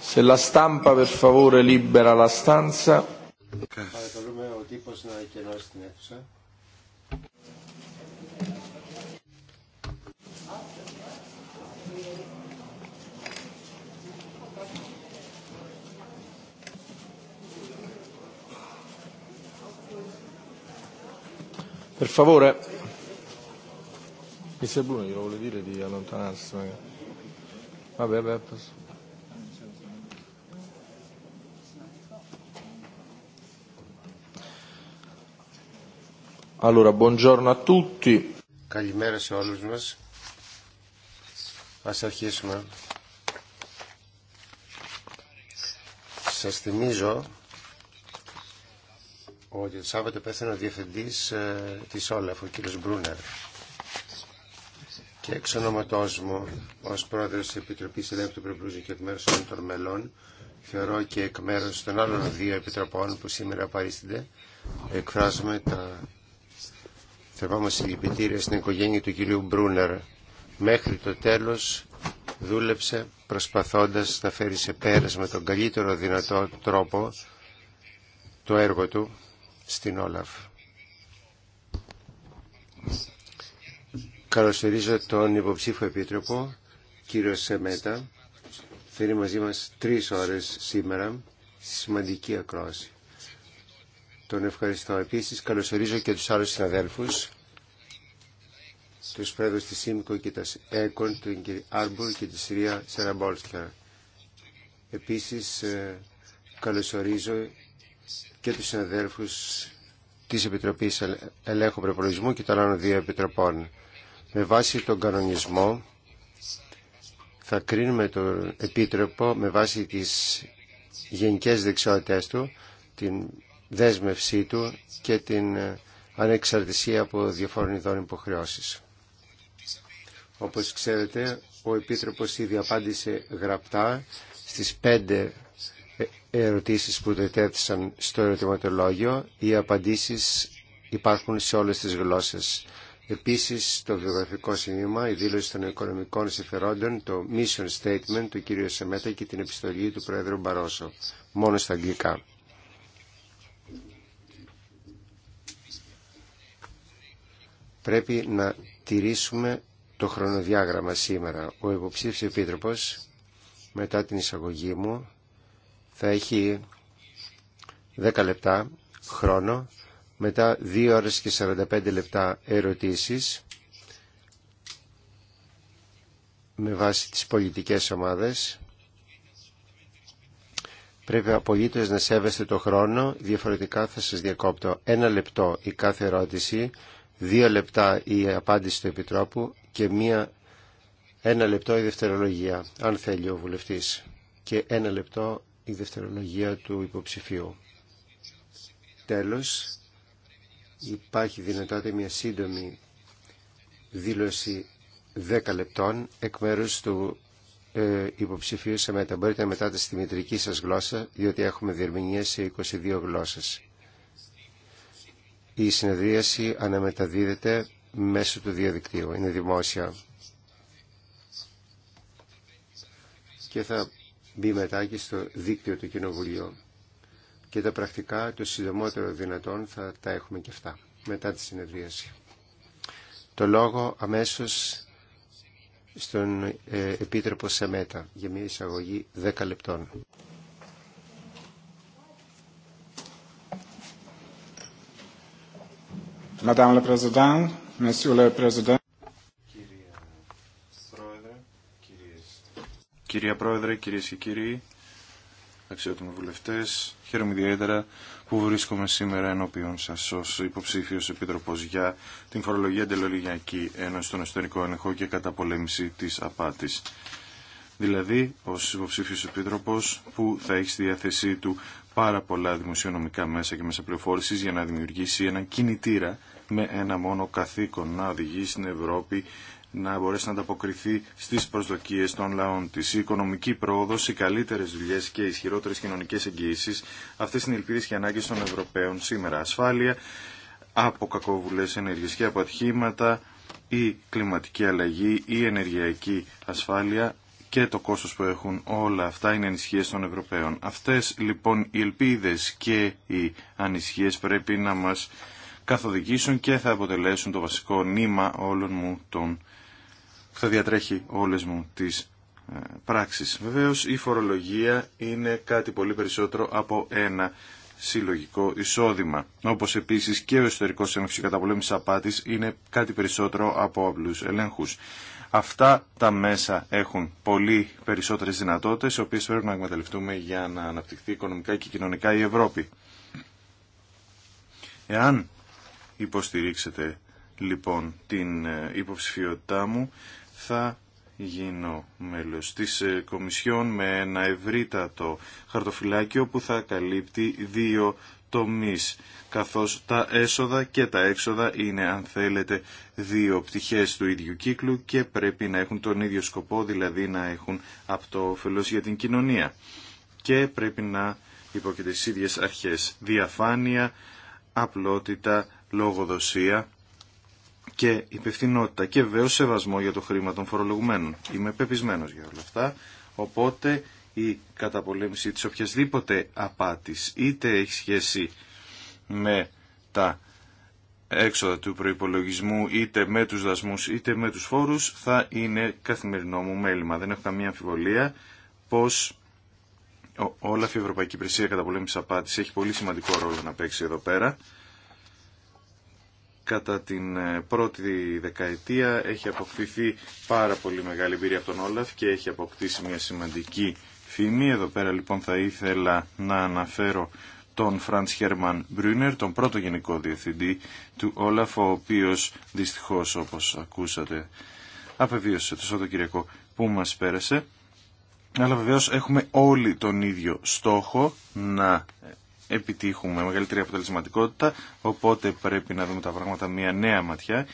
Se la stampa per favore libera la stanza. Per favore. Mi sembra che lo vuole dire di allontanarsi. Magari. Καλημέρα σε όλους μας. Ας αρχίσουμε. Σας θυμίζω ότι το Σάββατο πέθανε ο διευθυντής ε, της Όλαφ, ο κύριος Μπρούνερ και εξ ονόματός μου ως πρόεδρος της Επιτροπής Ελέγχου του και εκ μέρους όλων των μελών θεωρώ και εκ μέρους των άλλων δύο επιτροπών που σήμερα παρίστανται εκφράζουμε τα θερμά μας συλληπιτήρια στην οικογένεια του κυρίου Μπρούνερ μέχρι το τέλος δούλεψε προσπαθώντας να φέρει σε πέρας με τον καλύτερο δυνατό τρόπο το έργο του στην Όλαφ. Καλωσορίζω τον υποψήφιο επίτροπο, κύριο Σεμέτα. Θα είναι μαζί μας τρεις ώρες σήμερα στη σημαντική ακρόαση. Τον ευχαριστώ. Επίσης καλωσορίζω και τους άλλους συναδέλφους, τους πρέδους της ΣΥΜΚΟ και της ΕΚΟΝ, του κύριο Άρμπουρ και τη Συρία Σεραμπόλσκα. Επίσης ε, καλωσορίζω και τους συναδέλφους της Επιτροπής Ελέγχου Προπολογισμού και των άλλων δύο επιτροπών. Με βάση τον κανονισμό θα κρίνουμε τον Επίτροπο με βάση τις γενικές δεξιότητες του, την δέσμευσή του και την ε, ανεξαρτησία από διαφόρων ειδών υποχρεώσεις. Όπως ξέρετε, ο Επίτροπος ήδη απάντησε γραπτά στις πέντε ε, ερωτήσεις που τετέθησαν στο ερωτηματολόγιο. Οι απαντήσεις υπάρχουν σε όλες τις γλώσσες. Επίσης, το βιογραφικό σημείωμα, η δήλωση των οικονομικών συμφερόντων, το mission statement του κ. Σεμέτα και την επιστολή του Πρόεδρου Μπαρόσο, μόνο στα αγγλικά. Πρέπει να τηρήσουμε το χρονοδιάγραμμα σήμερα. Ο υποψήφιος επίτροπος, μετά την εισαγωγή μου, θα έχει 10 λεπτά χρόνο μετά 2 ώρες και 45 λεπτά ερωτήσεις με βάση τις πολιτικές ομάδες. Πρέπει απολύτως να σέβεστε το χρόνο, διαφορετικά θα σας διακόπτω ένα λεπτό η κάθε ερώτηση, δύο λεπτά η απάντηση του Επιτρόπου και μία, ένα λεπτό η δευτερολογία, αν θέλει ο βουλευτής, και ένα λεπτό η δευτερολογία του υποψηφίου. Τέλος, υπάρχει δυνατότητα μια σύντομη δήλωση 10 λεπτών εκ μέρους του ε, υποψηφίου σε μέτα. Μπορείτε να μετάτε στη μητρική σας γλώσσα, διότι έχουμε διερμηνία σε 22 γλώσσες. Η συνεδρίαση αναμεταδίδεται μέσω του διαδικτύου. Είναι δημόσια. Και θα μπει μετά και στο δίκτυο του Κοινοβουλίου και τα πρακτικά το συντομότερο δυνατόν θα τα έχουμε και αυτά μετά τη συνεδρίαση. Το λόγο αμέσως στον ε, Επίτροπο Σεμέτα για μια εισαγωγή 10 λεπτών. Madame Monsieur le Κυρία Πρόεδρε, κύριε Κυρία Πρόεδρε, κυρίες και κύριοι, αξιότιμοι βουλευτέ, Χαίρομαι ιδιαίτερα που βρίσκομαι σήμερα ενώπιον σα, ω υποψήφιο επίτροπο για την φορολογία εντελολυγιακή ένωση στον εσωτερικό έλεγχο και καταπολέμηση τη απάτη. Δηλαδή, ω υποψήφιο επίτροπο, που θα έχει στη διάθεσή του πάρα πολλά δημοσιονομικά μέσα και μέσα πληροφόρηση για να δημιουργήσει έναν κινητήρα με ένα μόνο καθήκον να οδηγεί στην Ευρώπη να μπορέσει να ανταποκριθεί στις προσδοκίες των λαών της. Η οικονομική πρόοδος, οι καλύτερες δουλειές και οι ισχυρότερες κοινωνικές εγγύησεις, αυτές είναι οι ελπίδες και ανάγκες των Ευρωπαίων σήμερα. Ασφάλεια από κακοβουλές ενέργειες και από ατυχήματα, η κλιματική αλλαγή, η ενεργειακή ασφάλεια και το κόστος που έχουν όλα αυτά είναι ανησυχίες των Ευρωπαίων. Αυτές λοιπόν οι ελπίδες και οι ανησυχίες πρέπει να μας καθοδηγήσουν και θα αποτελέσουν το βασικό νήμα όλων μου των θα διατρέχει όλες μου τις ε, πράξεις. Βεβαίως η φορολογία είναι κάτι πολύ περισσότερο από ένα συλλογικό εισόδημα. Όπως επίσης και ο ιστορικός έλεγχος καταπολέμησης απάτης είναι κάτι περισσότερο από απλούς ελέγχους. Αυτά τα μέσα έχουν πολύ περισσότερες δυνατότητες, οι οποίες πρέπει να εκμεταλλευτούμε για να αναπτυχθεί οικονομικά και κοινωνικά η Ευρώπη. Εάν υποστηρίξετε λοιπόν την ε, υποψηφιότητά μου, θα γίνω μέλος της ε, Κομισιόν με ένα ευρύτατο χαρτοφυλάκιο που θα καλύπτει δύο τομείς, καθώς τα έσοδα και τα έξοδα είναι, αν θέλετε, δύο πτυχές του ίδιου κύκλου και πρέπει να έχουν τον ίδιο σκοπό, δηλαδή να έχουν το το για την κοινωνία. Και πρέπει να υπόκειται στις ίδιες αρχές διαφάνεια, απλότητα, λογοδοσία και υπευθυνότητα και βέβαιο σεβασμό για το χρήμα των φορολογουμένων. Είμαι πεπισμένος για όλα αυτά, οπότε η καταπολέμηση της οποιασδήποτε απάτης είτε έχει σχέση με τα έξοδα του προϋπολογισμού είτε με τους δασμούς είτε με τους φόρους θα είναι καθημερινό μου μέλημα. Δεν έχω καμία αμφιβολία πως όλα η Ευρωπαϊκή Υπηρεσία Καταπολέμησης Απάτης έχει πολύ σημαντικό ρόλο να παίξει εδώ πέρα κατά την ε, πρώτη δεκαετία έχει αποκτηθεί πάρα πολύ μεγάλη εμπειρία από τον Όλαφ και έχει αποκτήσει μια σημαντική φήμη. Εδώ πέρα λοιπόν θα ήθελα να αναφέρω τον Φραντς Χέρμαν Μπρίνερ, τον πρώτο γενικό διευθυντή του Όλαφ, ο οποίος δυστυχώς όπως ακούσατε απεβίωσε το κυριακό που μας πέρασε. Αλλά βεβαίως έχουμε όλοι τον ίδιο στόχο να επιτύχουμε μεγαλύτερη αποτελεσματικότητα, οπότε πρέπει να δούμε τα πράγματα μια νέα ματιά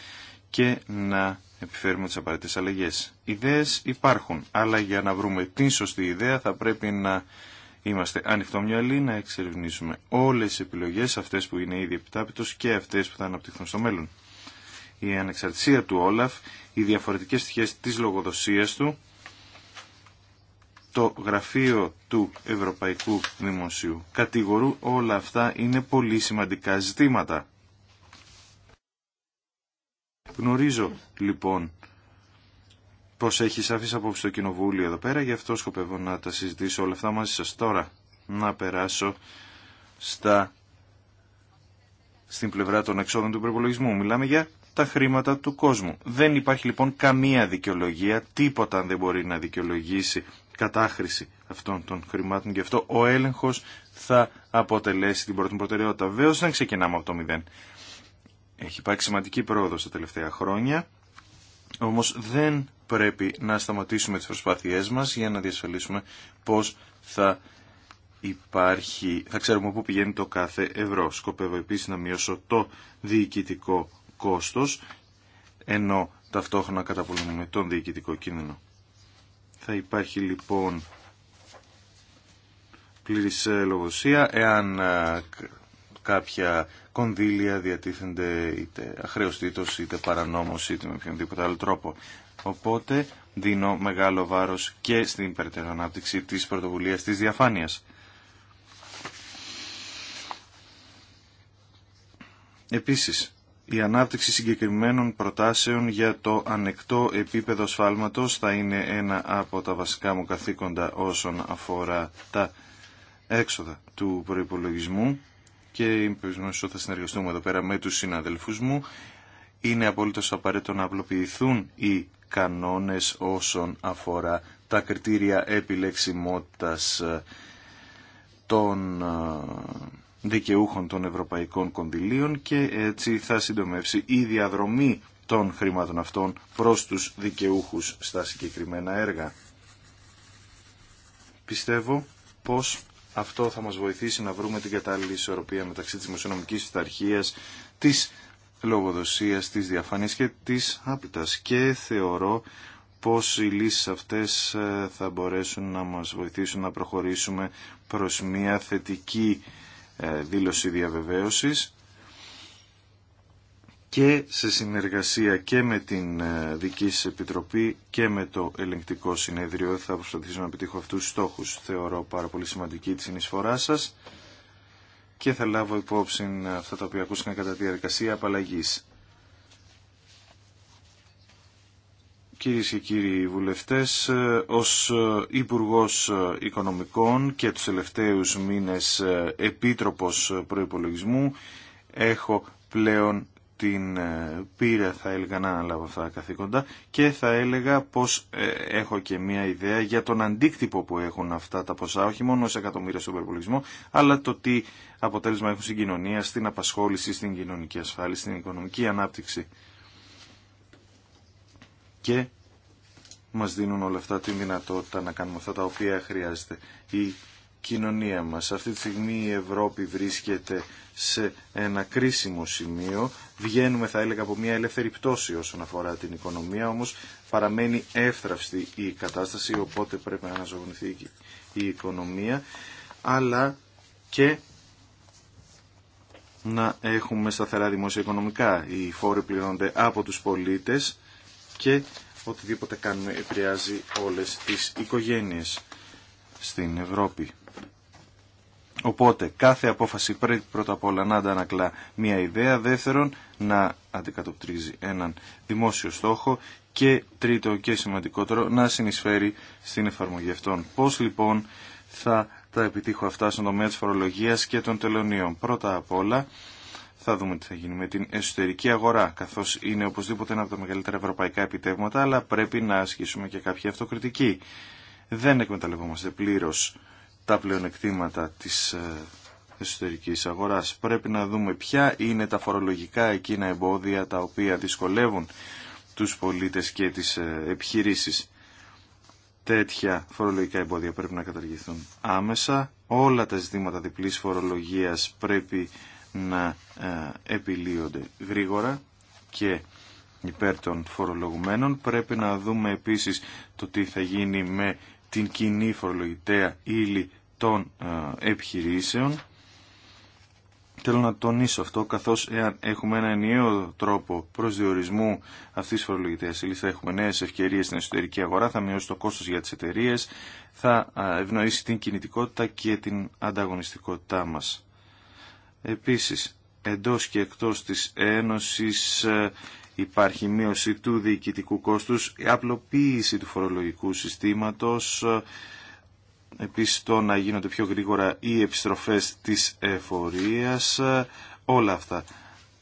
και να επιφέρουμε τις απαραίτητες αλλαγές. Ιδέες υπάρχουν, αλλά για να βρούμε την σωστή ιδέα θα πρέπει να είμαστε ανοιχτόμυαλοι, να εξερευνήσουμε όλες τις επιλογές, αυτές που είναι ήδη επιτάπητος και αυτές που θα αναπτυχθούν στο μέλλον. Η ανεξαρτησία του Όλαφ, οι διαφορετικές στοιχείες της λογοδοσίας του, το γραφείο του Ευρωπαϊκού Δημοσίου. Κατηγορού όλα αυτά είναι πολύ σημαντικά ζητήματα. Γνωρίζω λοιπόν πως έχεις αφήσει απόψη το Κοινοβούλιο εδώ πέρα, γι' αυτό σκοπεύω να τα συζητήσω όλα αυτά μαζί σας τώρα. Να περάσω στα... στην πλευρά των εξόδων του προπολογισμού. Μιλάμε για τα χρήματα του κόσμου. Δεν υπάρχει λοιπόν καμία δικαιολογία, τίποτα δεν μπορεί να δικαιολογήσει κατάχρηση αυτών των χρημάτων και αυτό ο έλεγχος θα αποτελέσει την πρώτη προτεραιότητα. Βεβαίω δεν ξεκινάμε από το μηδέν. Έχει υπάρξει σημαντική πρόοδο τα τελευταία χρόνια, όμως δεν πρέπει να σταματήσουμε τις προσπάθειές μας για να διασφαλίσουμε πώς θα υπάρχει, θα ξέρουμε πού πηγαίνει το κάθε ευρώ. Σκοπεύω επίσης να μειώσω το διοικητικό κόστος, ενώ ταυτόχρονα καταπολεμούμε τον διοικητικό κίνδυνο. Θα υπάρχει λοιπόν πλήρης ε, λογοσία εάν ε, κάποια κονδύλια διατίθενται είτε αχρεωστήτως είτε παρανόμως είτε με οποιονδήποτε άλλο τρόπο. Οπότε δίνω μεγάλο βάρος και στην περαιτέρω ανάπτυξη της πρωτοβουλίας της διαφάνειας. Επίσης, η ανάπτυξη συγκεκριμένων προτάσεων για το ανεκτό επίπεδο σφάλματος θα είναι ένα από τα βασικά μου καθήκοντα όσον αφορά τα έξοδα του προϋπολογισμού και είμαι θα συνεργαστούμε εδώ πέρα με τους συναδελφούς μου. Είναι απολύτως απαραίτητο να απλοποιηθούν οι κανόνες όσον αφορά τα κριτήρια επιλεξιμότητας ε, των ε, δικαιούχων των ευρωπαϊκών κονδυλίων και έτσι θα συντομεύσει η διαδρομή των χρημάτων αυτών προς τους δικαιούχους στα συγκεκριμένα έργα. Πιστεύω πως αυτό θα μας βοηθήσει να βρούμε την κατάλληλη ισορροπία μεταξύ της μεσονομικής φυταρχίας, της λογοδοσίας, της διαφάνειας και της άπλητας Και θεωρώ πως οι λύσεις αυτές ε, θα μπορέσουν να μας βοηθήσουν να προχωρήσουμε προς μια θετική ε, δήλωση διαβεβαίωσης και σε συνεργασία και με την ε, δική σα επιτροπή και με το ελεγκτικό συνέδριο θα προσπαθήσω να επιτύχω αυτούς τους στόχους. Θεωρώ πάρα πολύ σημαντική τη συνεισφορά σας και θα λάβω υπόψη αυτά τα οποία ακούστηκαν κατά τη διαδικασία απαλλαγής. Κυρίε και κύριοι βουλευτές, ως Υπουργός Οικονομικών και τους τελευταίους μήνες Επίτροπος Προϋπολογισμού έχω πλέον την πείρα θα έλεγα να αναλάβω αυτά τα καθήκοντα και θα έλεγα πως ε, έχω και μια ιδέα για τον αντίκτυπο που έχουν αυτά τα ποσά όχι μόνο σε εκατομμύρια στον προπολογισμό, αλλά το τι αποτέλεσμα έχουν στην κοινωνία, στην απασχόληση, στην κοινωνική ασφάλιση, στην οικονομική ανάπτυξη και μας δίνουν όλα αυτά τη δυνατότητα να κάνουμε αυτά τα οποία χρειάζεται η κοινωνία μας. Αυτή τη στιγμή η Ευρώπη βρίσκεται σε ένα κρίσιμο σημείο. Βγαίνουμε θα έλεγα από μια ελεύθερη πτώση όσον αφορά την οικονομία, όμως παραμένει εύθραυστη η κατάσταση, οπότε πρέπει να αναζωογονηθεί η οικονομία, αλλά και να έχουμε σταθερά δημοσιοοικονομικά. Οι φόροι πληρώνονται από τους πολίτες και οτιδήποτε κάνουμε επηρεάζει όλες τις οικογένειες στην Ευρώπη. Οπότε κάθε απόφαση πρέπει πρώτα απ' όλα να αντανακλά μια ιδέα, δεύτερον να αντικατοπτρίζει έναν δημόσιο στόχο και τρίτο και σημαντικότερο να συνεισφέρει στην εφαρμογή αυτών. Πώς λοιπόν θα τα επιτύχω αυτά στον τομέα της φορολογίας και των τελωνίων. Πρώτα απ' όλα θα δούμε τι θα γίνει με την εσωτερική αγορά, καθώς είναι οπωσδήποτε ένα από τα μεγαλύτερα ευρωπαϊκά επιτεύγματα, αλλά πρέπει να ασκήσουμε και κάποια αυτοκριτική. Δεν εκμεταλλευόμαστε πλήρως τα πλεονεκτήματα της ε, εσωτερικής αγοράς. Πρέπει να δούμε ποια είναι τα φορολογικά εκείνα εμπόδια τα οποία δυσκολεύουν τους πολίτες και τις ε, επιχειρήσεις. Τέτοια φορολογικά εμπόδια πρέπει να καταργηθούν άμεσα. Όλα τα ζητήματα διπλής φορολογίας πρέπει να ε, επιλύονται γρήγορα και υπέρ των φορολογουμένων. Πρέπει να δούμε επίσης το τι θα γίνει με την κοινή φορολογητέα ύλη των ε, επιχειρήσεων. Θέλω να τονίσω αυτό, καθώς εάν έχουμε ένα ενιαίο τρόπο προσδιορισμού αυτής της φορολογητέας ύλης, θα έχουμε νέες ευκαιρίες στην εσωτερική αγορά, θα μειώσει το κόστος για τις εταιρείε, θα ευνοήσει την κινητικότητα και την ανταγωνιστικότητά μας. Επίσης, εντός και εκτός της Ένωσης ε, υπάρχει μείωση του διοικητικού κόστους, η απλοποίηση του φορολογικού συστήματος, ε, επίσης το να γίνονται πιο γρήγορα οι επιστροφές της εφορίας, ε, όλα αυτά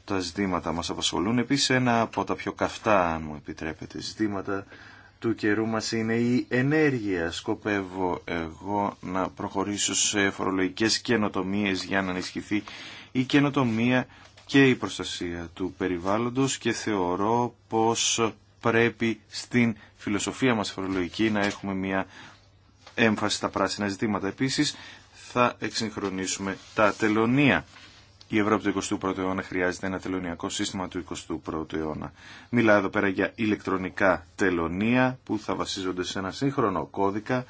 τα ζητήματα μας απασχολούν. Επίσης ένα από τα πιο καυτά, αν μου επιτρέπετε, ζητήματα του καιρού μας είναι η ενέργεια. Σκοπεύω εγώ να προχωρήσω σε φορολογικές καινοτομίες για να ενισχυθεί η καινοτομία και η προστασία του περιβάλλοντος και θεωρώ πως πρέπει στην φιλοσοφία μας φορολογική να έχουμε μια έμφαση στα πράσινα ζητήματα. Επίσης θα εξυγχρονίσουμε τα τελωνία. Η Ευρώπη του 21ου αιώνα χρειάζεται ένα τελωνιακό σύστημα του 21ου αιώνα. Μιλάω εδώ πέρα για ηλεκτρονικά τελωνία που θα βασίζονται σε ένα σύγχρονο κώδικα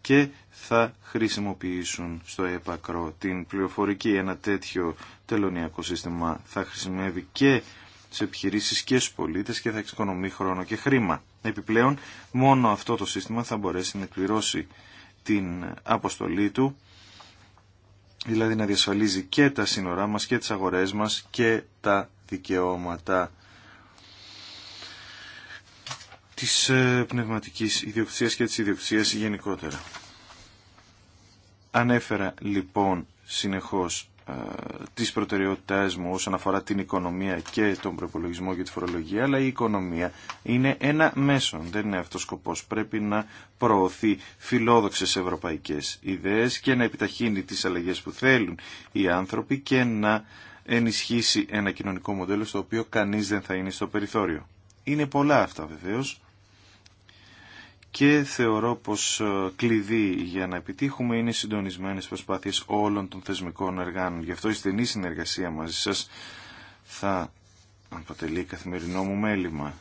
και θα χρησιμοποιήσουν στο έπακρο την πληροφορική. Ένα τέτοιο τελωνιακό σύστημα θα χρησιμεύει και σε επιχειρήσει και στου πολίτε και θα εξοικονομεί χρόνο και χρήμα. Επιπλέον, μόνο αυτό το σύστημα θα μπορέσει να εκπληρώσει την αποστολή του δηλαδή να διασφαλίζει και τα σύνορά μας και τις αγορές μας και τα δικαιώματα της ε, πνευματικής ιδιοκτησίας και της ιδιοκτησίας γενικότερα. Ανέφερα λοιπόν συνεχώς ε, της προτεραιότητάς μου όσον αφορά την οικονομία και τον προπολογισμό και τη φορολογία, αλλά η οικονομία είναι ένα μέσο, δεν είναι αυτός σκοπός. Πρέπει να προωθεί φιλόδοξες ευρωπαϊκές ιδέες και να επιταχύνει τις αλλαγές που θέλουν οι άνθρωποι και να ενισχύσει ένα κοινωνικό μοντέλο στο οποίο κανείς δεν θα είναι στο περιθώριο. Είναι πολλά αυτά βεβαίως και θεωρώ πως ε, κλειδί για να επιτύχουμε είναι οι συντονισμένες προσπάθειες όλων των θεσμικών εργάνων. Γι' αυτό η στενή συνεργασία μαζί σας θα αποτελεί καθημερινό μου μέλημα.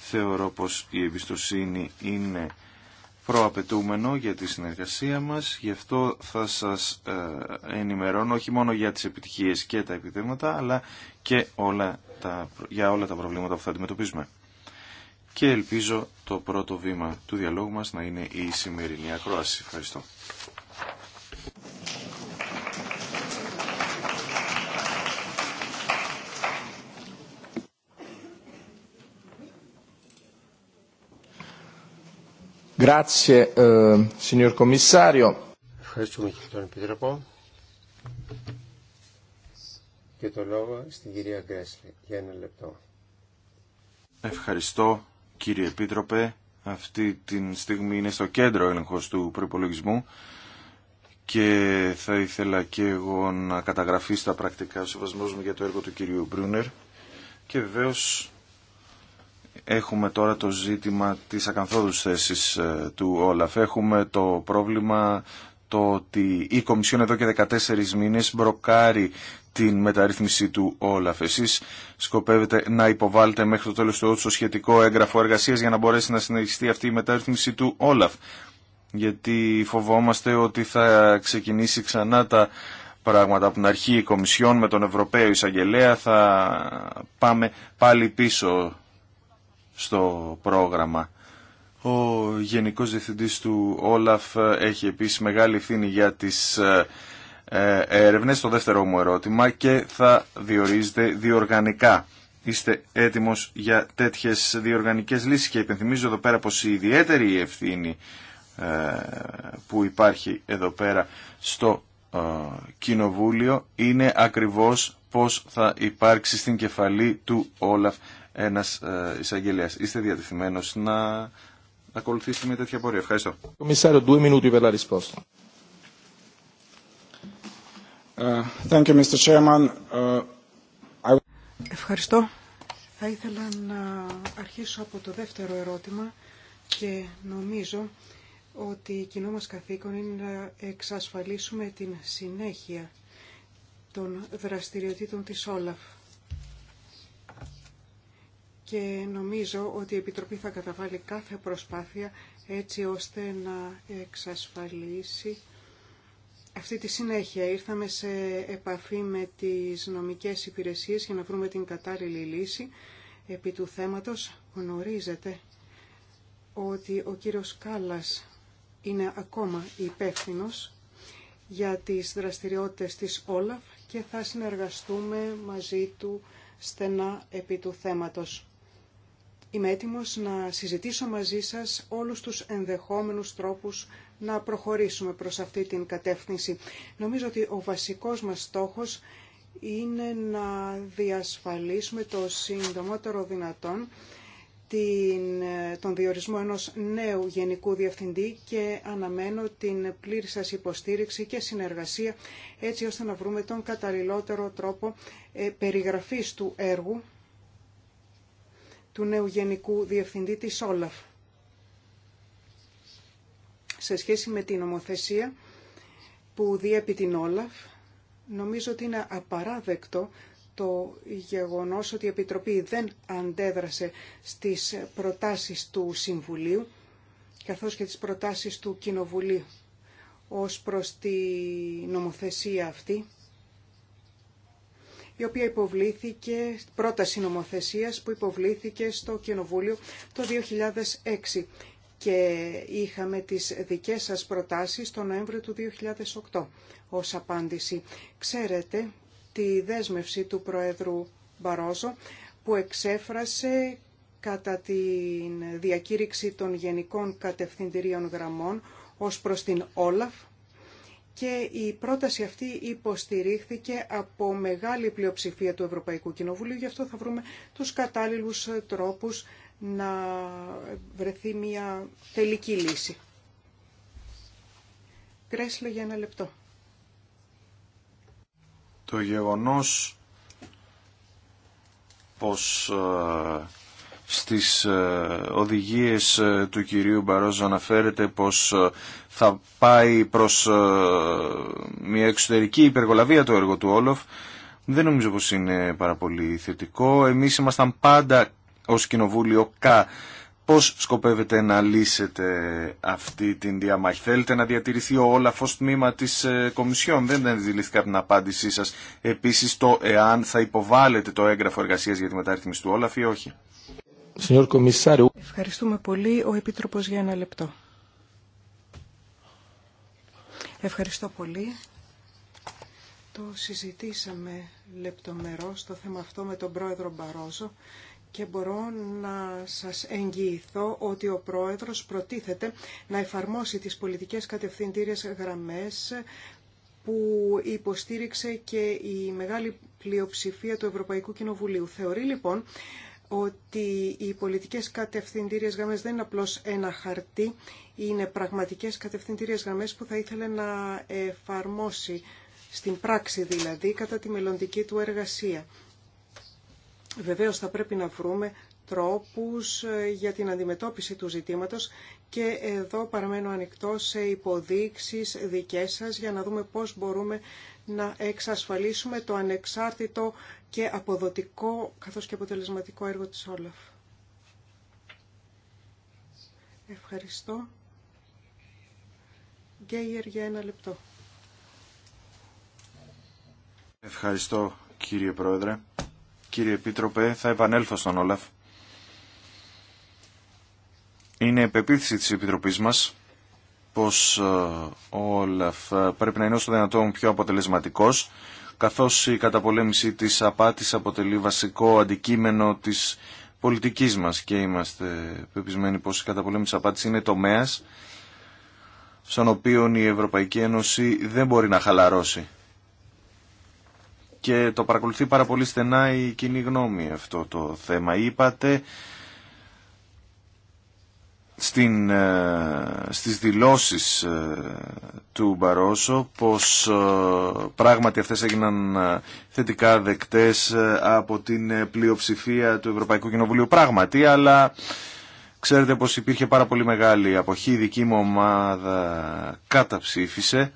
Θεωρώ πως η εμπιστοσύνη είναι προαπαιτούμενο για τη συνεργασία μας, γι' αυτό θα σας ε, ενημερώνω όχι μόνο για τις επιτυχίες και τα επιθέματα, αλλά και όλα τα, για όλα τα προβλήματα που θα αντιμετωπίζουμε και ελπίζω το πρώτο βήμα του διαλόγου μας να είναι η σημερινή ακρόαση. Ευχαριστώ. Eh, Ευχαριστούμε κύριε τον Επιτροπό και το λόγο στην κυρία Γκρέσλη για ένα λεπτό. Ευχαριστώ κύριε Επίτροπε. Αυτή τη στιγμή είναι στο κέντρο έλεγχος του προπολογισμού και θα ήθελα και εγώ να καταγραφεί στα πρακτικά ο σεβασμός μου για το έργο του κυρίου Μπρούνερ και βεβαίω έχουμε τώρα το ζήτημα της ακαθόδου θέσης ε, του Όλαφ. Έχουμε το πρόβλημα το ότι η Κομισιόν εδώ και 14 μήνες μπροκάρει την μεταρρύθμιση του Όλαφ. Εσείς σκοπεύετε να υποβάλλετε μέχρι το τέλος του το σχετικό έγγραφο εργασίας για να μπορέσει να συνεχιστεί αυτή η μεταρρύθμιση του Όλαφ. Γιατί φοβόμαστε ότι θα ξεκινήσει ξανά τα πράγματα από την αρχή η Κομισιόν με τον Ευρωπαίο Εισαγγελέα. Θα πάμε πάλι πίσω στο πρόγραμμα. Ο Γενικός Διευθυντής του Όλαφ έχει επίσης μεγάλη ευθύνη για τις ε, ε, έρευνες, το δεύτερο μου ερώτημα, και θα διορίζετε διοργανικά. Είστε έτοιμος για τέτοιες διοργανικές λύσεις και υπενθυμίζω εδώ πέρα πως η ιδιαίτερη ευθύνη ε, που υπάρχει εδώ πέρα στο ε, Κοινοβούλιο είναι ακριβώς πως θα υπάρξει στην κεφαλή του Όλαφ ένας εισαγγελέα. Είστε διατεθειμένος να ακολουθήσετε μια τέτοια πορεία. Ευχαριστώ. Κομισάριο, Uh, uh, Ευχαριστώ. Θα ήθελα να αρχίσω από το δεύτερο ερώτημα και νομίζω ότι κοινό μας καθήκον είναι να εξασφαλίσουμε την συνέχεια των δραστηριοτήτων της Όλαφ. Και νομίζω ότι η Επιτροπή θα καταβάλει κάθε προσπάθεια έτσι ώστε να εξασφαλίσει αυτή τη συνέχεια ήρθαμε σε επαφή με τις νομικές υπηρεσίες για να βρούμε την κατάλληλη λύση επί του θέματος. Γνωρίζετε ότι ο κύριος Κάλλας είναι ακόμα υπεύθυνο για τις δραστηριότητες της Όλαφ και θα συνεργαστούμε μαζί του στενά επί του θέματος. Είμαι έτοιμος να συζητήσω μαζί σας όλους τους ενδεχόμενους τρόπους να προχωρήσουμε προς αυτή την κατεύθυνση. Νομίζω ότι ο βασικός μας στόχος είναι να διασφαλίσουμε το συντομότερο δυνατόν την, τον διορισμό ενός νέου Γενικού Διευθυντή και αναμένω την πλήρη σας υποστήριξη και συνεργασία έτσι ώστε να βρούμε τον καταλληλότερο τρόπο ε, περιγραφής του έργου του νέου Γενικού Διευθυντή της Όλαφ σε σχέση με την νομοθεσία που διέπει την Όλαφ, νομίζω ότι είναι απαράδεκτο το γεγονός ότι η Επιτροπή δεν αντέδρασε στις προτάσεις του Συμβουλίου καθώς και τις προτάσεις του Κοινοβουλίου ως προς τη νομοθεσία αυτή η οποία υποβλήθηκε, πρόταση νομοθεσίας που υποβλήθηκε στο Κοινοβούλιο το 2006 και είχαμε τις δικές σας προτάσεις το Νοέμβριο του 2008 ως απάντηση. Ξέρετε τη δέσμευση του Προέδρου Μπαρόζο που εξέφρασε κατά τη διακήρυξη των Γενικών Κατευθυντηρίων Γραμμών ως προς την Όλαφ και η πρόταση αυτή υποστηρίχθηκε από μεγάλη πλειοψηφία του Ευρωπαϊκού Κοινοβουλίου, γι' αυτό θα βρούμε τους κατάλληλους τρόπους να βρεθεί μια τελική λύση. Κρέσλο για ένα λεπτό. Το γεγονός πως ε, στις ε, οδηγίες ε, του κυρίου Μπαρόζο αναφέρεται πως θα πάει προς μια εξωτερική υπεργολαβία το έργο του Όλοφ δεν νομίζω πως είναι πάρα πολύ θετικό. Εμείς ήμασταν πάντα ως κοινοβούλιο ΚΑ πώς σκοπεύετε να λύσετε αυτή την διαμάχη. Θέλετε να διατηρηθεί ο Όλαφ τμήμα της ε, Κομισιόν. Δεν αντιλήφθηκα την απάντησή σας. Επίσης το εάν θα υποβάλλετε το έγγραφο εργασίας για τη μεταρρύθμιση του Όλαφ ή όχι. Ευχαριστούμε πολύ. Ο Επίτροπος για ένα λεπτό. Ευχαριστώ πολύ. Το συζητήσαμε λεπτομερώς το θέμα αυτό με τον πρόεδρο Μπαρόζο και μπορώ να σας εγγυηθώ ότι ο Πρόεδρος προτίθεται να εφαρμόσει τις πολιτικές κατευθυντήριες γραμμές που υποστήριξε και η μεγάλη πλειοψηφία του Ευρωπαϊκού Κοινοβουλίου. Θεωρεί λοιπόν ότι οι πολιτικές κατευθυντήριες γραμμές δεν είναι απλώς ένα χαρτί, είναι πραγματικές κατευθυντήριες γραμμές που θα ήθελε να εφαρμόσει στην πράξη δηλαδή κατά τη μελλοντική του εργασία. Βεβαίως θα πρέπει να βρούμε τρόπους ε, για την αντιμετώπιση του ζητήματος και εδώ παραμένω ανοιχτό σε υποδείξεις δικές σας για να δούμε πώς μπορούμε να εξασφαλίσουμε το ανεξάρτητο και αποδοτικό καθώς και αποτελεσματικό έργο της Όλαφ. Ευχαριστώ. Γκέιερ για ένα λεπτό. Ευχαριστώ κύριε Πρόεδρε κύριε Επίτροπε, θα επανέλθω στον Όλαφ. Είναι επεποίθηση της Επιτροπής μας πως ε, ο Όλαφ ε, πρέπει να είναι όσο δυνατόν πιο αποτελεσματικός, καθώς η καταπολέμηση της απάτης αποτελεί βασικό αντικείμενο της πολιτικής μας και είμαστε πεπισμένοι πως η καταπολέμηση της απάτης είναι τομέας στον οποίο η Ευρωπαϊκή Ένωση δεν μπορεί να χαλαρώσει και το παρακολουθεί πάρα πολύ στενά η κοινή γνώμη αυτό το θέμα. Είπατε στην, ε, στις δηλώσεις ε, του Μπαρόσο πως ε, πράγματι αυτές έγιναν θετικά δεκτές από την πλειοψηφία του Ευρωπαϊκού Κοινοβουλίου πράγματι αλλά ξέρετε πως υπήρχε πάρα πολύ μεγάλη αποχή η δική μου ομάδα καταψήφισε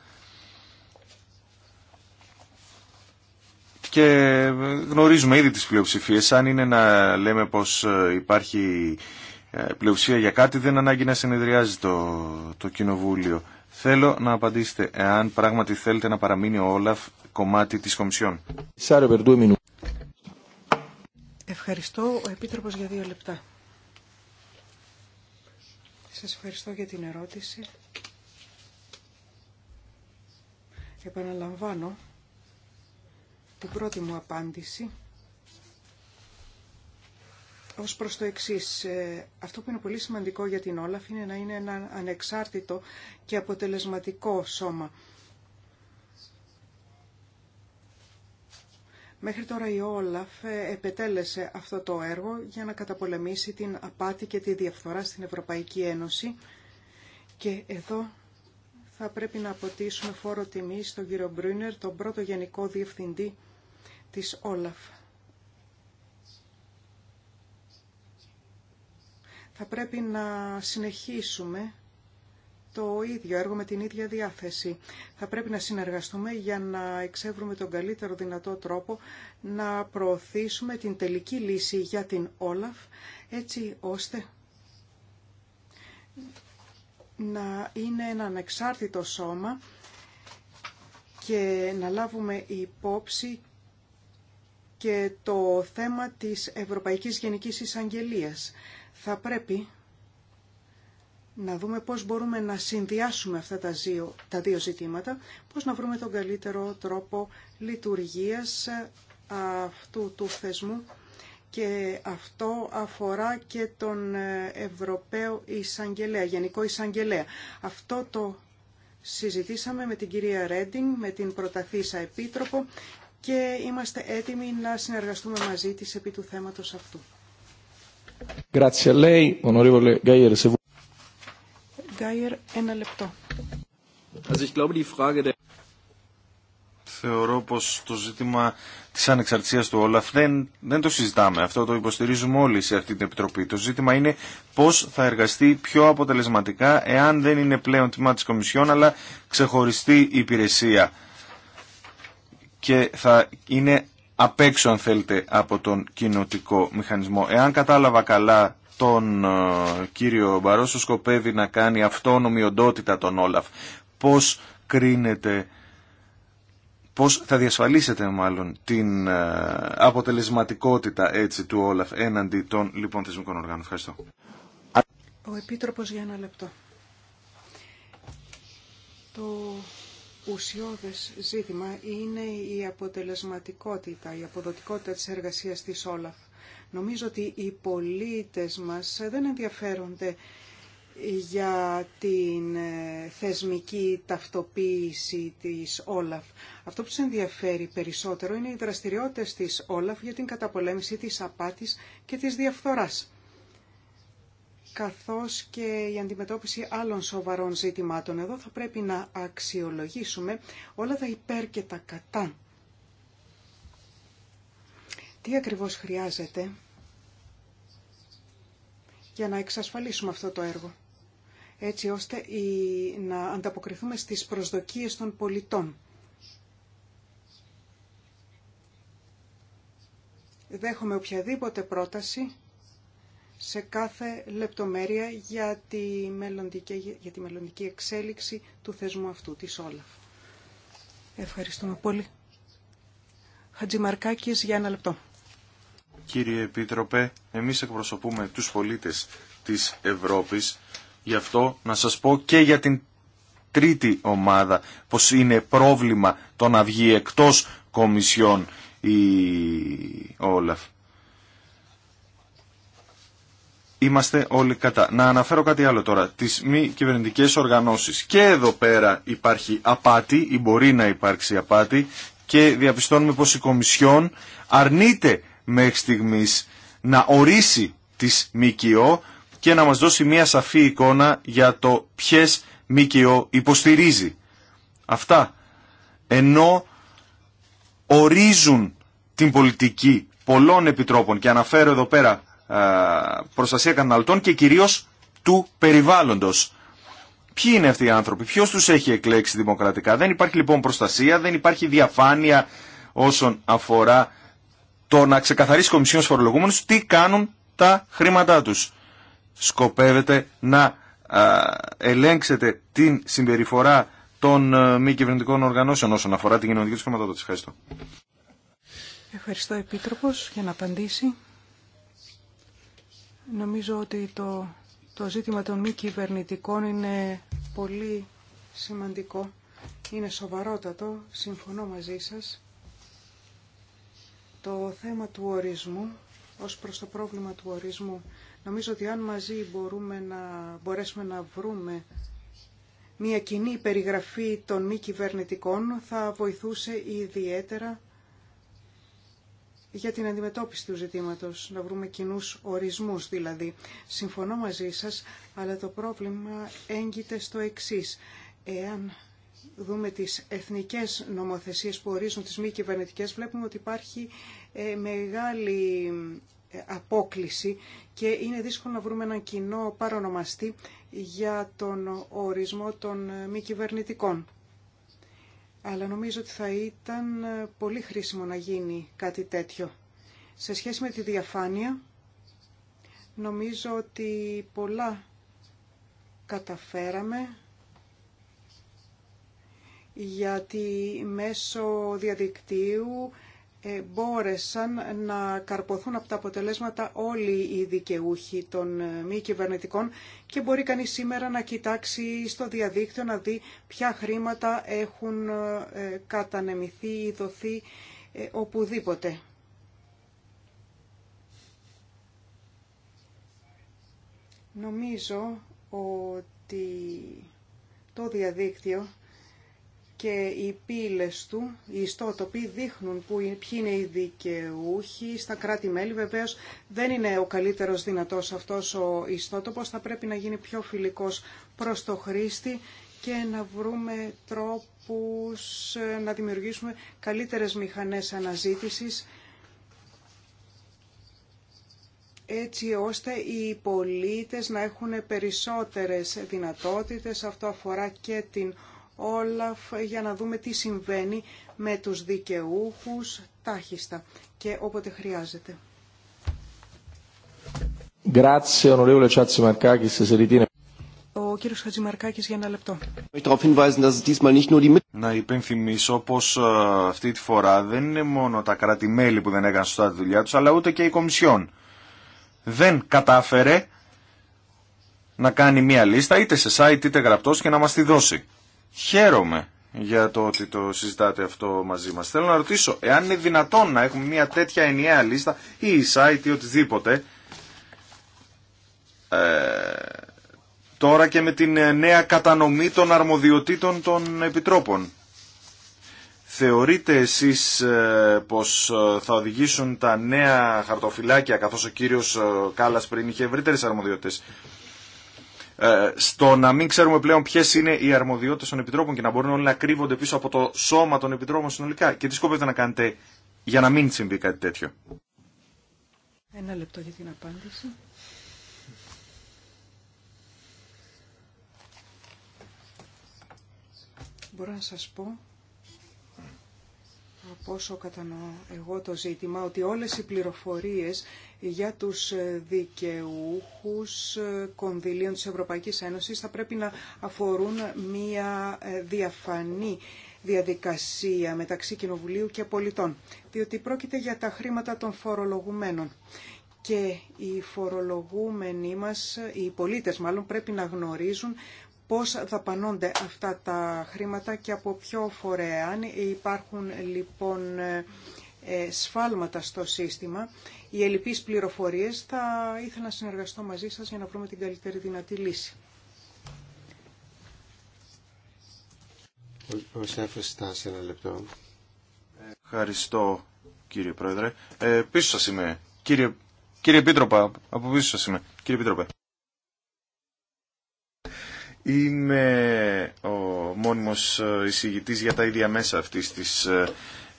και γνωρίζουμε ήδη τις πλειοψηφίες. Αν είναι να λέμε πως ε, υπάρχει ε, πλειοψηφία για κάτι, δεν ανάγκη να συνεδριάζει το, το Κοινοβούλιο. Θέλω να απαντήσετε εάν πράγματι θέλετε να παραμείνει ο Όλαφ κομμάτι της Κομισιόν. Ευχαριστώ. Ο Επίτροπος για δύο λεπτά. Σας ευχαριστώ για την ερώτηση. Επαναλαμβάνω την πρώτη μου απάντηση ως προς το εξής. Ε, αυτό που είναι πολύ σημαντικό για την Όλαφ είναι να είναι ένα ανεξάρτητο και αποτελεσματικό σώμα. Μέχρι τώρα η Όλαφ ε, επετέλεσε αυτό το έργο για να καταπολεμήσει την απάτη και τη διαφθορά στην Ευρωπαϊκή Ένωση και εδώ θα πρέπει να αποτίσουμε φόρο τιμή στον κύριο Μπρίνερ, τον πρώτο Γενικό Διευθυντή της Όλαφ. Θα πρέπει να συνεχίσουμε το ίδιο έργο με την ίδια διάθεση. Θα πρέπει να συνεργαστούμε για να εξεύρουμε τον καλύτερο δυνατό τρόπο να προωθήσουμε την τελική λύση για την Όλαφ, έτσι ώστε να είναι ένα ανεξάρτητο σώμα και να λάβουμε υπόψη και το θέμα της Ευρωπαϊκής Γενικής Εισαγγελίας. Θα πρέπει να δούμε πώς μπορούμε να συνδυάσουμε αυτά τα δύο, τα δύο ζητήματα, πώς να βρούμε τον καλύτερο τρόπο λειτουργίας αυτού του θεσμού και αυτό αφορά και τον Ευρωπαίο Εισαγγελέα, Γενικό Εισαγγελέα. Αυτό το συζητήσαμε με την κυρία Ρέντινγκ, με την Πρωταθήσα Επίτροπο και είμαστε έτοιμοι να συνεργαστούμε μαζί της επί του θέματος αυτού. ένα λεπτό. Θεωρώ πως το ζήτημα της ανεξαρτησίας του Όλαφ δεν, δεν το συζητάμε. Αυτό το υποστηρίζουμε όλοι σε αυτή την Επιτροπή. Το ζήτημα είναι πώς θα εργαστεί πιο αποτελεσματικά εάν δεν είναι πλέον τμήμα της Κομισιόν αλλά ξεχωριστή υπηρεσία και θα είναι απ' έξω αν θέλετε από τον κοινοτικό μηχανισμό. Εάν κατάλαβα καλά τον ε, κύριο Μπαρόσο σκοπεύει να κάνει αυτόνομη οντότητα τον Όλαφ. Πώς κρίνεται, πώς θα διασφαλίσετε μάλλον την ε, αποτελεσματικότητα έτσι του Όλαφ έναντι των λοιπόν θεσμικών οργάνων. Ευχαριστώ. Ο Επίτροπος για ένα λεπτό. Το ουσιώδες ζήτημα είναι η αποτελεσματικότητα, η αποδοτικότητα της εργασίας της Όλαφ. Νομίζω ότι οι πολίτες μας δεν ενδιαφέρονται για την ε, θεσμική ταυτοποίηση της Όλαφ. Αυτό που σε ενδιαφέρει περισσότερο είναι οι δραστηριότητες της Όλαφ για την καταπολέμηση της απάτης και της διαφθοράς καθώς και η αντιμετώπιση άλλων σοβαρών ζήτημάτων. Εδώ θα πρέπει να αξιολογήσουμε όλα τα υπέρ και τα κατά. Τι ακριβώς χρειάζεται για να εξασφαλίσουμε αυτό το έργο, έτσι ώστε να ανταποκριθούμε στις προσδοκίες των πολιτών. Δέχομαι οποιαδήποτε πρόταση σε κάθε λεπτομέρεια για τη μελλοντική, για τη εξέλιξη του θεσμού αυτού, της Όλαφ. Ευχαριστούμε πολύ. Χατζημαρκάκης για ένα λεπτό. Κύριε Επίτροπε, εμείς εκπροσωπούμε τους πολίτες της Ευρώπης, γι' αυτό να σας πω και για την τρίτη ομάδα, πως είναι πρόβλημα το να βγει εκτός κομισιόν η Όλαφ είμαστε όλοι κατά. Να αναφέρω κάτι άλλο τώρα. Τι μη κυβερνητικέ οργανώσεις. Και εδώ πέρα υπάρχει απάτη ή μπορεί να υπάρξει απάτη και διαπιστώνουμε πω η Κομισιόν αρνείται μέχρι στιγμή να ορίσει τις ΜΚΟ και να μας δώσει μια σαφή εικόνα για το ποιε ΜΚΟ υποστηρίζει. Αυτά. Ενώ ορίζουν την πολιτική πολλών επιτρόπων και αναφέρω εδώ πέρα ε, προστασία καταναλωτών και κυρίως του περιβάλλοντος. Ποιοι είναι αυτοί οι άνθρωποι, ποιο τους έχει εκλέξει δημοκρατικά. Δεν υπάρχει λοιπόν προστασία, δεν υπάρχει διαφάνεια όσον αφορά το να ξεκαθαρίσει κομισιόν φορολογούμενους τι κάνουν τα χρήματά τους. Σκοπεύετε να ε, ελέγξετε την συμπεριφορά των ε, μη κυβερνητικών οργανώσεων όσον αφορά την κοινωνική του χρηματοδότηση. Ευχαριστώ. Ευχαριστώ Επίτροπος για να απαντήσει. Νομίζω ότι το, το ζήτημα των μη κυβερνητικών είναι πολύ σημαντικό. Είναι σοβαρότατο, συμφωνώ μαζί σας. Το θέμα του ορισμού, ως προς το πρόβλημα του ορισμού, νομίζω ότι αν μαζί μπορούμε να, μπορέσουμε να βρούμε μια κοινή περιγραφή των μη κυβερνητικών θα βοηθούσε ιδιαίτερα για την αντιμετώπιση του ζητήματος, να βρούμε κοινού ορισμούς δηλαδή. Συμφωνώ μαζί σας, αλλά το πρόβλημα έγκυται στο εξής. Εάν δούμε τις εθνικές νομοθεσίες που ορίζουν τις μη κυβερνητικέ, βλέπουμε ότι υπάρχει ε, μεγάλη ε, απόκληση και είναι δύσκολο να βρούμε έναν κοινό παρονομαστή για τον ορισμό των ε, μη κυβερνητικών αλλά νομίζω ότι θα ήταν ε, πολύ χρήσιμο να γίνει κάτι τέτοιο. Σε σχέση με τη διαφάνεια, νομίζω ότι πολλά καταφέραμε γιατί μέσω διαδικτύου ε, μπόρεσαν να καρποθούν από τα αποτελέσματα όλοι οι δικαιούχοι των ε, μη κυβερνητικών και μπορεί κανείς σήμερα να κοιτάξει στο διαδίκτυο να δει ποια χρήματα έχουν ε, κατανεμηθεί ή δοθεί οπουδήποτε. Νομίζω ότι το διαδίκτυο και οι πύλες του, οι ιστότοποι δείχνουν που, ποιοι είναι οι δικαιούχοι στα κράτη-μέλη. Βεβαίως δεν είναι ο καλύτερος δυνατός αυτός ο ιστότοπος, θα πρέπει να γίνει πιο φιλικός προς το χρήστη και να βρούμε τρόπους ε, να δημιουργήσουμε καλύτερες μηχανές αναζήτησης έτσι ώστε οι πολίτες να έχουν περισσότερες δυνατότητες. Αυτό αφορά και την Όλαφ για να δούμε τι συμβαίνει με τους δικαιούχους τάχιστα και όποτε χρειάζεται. Ο κύριο Χατζημαρκάκης για ένα λεπτό. Να υπενθυμίσω πω ε, αυτή τη φορά δεν είναι μόνο τα κράτη-μέλη που δεν έκαναν σωστά τη δουλειά του, αλλά ούτε και η Κομισιόν. Δεν κατάφερε να κάνει μία λίστα είτε σε site είτε γραπτό και να μα τη δώσει. Χαίρομαι για το ότι το συζητάτε αυτό μαζί μας. Θέλω να ρωτήσω, εάν είναι δυνατόν να έχουμε μια τέτοια ενιαία λίστα ή site ή οτιδήποτε, ε, τώρα και με την ε, νέα κατανομή των αρμοδιοτήτων των επιτρόπων. Θεωρείτε εσείς ε, πως ε, θα οδηγήσουν τα νέα χαρτοφυλάκια, καθώς ο κύριος Κάλλας πριν είχε ευρύτερες αρμοδιότητες, ε, στο να μην ξέρουμε πλέον ποιε είναι οι αρμοδιότητε των επιτρόπων και να μπορούν όλοι να κρύβονται πίσω από το σώμα των επιτρόπων συνολικά. Και τι σκοπεύετε να κάνετε για να μην συμβεί κάτι τέτοιο. Ένα λεπτό για την απάντηση. Μπορώ να σας πω από κατανοώ εγώ το ζήτημα, ότι όλες οι πληροφορίες για τους δικαιούχους κονδυλίων της Ευρωπαϊκής Ένωσης θα πρέπει να αφορούν μία ε, διαφανή διαδικασία μεταξύ Κοινοβουλίου και πολιτών, διότι πρόκειται για τα χρήματα των φορολογουμένων. Και οι φορολογούμενοι μας, οι πολίτες μάλλον, πρέπει να γνωρίζουν πώς δαπανώνται αυτά τα χρήματα και από ποιο φορέα. Υπάρχουν λοιπόν ε, σφάλματα στο σύστημα. Οι ελληπείς πληροφορίες θα ήθελα να συνεργαστώ μαζί σας για να βρούμε την καλύτερη δυνατή λύση. σε ένα λεπτό. Ευχαριστώ κύριε Πρόεδρε. Ε, πίσω σας είμαι. Κύριε, κύριε Πιτροπά. από πίσω σας είμαι. Κύριε Επίτροπε. Είμαι ο μόνιμος ε, εισηγητής για τα ίδια μέσα αυτής της ε,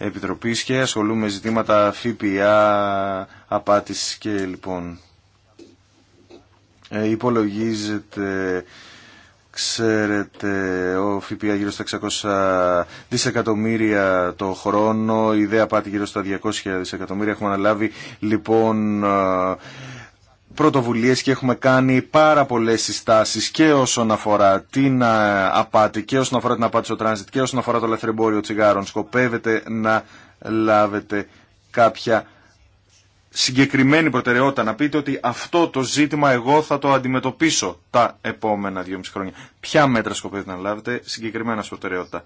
Επιτροπής και ασχολούμαι ζητήματα ΦΠΑ, απάτης και λοιπόν ε, υπολογίζεται ξέρετε ο ΦΠΑ γύρω στα 600 δισεκατομμύρια το χρόνο, η ιδέα πάτη γύρω στα 200 δισεκατομμύρια έχουμε αναλάβει λοιπόν πρωτοβουλίες και έχουμε κάνει πάρα πολλές συστάσεις και όσον αφορά την ε, απάτη και όσον αφορά την απάτη στο τράνζιτ και όσον αφορά το λαθρεμπόριο τσιγάρων. Σκοπεύετε να λάβετε κάποια συγκεκριμένη προτεραιότητα να πείτε ότι αυτό το ζήτημα εγώ θα το αντιμετωπίσω τα επόμενα δύο μισή χρόνια. Ποια μέτρα σκοπεύετε να λάβετε συγκεκριμένα προτεραιότητα.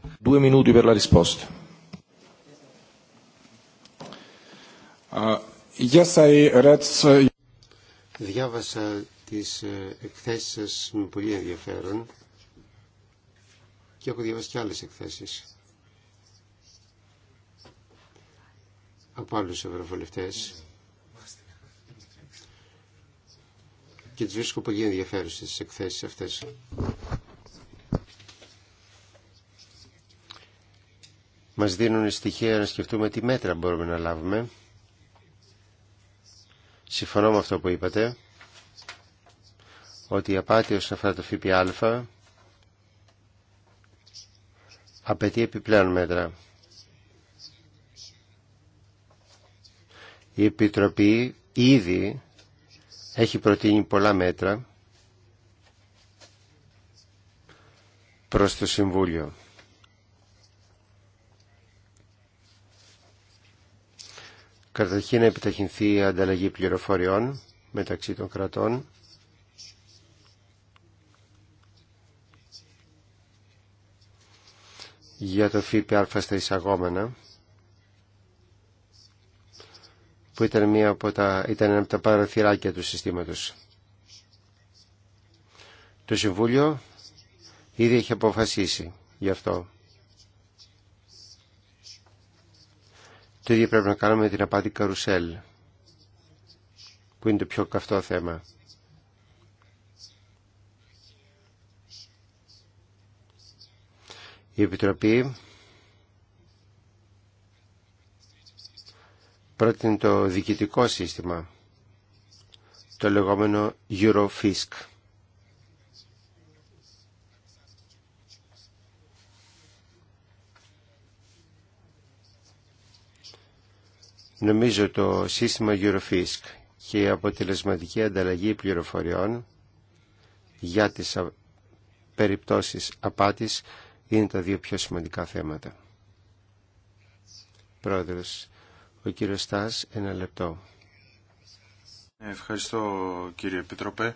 Διάβασα τις ε, εκθέσεις σας με πολύ ενδιαφέρον και έχω διαβάσει και άλλες εκθέσεις από άλλους ευρωβουλευτές και τις βρίσκω πολύ ενδιαφέρουσες τις εκθέσεις αυτές. Μας δίνουν στοιχεία να σκεφτούμε τι μέτρα μπορούμε να λάβουμε Συμφωνώ με αυτό που είπατε, ότι η απάτη όσον αφορά το ΦΠΑ απαιτεί επιπλέον μέτρα. Η Επιτροπή ήδη έχει προτείνει πολλά μέτρα προς το Συμβούλιο. Καταρχήν να επιταχυνθεί η ανταλλαγή πληροφοριών μεταξύ των κρατών. για το ΦΠΑ στα εισαγόμενα που ήταν, από τα, ήταν ένα από τα παραθυράκια του συστήματος. Το Συμβούλιο ήδη έχει αποφασίσει γι' αυτό. Το ίδιο πρέπει να κάνουμε με την απάτη καρουσέλ, που είναι το πιο καυτό θέμα. Η Επιτροπή πρότεινε το διοικητικό σύστημα, το λεγόμενο Eurofisk. Νομίζω το σύστημα Eurofisk και η αποτελεσματική ανταλλαγή πληροφοριών για τις περιπτώσεις απάτης είναι τα δύο πιο σημαντικά θέματα. Πρόεδρος, ο κύριος Στάς, ένα λεπτό. Ευχαριστώ κύριε Επιτροπέ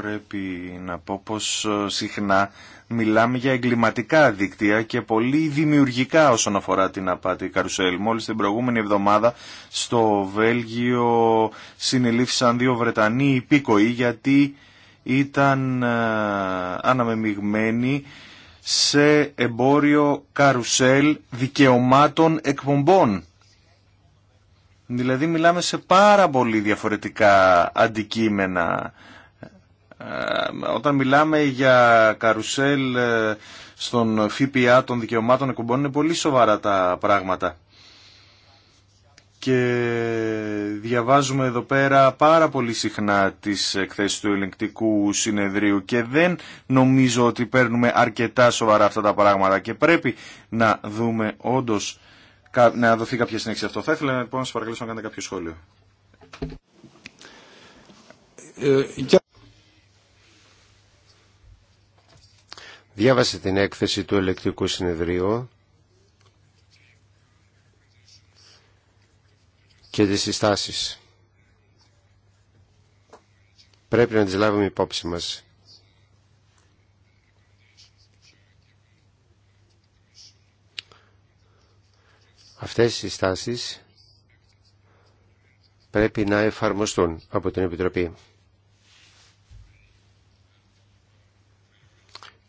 πρέπει να πω πως ε, συχνά μιλάμε για εγκληματικά δίκτυα και πολύ δημιουργικά όσον αφορά την απάτη καρουσέλ. Μόλις την προηγούμενη εβδομάδα στο Βέλγιο συνελήφθησαν δύο Βρετανοί υπήκοοι γιατί ήταν ε, αναμεμειγμένοι σε εμπόριο καρουσέλ δικαιωμάτων εκπομπών. Δηλαδή μιλάμε σε πάρα πολύ διαφορετικά αντικείμενα ε, όταν μιλάμε για καρουσέλ ε, στον ΦΠΑ των δικαιωμάτων εκπομπών είναι πολύ σοβαρά τα πράγματα. Και διαβάζουμε εδώ πέρα πάρα πολύ συχνά τις εκθέσεις του ελεγκτικού συνεδρίου και δεν νομίζω ότι παίρνουμε αρκετά σοβαρά αυτά τα πράγματα και πρέπει να δούμε όντως να δοθεί κάποια συνέχεια αυτό. Θα ήθελα λοιπόν να σας παρακαλέσω να κάνετε κάποιο σχόλιο. Ε, Διάβασε την έκθεση του ελεκτικού συνεδρίου και τις συστάσεις. Πρέπει να τις λάβουμε υπόψη μας. Αυτές οι συστάσεις πρέπει να εφαρμοστούν από την Επιτροπή.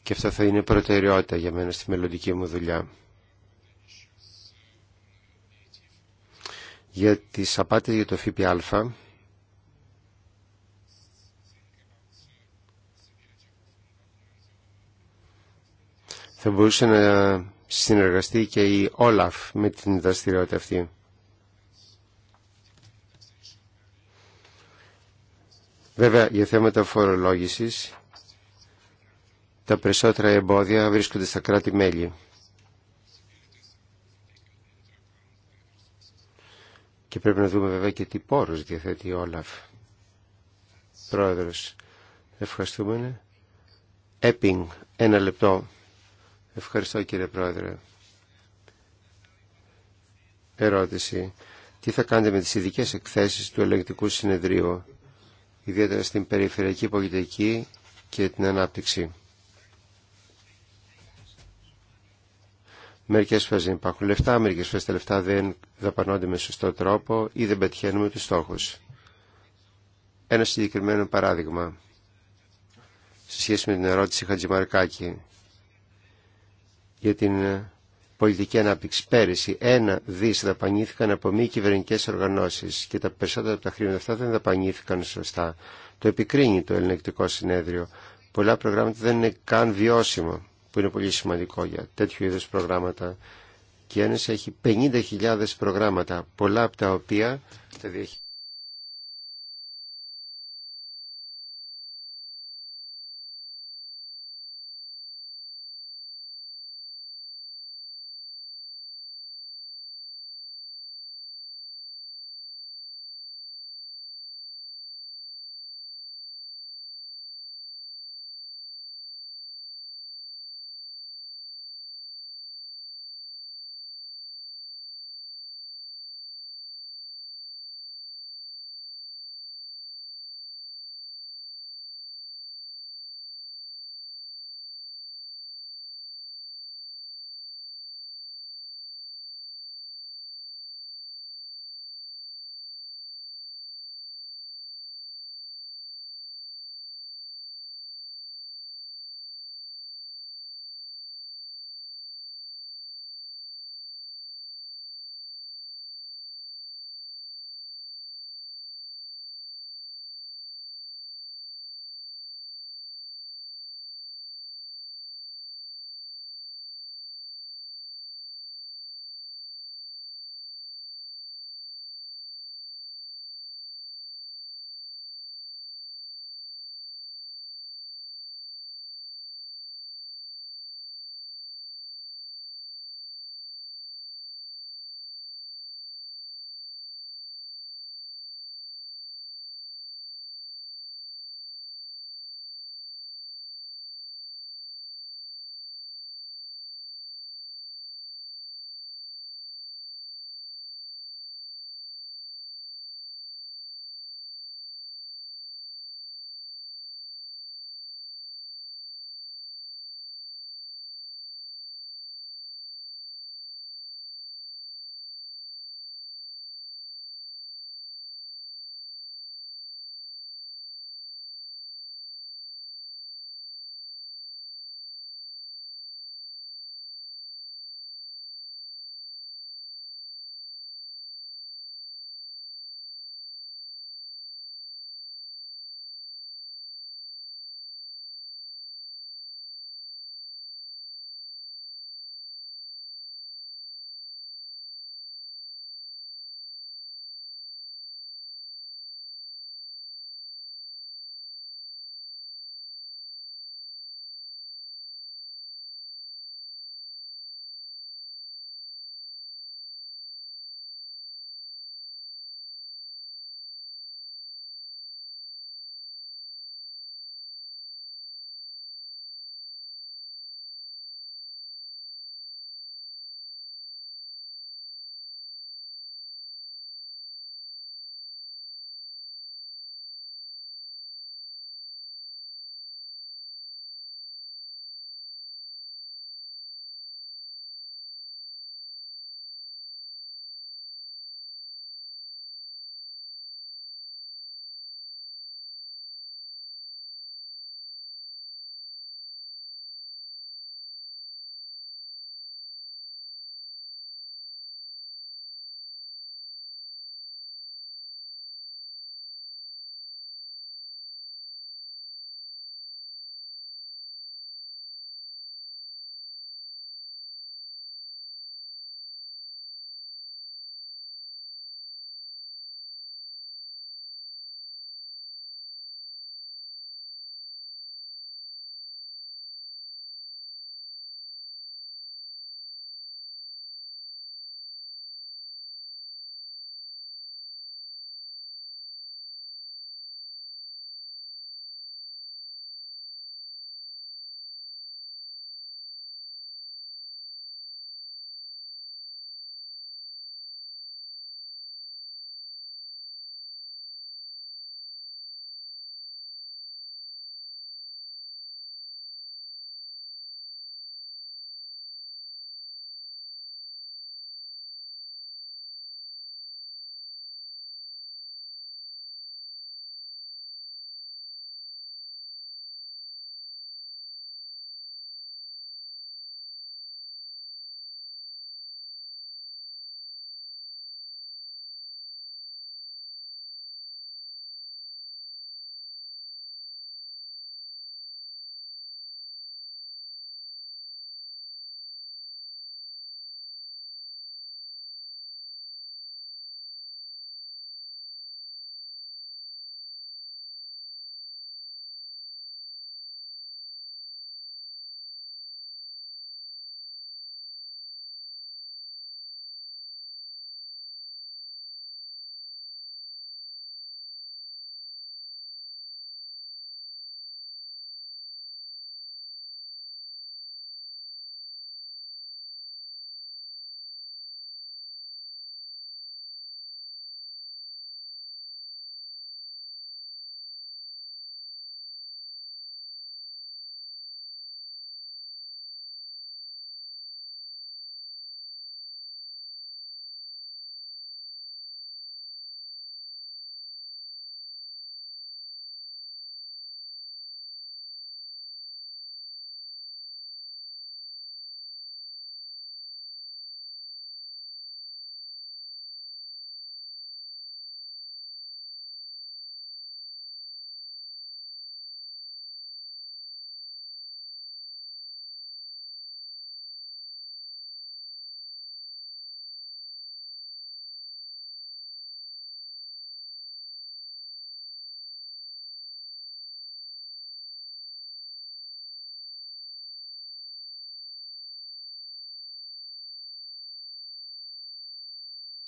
και αυτό θα είναι προτεραιότητα για μένα στη μελλοντική μου δουλειά. Για τις απάτες για το ΦΠΑ θα μπορούσε να συνεργαστεί και η Όλαφ με την δραστηριότητα αυτή. Βέβαια για θέματα φορολόγησης τα περισσότερα εμπόδια βρίσκονται στα κράτη-μέλη. Και πρέπει να δούμε βέβαια και τι πόρους διαθέτει ο Όλαφ. Πρόεδρος, ευχαριστούμε. Έπινγκ, ένα λεπτό. Ευχαριστώ κύριε Πρόεδρε. Ερώτηση. Τι θα κάνετε με τις ειδικές εκθέσεις του ελεγκτικού συνεδρίου, ιδιαίτερα στην περιφερειακή πολιτική και την ανάπτυξη. Μερικέ φορέ δεν υπάρχουν λεφτά, μερικέ φορέ τα λεφτά δεν δαπανώνται με σωστό τρόπο ή δεν πετυχαίνουμε του στόχου. Ένα συγκεκριμένο παράδειγμα σε σχέση με την ερώτηση Χατζημαρκάκη για την ε, πολιτική ανάπτυξη. Πέρυσι ένα δι δαπανήθηκαν από μη κυβερνητικέ οργανώσει. και τα περισσότερα από τα χρήματα αυτά δεν δαπανήθηκαν σωστά. Το επικρίνει το Ελληνικτικό συνέδριο. Πολλά προγράμματα δεν είναι καν βιώσιμο που είναι πολύ σημαντικό για τέτοιου είδους προγράμματα. Και ένας έχει 50.000 προγράμματα, πολλά από τα οποία δηλαδή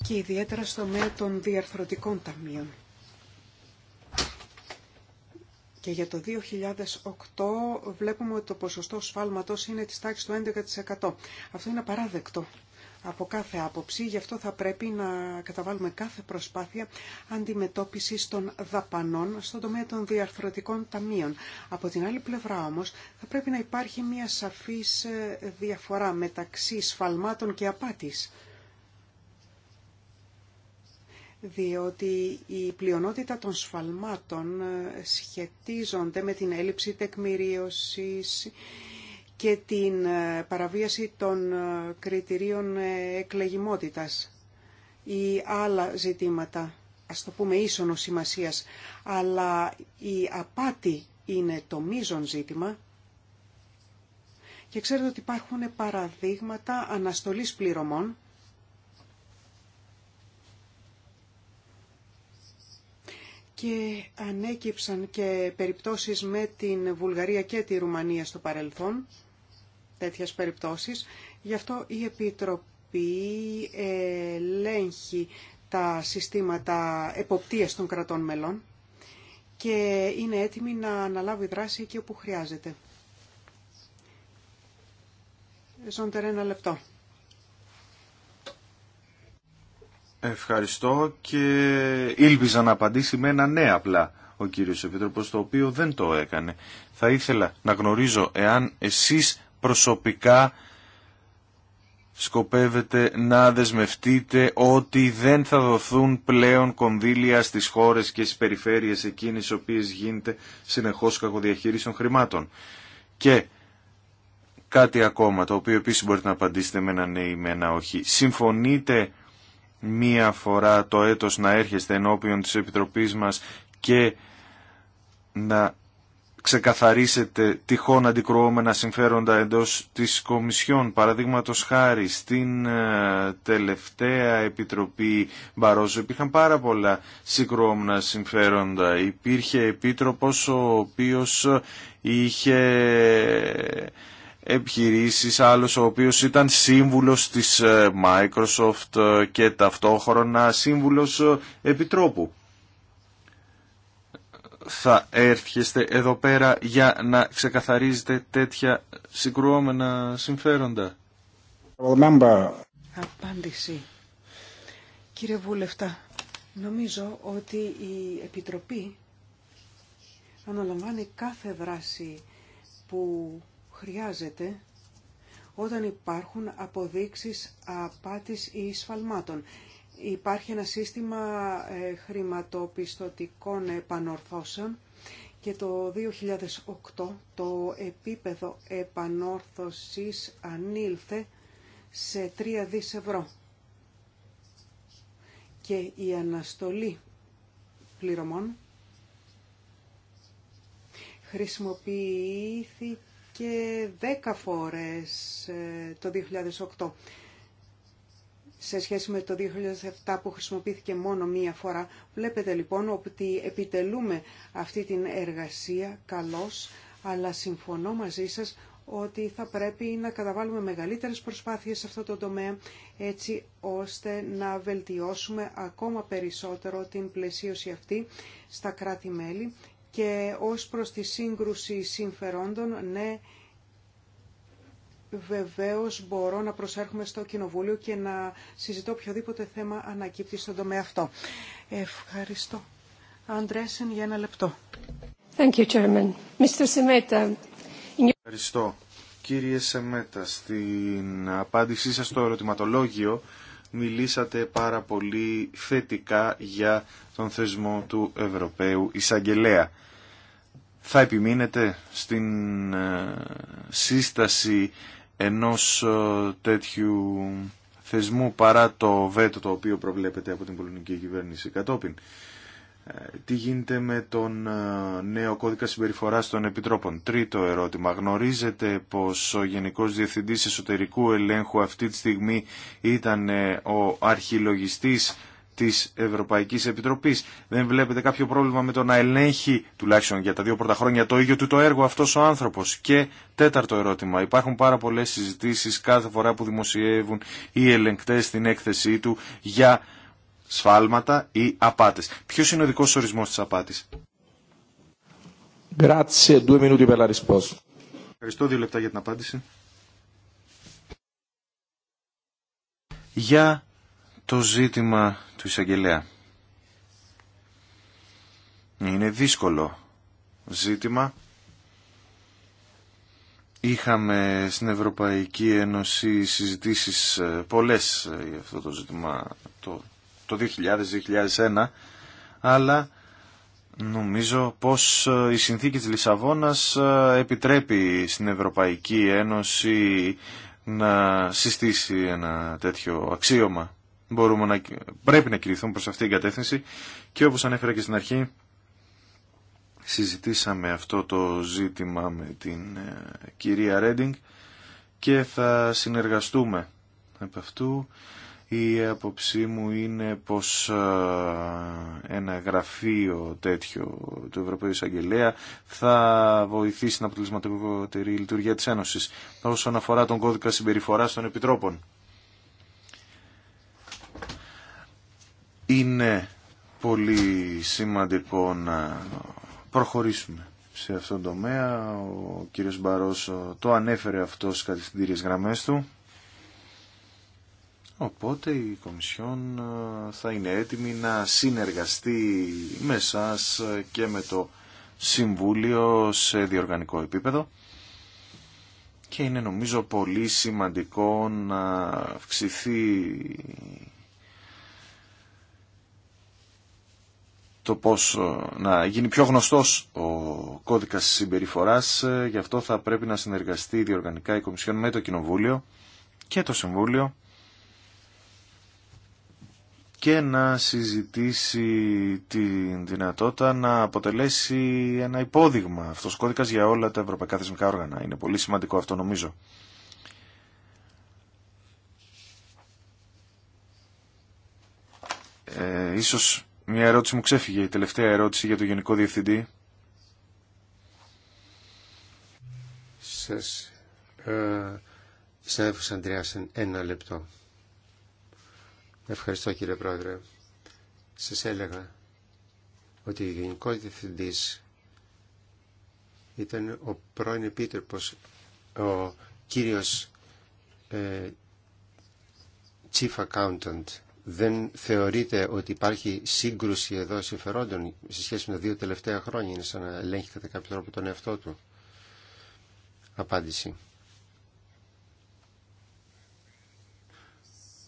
και ιδιαίτερα στο τομέα των διαρθρωτικών ταμείων. Και για το 2008 βλέπουμε ότι το ποσοστό σφάλματος είναι της τάξης του 11%. Αυτό είναι απαράδεκτο από κάθε άποψη, γι' αυτό θα πρέπει να καταβάλουμε κάθε προσπάθεια αντιμετώπισης των δαπανών στον τομέα των διαρθρωτικών ταμείων. Από την άλλη πλευρά όμως θα πρέπει να υπάρχει μια σαφής ε, διαφορά μεταξύ σφαλμάτων και απάτης διότι η πλειονότητα των σφαλμάτων ε, σχετίζονται με την έλλειψη τεκμηρίωσης και την ε, παραβίαση των ε, κριτηρίων εκλεγιμότητας ή άλλα ζητήματα, ας το πούμε ίσονος σημασίας, αλλά η απάτη είναι το μείζον ζήτημα και ξέρετε ότι υπάρχουν παραδείγματα αναστολής πληρωμών και ανέκυψαν και περιπτώσεις με την Βουλγαρία και τη Ρουμανία στο παρελθόν, τέτοιες περιπτώσεις. Γι' αυτό η Επιτροπή ελέγχει τα συστήματα εποπτείας των κρατών μελών και είναι έτοιμη να αναλάβει δράση εκεί όπου χρειάζεται. Ζώντερ ένα λεπτό. Ευχαριστώ και ήλπιζα να απαντήσει με ένα ναι απλά ο κύριος Επίτροπος, το οποίο δεν το έκανε. Θα ήθελα να γνωρίζω εάν εσείς προσωπικά σκοπεύετε να δεσμευτείτε ότι δεν θα δοθούν πλέον κονδύλια στις χώρες και στις περιφέρειες εκείνες οι οποίες γίνεται συνεχώς κακοδιαχείριση των χρημάτων. Και κάτι ακόμα, το οποίο επίσης μπορείτε να απαντήσετε με ένα ναι ή με ένα όχι. Συμφωνείτε μία φορά το έτος να έρχεστε ενώπιον της Επιτροπής μας και να ξεκαθαρίσετε τυχόν αντικρουόμενα συμφέροντα εντός της Κομισιόν. Παραδείγματο χάρη στην ε, τελευταία Επιτροπή Μπαρόζου υπήρχαν πάρα πολλά συγκρουόμενα συμφέροντα. Υπήρχε επίτροπος ο οποίος είχε επιχειρήσεις, άλλος ο οποίος ήταν σύμβουλος της ε, Microsoft ε, και ταυτόχρονα σύμβουλος ε, επιτρόπου. Θα έρχεστε εδώ πέρα για να ξεκαθαρίζετε τέτοια συγκρουόμενα συμφέροντα. Remember. Απάντηση. Κύριε Βούλευτα, νομίζω ότι η Επιτροπή αναλαμβάνει κάθε δράση που χρειάζεται όταν υπάρχουν αποδείξεις απάτης ή σφαλμάτων. Υπάρχει ένα σύστημα ε, χρηματοπιστωτικών επανορθώσεων και το 2008 το επίπεδο επανόρθωσης ανήλθε σε 3 δις ευρώ. Και η αναστολή πληρωμών χρησιμοποιήθηκε και 10 φορές ε, το 2008 σε σχέση με το 2007 που χρησιμοποιήθηκε μόνο μία φορά. Βλέπετε λοιπόν ότι επιτελούμε αυτή την εργασία καλώς, αλλά συμφωνώ μαζί σας ότι θα πρέπει να καταβάλουμε μεγαλύτερες προσπάθειες σε αυτό το τομέα, έτσι ώστε να βελτιώσουμε ακόμα περισσότερο την πλαισίωση αυτή στα κράτη-μέλη και ως προς τη σύγκρουση συμφερόντων, ναι, βεβαίως μπορώ να προσέρχομαι στο Κοινοβούλιο και να συζητώ οποιοδήποτε θέμα ανακύπτει στον τομέα αυτό. Ευχαριστώ. Αντρέσεν για ένα λεπτό. Thank you, Chairman. Mr. Semeta. Ευχαριστώ. Κύριε Σεμέτα, στην απάντησή σας στο ερωτηματολόγιο μιλήσατε πάρα πολύ θετικά για τον θεσμό του Ευρωπαίου Εισαγγελέα θα επιμείνετε στην ε, σύσταση ενός ε, τέτοιου θεσμού παρά το βέτο το οποίο προβλέπεται από την πολιτική κυβέρνηση κατόπιν. Ε, τι γίνεται με τον νέο κώδικα συμπεριφοράς των επιτρόπων. Τρίτο ερώτημα. Γνωρίζετε πως ο Γενικός Διευθυντής Εσωτερικού Ελέγχου αυτή τη στιγμή ήταν ο αρχιλογιστής της Ευρωπαϊκής Επιτροπής. Δεν βλέπετε κάποιο πρόβλημα με το να ελέγχει, τουλάχιστον για τα δύο πρώτα χρόνια, το ίδιο του το έργο αυτός ο άνθρωπος. Και τέταρτο ερώτημα. Υπάρχουν πάρα πολλές συζητήσεις κάθε φορά που δημοσιεύουν οι ελεγκτές την έκθεσή του για σφάλματα ή απάτες. Ποιος είναι ο δικός ορισμός της απάτης. Ευχαριστώ δύο λεπτά για την απάντηση. Για το ζήτημα του εισαγγελέα. Είναι δύσκολο ζήτημα. Είχαμε στην Ευρωπαϊκή Ένωση συζητήσεις ε, πολλές ε, για αυτό το ζήτημα το, το 2000-2001, αλλά νομίζω πως ε, η συνθήκη της Λισαβόνας επιτρέπει στην Ευρωπαϊκή Ένωση να συστήσει ένα τέτοιο αξίωμα μπορούμε να, πρέπει να κυριθούμε προς αυτήν την κατεύθυνση και όπως ανέφερα και στην αρχή συζητήσαμε αυτό το ζήτημα με την ε, κυρία Ρέντινγκ και θα συνεργαστούμε από αυτού. Η άποψή μου είναι πως ε, ένα γραφείο τέτοιο του Ευρωπαϊκού Εισαγγελέα θα βοηθήσει να αποτελεσματικότερη λειτουργία της Ένωσης όσον αφορά τον κώδικα συμπεριφοράς των επιτρόπων. είναι πολύ σημαντικό να προχωρήσουμε σε αυτόν τον τομέα. Ο κύριος Μπαρόσο το ανέφερε αυτό στις κατευθυντήριες γραμμές του. Οπότε η Κομισιόν ε, θα είναι έτοιμη να συνεργαστεί με σας και με το Συμβούλιο σε διοργανικό επίπεδο και είναι νομίζω πολύ σημαντικό να αυξηθεί το πώς ε, να γίνει πιο γνωστός ο κώδικας συμπεριφοράς. Ε, γι' αυτό θα πρέπει να συνεργαστεί διοργανικά η Κομισιόν με το Κοινοβούλιο και το Συμβούλιο και να συζητήσει την δυνατότητα να αποτελέσει ένα υπόδειγμα αυτός ο κώδικας για όλα τα ευρωπαϊκά θεσμικά όργανα. Είναι πολύ σημαντικό αυτό νομίζω. Ε, ίσως μια ερώτηση μου ξέφυγε, η τελευταία ερώτηση για το Γενικό Διευθυντή. Σας ε, Αντριάσεν, ένα λεπτό. Ευχαριστώ κύριε Πρόεδρε. Σας έλεγα ότι ο γενικό Διευθυντής ήταν ο πρώην επίτροπος, ο κύριος ε, Chief Accountant δεν θεωρείτε ότι υπάρχει σύγκρουση εδώ συμφερόντων σε σχέση με τα δύο τελευταία χρόνια. Είναι σαν να ελέγχει κατά κάποιο τρόπο τον εαυτό του. Απάντηση.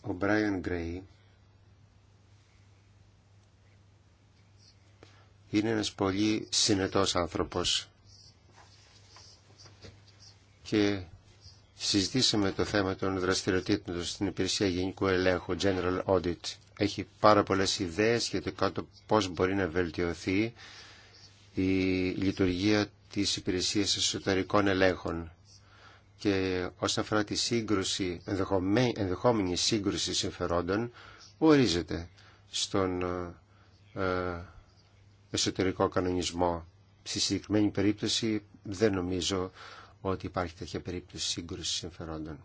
Ο Μπράιον Γκρέι είναι ένας πολύ συνετός άνθρωπος και συζητήσαμε το θέμα των δραστηριοτήτων στην υπηρεσία γενικού ελέγχου, General Audit. Έχει πάρα πολλές ιδέες σχετικά το πώς μπορεί να βελτιωθεί η λειτουργία της υπηρεσίας εσωτερικών ελέγχων. Και όσον αφορά τη σύγκρουση, ενδεχόμενη σύγκρουση συμφερόντων, ορίζεται στον ε, εσωτερικό κανονισμό. Στη συγκεκριμένη περίπτωση δεν νομίζω ότι υπάρχει τέτοια περίπτωση σύγκρουση συμφερόντων.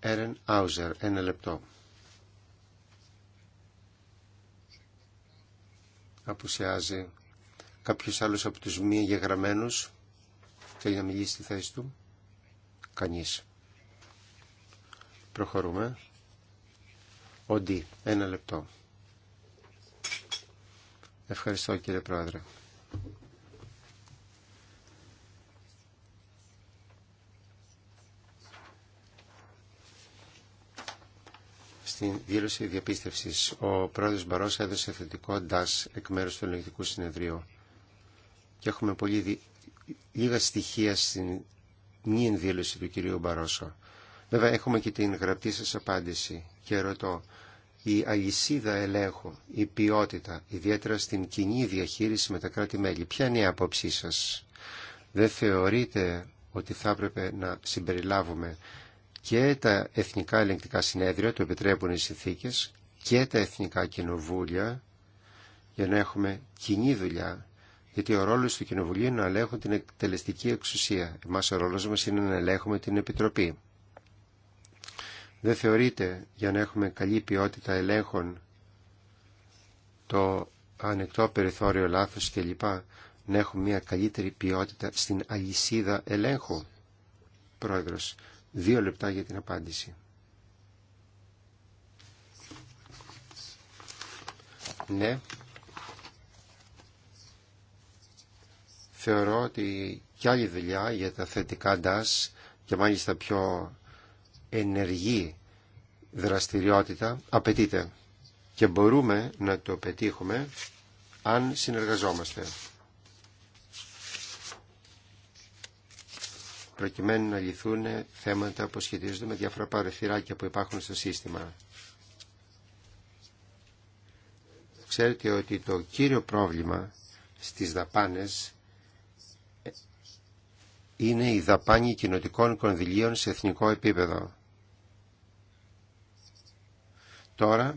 Έρεν Άουζερ, e- ένα λεπτό. Απουσιάζει κάποιο άλλο από του μη εγγεγραμμένους. Θέλει να μιλήσει στη θέση του. κανεί. Προχωρούμε. Οντί, ένα λεπτό. Ευχαριστώ κύριε Πρόεδρε. Στην δήλωση διαπίστευση. ο πρόεδρος Μπαρόσο έδωσε θετικό ντάς εκ μέρου του Ελληνικού Συνεδρίου και έχουμε πολύ λίγα στοιχεία στην μία δήλωση του κυρίου Μπαρόσο. Βέβαια έχουμε και την γραπτή σα απάντηση και ρωτώ η αλυσίδα ελέγχου, η ποιότητα, ιδιαίτερα στην κοινή διαχείριση με τα κράτη-μέλη. Ποια είναι η άποψή σας. Δεν θεωρείτε ότι θα έπρεπε να συμπεριλάβουμε και τα εθνικά ελεγκτικά συνέδρια, το επιτρέπουν οι συνθήκες, και τα εθνικά κοινοβούλια, για να έχουμε κοινή δουλειά, γιατί ο ρόλος του κοινοβουλίου είναι να ελέγχουν την εκτελεστική εξουσία. Εμά ο ρόλος μας είναι να ελέγχουμε την Επιτροπή. Δεν θεωρείται για να έχουμε καλή ποιότητα ελέγχων το ανεκτό περιθώριο λάθος κλπ. να έχουμε μια καλύτερη ποιότητα στην αλυσίδα ελέγχου. Πρόεδρος, δύο λεπτά για την απάντηση. Ναι. Θεωρώ ότι κι άλλη δουλειά για τα θετικά DAS και μάλιστα πιο ενεργή δραστηριότητα απαιτείται και μπορούμε να το πετύχουμε αν συνεργαζόμαστε. προκειμένου να λυθούν θέματα που σχετίζονται με διάφορα παρεθυράκια που υπάρχουν στο σύστημα. Ξέρετε ότι το κύριο πρόβλημα στις δαπάνες είναι η δαπάνη κοινοτικών κονδυλίων σε εθνικό επίπεδο. Τώρα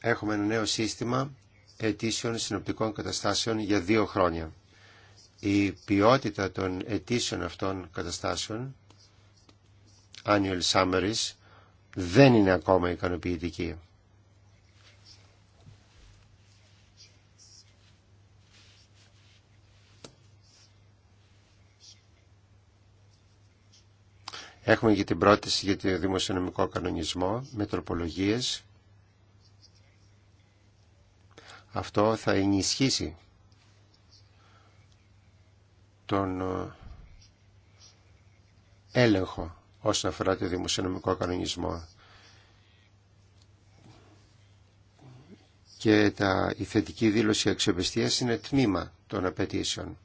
έχουμε ένα νέο σύστημα αιτήσεων συνοπτικών καταστάσεων για δύο χρόνια. Η ποιότητα των αιτήσεων αυτών καταστάσεων, annual summaries, δεν είναι ακόμα ικανοποιητική. Έχουμε και την πρόταση για το δημοσιονομικό κανονισμό με τροπολογίες. Αυτό θα ενισχύσει τον ε, έλεγχο όσον αφορά το δημοσιονομικό κανονισμό και τα, η θετική δήλωση αξιοπιστίας είναι τμήμα των απαιτήσεων.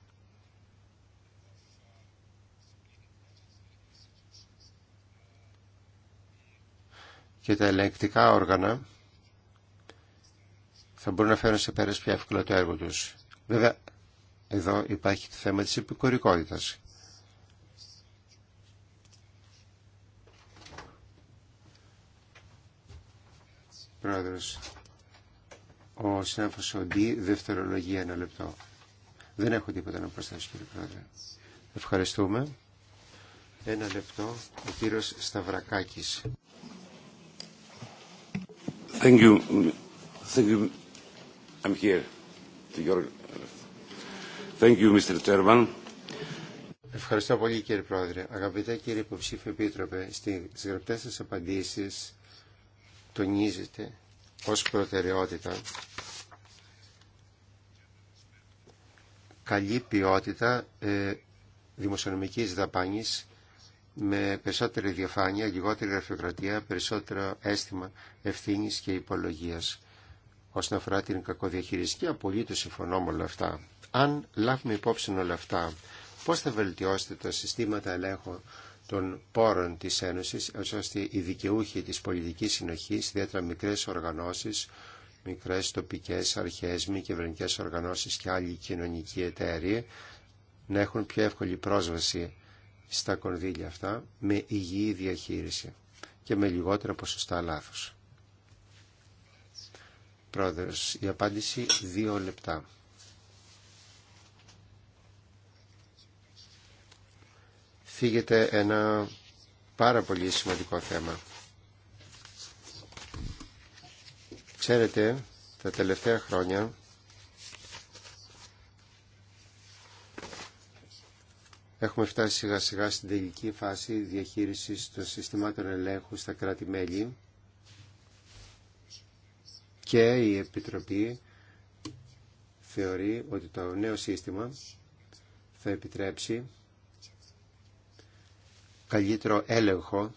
και τα ελεγκτικά όργανα θα μπορούν να φέρουν σε πέρας πιο εύκολα το έργο τους. Βέβαια, εδώ υπάρχει το θέμα της επικορικότητας. Πρόεδρος, ο συνάδελφος Οντί, δευτερολογία ένα λεπτό. Δεν έχω τίποτα να προσθέσω, κύριε Πρόεδρε. Ευχαριστούμε. Ένα λεπτό, ο κύριος Σταυρακάκης. Ευχαριστώ πολύ κύριε Πρόεδρε. Αγαπητέ κύριε Υποψήφιο Επίτροπε, στις γραπτές σας απαντήσεις τονίζετε ως προτεραιότητα καλή ποιότητα ε, δημοσιονομικής δαπάνης με περισσότερη διαφάνεια, λιγότερη γραφειοκρατία, περισσότερο αίσθημα ευθύνη και υπολογία. Όσον αφορά την κακοδιαχείριση, και απολύτω συμφωνώ με όλα αυτά. Αν λάβουμε υπόψη όλα αυτά, πώ θα βελτιώσετε τα συστήματα ελέγχου των πόρων τη Ένωση, ώστε οι δικαιούχοι τη πολιτική συνοχή, ιδιαίτερα μικρέ οργανώσει, μικρέ τοπικέ αρχέ, μη κυβερνητικέ οργανώσει και άλλοι κοινωνικοί εταίροι, να έχουν πιο εύκολη πρόσβαση στα κονδύλια αυτά με υγιή διαχείριση και με λιγότερα ποσοστά λάθος. Πρόεδρος, η απάντηση δύο λεπτά. Φύγεται ένα πάρα πολύ σημαντικό θέμα. Ξέρετε, τα τελευταία χρόνια Έχουμε φτάσει σιγά σιγά στην τελική φάση διαχείρισης των συστημάτων ελέγχου στα κράτη-μέλη και η Επιτροπή θεωρεί ότι το νέο σύστημα θα επιτρέψει καλύτερο έλεγχο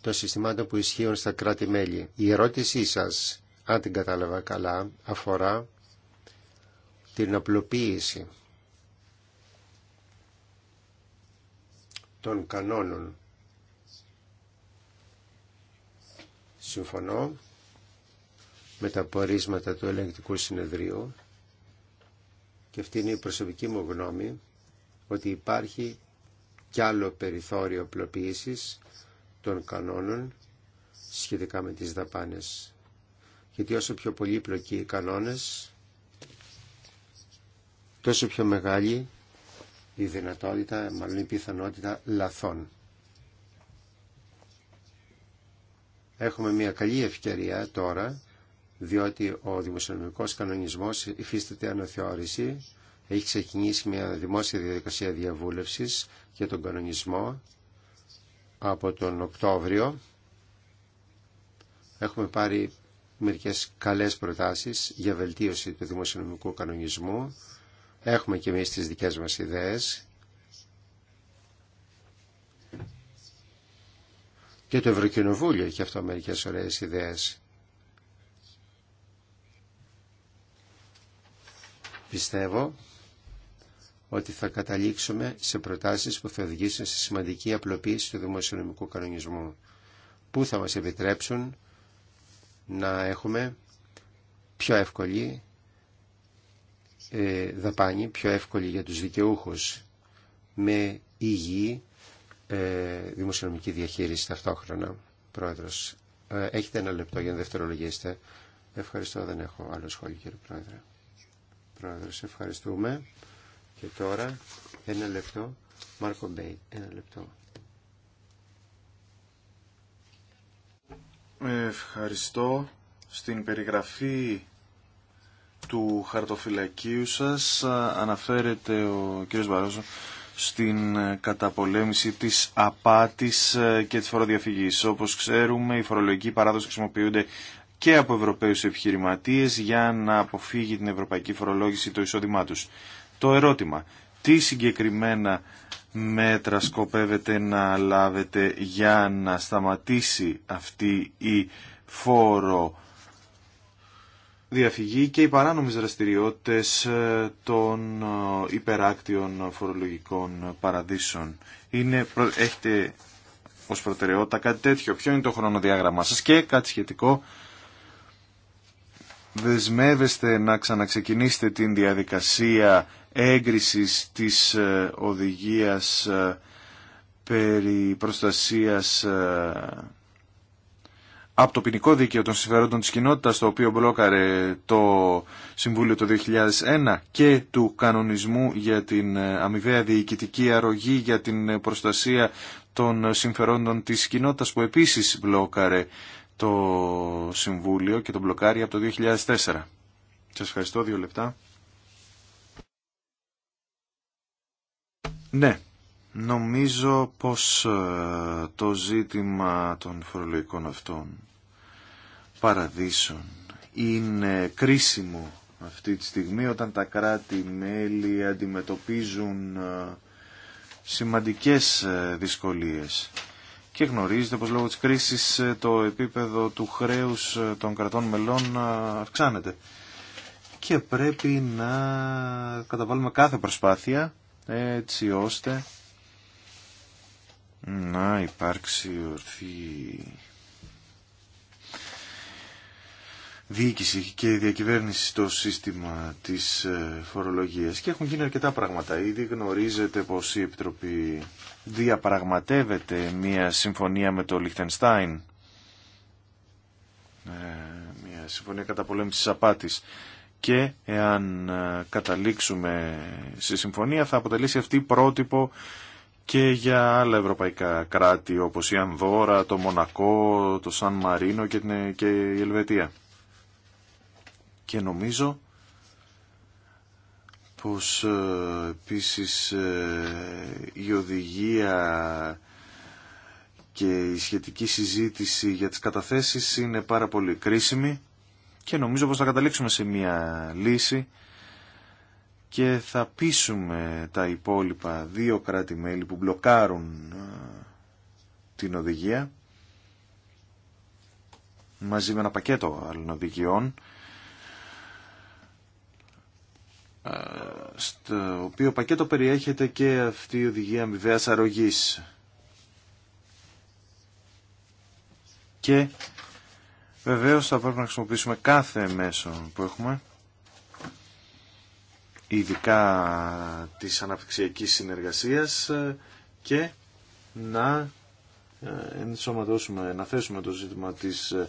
των συστημάτων που ισχύουν στα κράτη-μέλη. Η ερώτησή σας, αν την κατάλαβα καλά, αφορά την απλοποίηση των κανόνων. Συμφωνώ με τα πορίσματα του ελεγκτικού συνεδρίου και αυτή είναι η προσωπική μου γνώμη ότι υπάρχει κι άλλο περιθώριο απλοποίησης των κανόνων σχετικά με τις δαπάνες. Γιατί όσο πιο πολύπλοκοι οι κανόνες, τόσο πιο μεγάλη η δυνατότητα, μάλλον η πιθανότητα λαθών. Έχουμε μια καλή ευκαιρία τώρα, διότι ο δημοσιονομικός κανονισμός υφίσταται αναθεώρηση, έχει ξεκινήσει μια δημόσια διαδικασία διαβούλευσης για τον κανονισμό από τον Οκτώβριο. Έχουμε πάρει μερικές καλές προτάσεις για βελτίωση του δημοσιονομικού κανονισμού Έχουμε και εμείς τις δικές μας ιδέες και το Ευρωκοινοβούλιο έχει αυτό μερικές ωραίες ιδέες. Πιστεύω ότι θα καταλήξουμε σε προτάσεις που θα οδηγήσουν σε σημαντική απλοποίηση του δημοσιονομικού κανονισμού που θα μας επιτρέψουν να έχουμε πιο εύκολη ε, δαπάνη, πιο εύκολη για τους δικαιούχους με υγιή ε, δημοσιονομική διαχείριση ταυτόχρονα. Πρόεδρος, ε, έχετε ένα λεπτό για να δευτερολογήσετε. Ευχαριστώ, δεν έχω άλλο σχόλιο κύριε Πρόεδρε. Πρόεδρος, ευχαριστούμε. Και τώρα ένα λεπτό, Μάρκο Μπέι, ένα λεπτό. Ευχαριστώ. Στην περιγραφή του χαρτοφυλακίου σας αναφέρεται ο κ. Μπαρόζο στην καταπολέμηση της απάτης ε, και της φοροδιαφυγής. Όπως ξέρουμε, οι φορολογικοί παράδοση χρησιμοποιούνται και από Ευρωπαίους επιχειρηματίες για να αποφύγει την ευρωπαϊκή φορολόγηση το εισόδημά τους. Το ερώτημα, τι συγκεκριμένα μέτρα σκοπεύετε να λάβετε για να σταματήσει αυτή η φόρο διαφυγή και οι παράνομες δραστηριότητες ε, των ε, υπεράκτιων φορολογικών παραδείσων. Είναι, έχετε ως προτεραιότητα κάτι τέτοιο. Ποιο είναι το χρονοδιάγραμμά σας και κάτι σχετικό. Δεσμεύεστε να ξαναξεκινήσετε την διαδικασία έγκρισης της ε, οδηγίας περί προστασίας από το ποινικό δίκαιο των συμφερόντων της κοινότητας το οποίο μπλόκαρε το Συμβούλιο το 2001 και του κανονισμού για την ε, αμοιβαία διοικητική αρρωγή για την ε, προστασία των συμφερόντων της κοινότητας που επίσης μπλόκαρε το Συμβούλιο και τον μπλοκάρει από το 2004. Σας ευχαριστώ δύο λεπτά. Ναι. Νομίζω πως ε, το ζήτημα των φορολογικών αυτών παραδείσων. Είναι κρίσιμο αυτή τη στιγμή όταν τα κράτη-μέλη αντιμετωπίζουν ε, σημαντικές ε, δυσκολίες. Και γνωρίζετε πως λόγω της κρίσης ε, το επίπεδο του χρέους των κρατών μελών αυξάνεται. Και πρέπει να καταβάλουμε κάθε προσπάθεια έτσι ώστε να υπάρξει ορθή διοίκηση και διακυβέρνηση στο σύστημα της ε, φορολογίας και έχουν γίνει αρκετά πράγματα. Ήδη γνωρίζετε πως η Επιτροπή διαπραγματεύεται μια συμφωνία με το Λιχτενστάιν, ε, μια συμφωνία καταπολέμησης απάτης και εάν ε, καταλήξουμε σε συμφωνία θα αποτελήσει αυτή πρότυπο και για άλλα ευρωπαϊκά κράτη όπως η Ανδόρα, το Μονακό, το Σαν Μαρίνο και η Ελβετία. Και νομίζω πως ε, επίσης ε, η οδηγία και η σχετική συζήτηση για τις καταθέσεις είναι πάρα πολύ κρίσιμη και νομίζω πως θα καταλήξουμε σε μια λύση και θα πείσουμε τα υπόλοιπα δύο κράτη-μέλη που μπλοκάρουν ε, την οδηγία μαζί με ένα πακέτο άλλων οδηγιών στο οποίο πακέτο περιέχεται και αυτή η οδηγία αμοιβαίας αρρωγής. Και βεβαίως θα πρέπει να χρησιμοποιήσουμε κάθε μέσο που έχουμε, ειδικά της αναπτυξιακής συνεργασίας ε, και να ε, ενσωματώσουμε, να θέσουμε το ζήτημα της ε,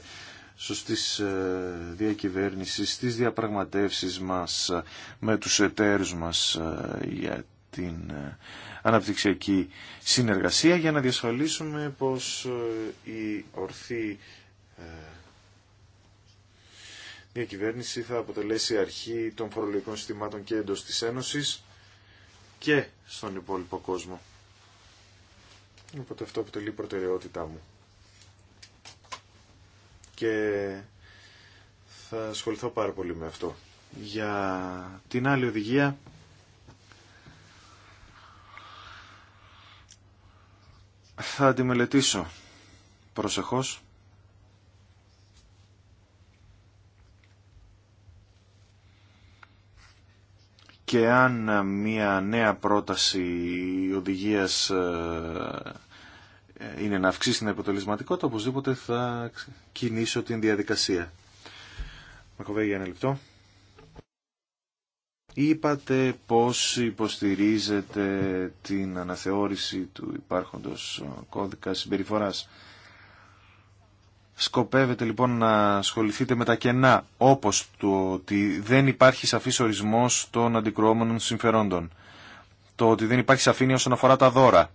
σωστής ε, διακυβέρνησης, στις διαπραγματεύσεις μας ε, με τους εταίρους μας ε, για την αναπτυξιακή συνεργασία για να διασφαλίσουμε πως η ορθή διακυβέρνηση θα αποτελέσει αρχή των φορολογικών συστημάτων και εντός της Ένωσης και στον υπόλοιπο κόσμο. Οπότε αυτό αποτελεί προτεραιότητά μου και θα ασχοληθώ πάρα πολύ με αυτό. Για την άλλη οδηγία θα τη μελετήσω προσεχώς. Και αν μια νέα πρόταση οδηγίας ε, είναι να αυξήσει την αποτελεσματικότητα, οπωσδήποτε θα κινήσω την διαδικασία. Μακοβέ για ένα λεπτό. Είπατε πώς υποστηρίζετε την αναθεώρηση του υπάρχοντος κώδικα συμπεριφοράς. Σκοπεύετε λοιπόν να ασχοληθείτε με τα κενά, όπως το ότι δεν υπάρχει σαφής ορισμός των αντικρουόμενων συμφερόντων, το ότι δεν υπάρχει σαφήνεια όσον αφορά τα δώρα,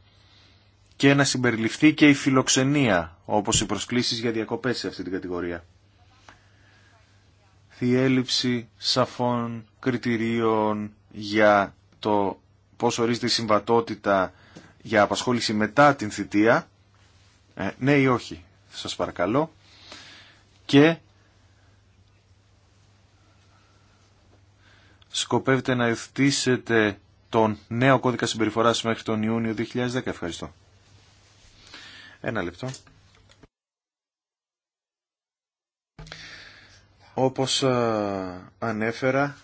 και να συμπεριληφθεί και η φιλοξενία, όπως οι προσκλήσεις για διακοπές σε αυτή την κατηγορία. Η έλλειψη σαφών κριτηρίων για το πώς ορίζεται η συμβατότητα για απασχόληση μετά την θητεία, ε, ναι ή όχι, σας παρακαλώ, και σκοπεύετε να ευθύσετε τον νέο κώδικα συμπεριφοράς μέχρι τον Ιούνιο 2010. Ευχαριστώ. Ένα λεπτό. Όπως ε, ανέφερα,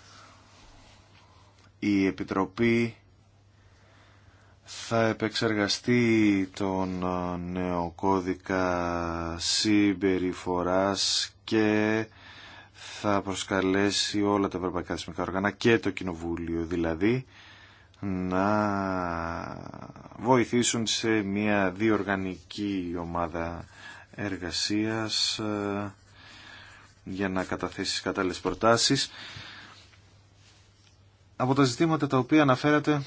η Επιτροπή θα επεξεργαστεί τον ε, νέο κώδικα συμπεριφοράς και θα προσκαλέσει όλα τα ευρωπαϊκά θεσμικά όργανα και το Κοινοβούλιο δηλαδή να βοηθήσουν σε μια διοργανική ομάδα εργασίας ε, για να καταθέσεις κατάλληλες προτάσεις. Από τα ζητήματα τα οποία αναφέρατε,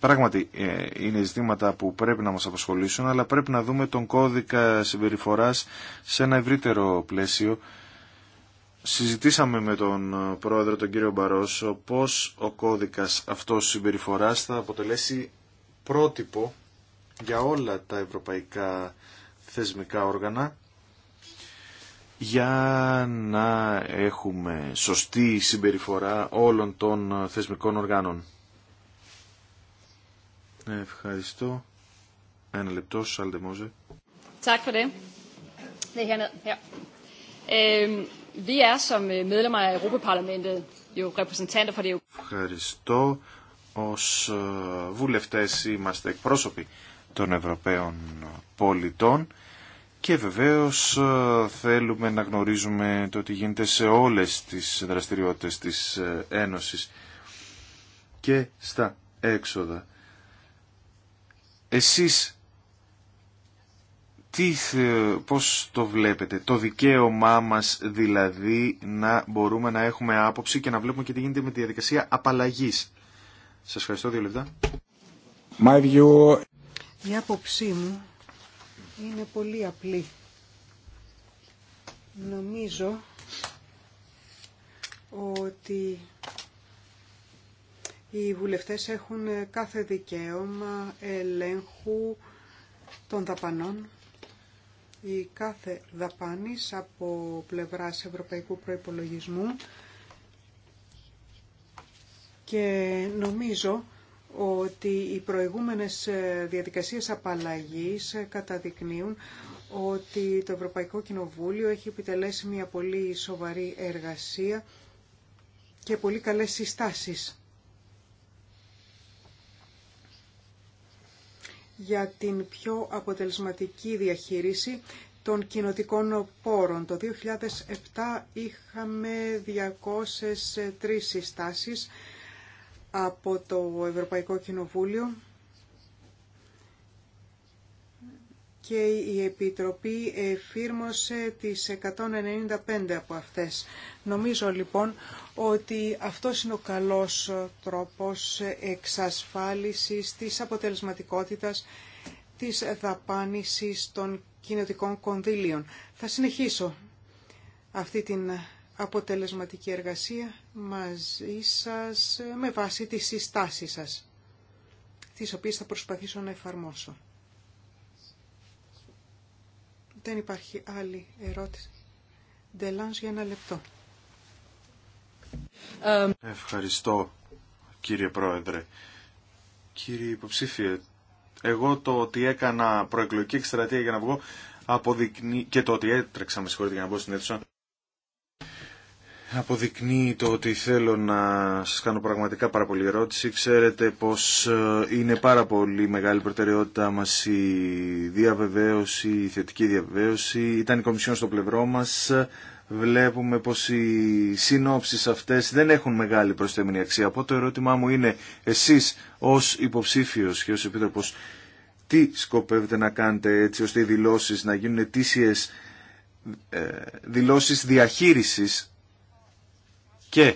πράγματι ε, είναι ζητήματα που πρέπει να μας απασχολήσουν, αλλά πρέπει να δούμε τον κώδικα συμπεριφοράς σε ένα ευρύτερο πλαίσιο συζητήσαμε με τον ε, πρόεδρο τον κύριο Μπαρόσο πως ο κώδικας αυτός συμπεριφοράς θα αποτελέσει πρότυπο για όλα τα ευρωπαϊκά θεσμικά όργανα για να έχουμε σωστή συμπεριφορά όλων των ε, θεσμικών οργάνων. Ευχαριστώ. Ένα λεπτό, σαλτεμόζε. Ευχαριστώ. Ευχαριστώ. Ως ε, βουλευτές είμαστε εκπρόσωποι των Ευρωπαίων πολιτών και βεβαίως ε, θέλουμε να γνωρίζουμε το τι γίνεται σε όλες τις δραστηριότητες της ε, Ένωσης και στα έξοδα. Εσείς τι, ε, πώς το βλέπετε, το δικαίωμά μας δηλαδή να μπορούμε να έχουμε άποψη και να βλέπουμε και τι γίνεται με τη διαδικασία απαλλαγής. Σας ευχαριστώ δύο λεπτά. Η άποψή μου είναι πολύ απλή. Νομίζω ότι οι βουλευτές έχουν κάθε δικαίωμα ελέγχου των δαπανών η κάθε δαπάνη από πλευράς ευρωπαϊκού προϋπολογισμού και νομίζω ότι οι προηγούμενες διαδικασίες απαλλαγής καταδεικνύουν ότι το Ευρωπαϊκό Κοινοβούλιο έχει επιτελέσει μια πολύ σοβαρή εργασία και πολύ καλές συστάσεις. για την πιο αποτελεσματική διαχείριση των κοινοτικών πόρων. Το 2007 είχαμε 203 συστάσεις από το Ευρωπαϊκό Κοινοβούλιο και η Επιτροπή εφήρμοσε τις 195 από αυτές. Νομίζω λοιπόν ότι αυτό είναι ο καλός τρόπος εξασφάλισης της αποτελεσματικότητας της δαπάνησης των κοινωτικών κονδύλιων. Θα συνεχίσω αυτή την αποτελεσματική εργασία μαζί σας με βάση τις συστάσεις σας, τις οποίες θα προσπαθήσω να εφαρμόσω. Δεν υπάρχει άλλη ερώτηση. Δελάνς για ένα λεπτό. Ευχαριστώ κύριε Πρόεδρε. Κύριε Υποψήφιε, εγώ το ότι έκανα προεκλογική εκστρατεία για να βγω αποδεικνύει και το ότι έτρεξα με συγχωρείτε για να μπω στην αίθουσα αποδεικνύει το ότι θέλω να σας κάνω πραγματικά πάρα πολύ ερώτηση. Ξέρετε πως ε, είναι πάρα πολύ μεγάλη προτεραιότητα μας η διαβεβαίωση, η θετική διαβεβαίωση. Ήταν η Κομισιόν στο πλευρό μας. Βλέπουμε πως οι συνόψεις αυτές δεν έχουν μεγάλη προσθέμενη αξία. Από το ερώτημά μου είναι εσείς ως υποψήφιος και ως επίτροπος τι σκοπεύετε να κάνετε έτσι ώστε οι δηλώσεις να γίνουν ετήσιες ε, δηλώσεις διαχείρισης και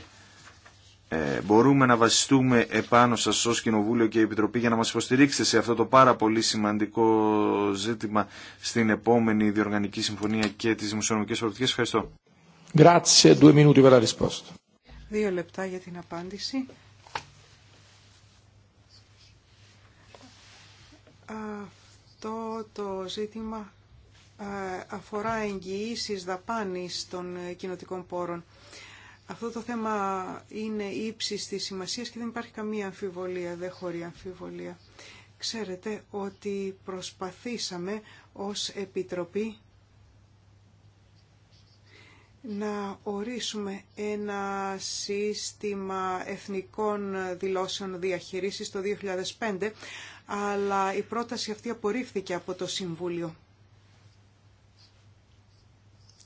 ε, μπορούμε να βασιστούμε επάνω σας ως Κοινοβούλιο και Επιτροπή για να μας υποστηρίξετε σε αυτό το πάρα πολύ σημαντικό ζήτημα στην επόμενη διοργανική συμφωνία και τις δημοσιονομικές προοπτικές. Ευχαριστώ. Δύο λεπτά για την απάντηση. Αυτό το ζήτημα ε, αφορά εγγυήσεις δαπάνης των ε, κοινοτικών πόρων. Αυτό το θέμα είναι ύψη τη σημασία και δεν υπάρχει καμία αμφιβολία, δεν χωρεί αμφιβολία. Ξέρετε ότι προσπαθήσαμε ως Επιτροπή να ορίσουμε ένα σύστημα εθνικών δηλώσεων διαχείρισης το 2005, αλλά η πρόταση αυτή απορρίφθηκε από το Συμβούλιο.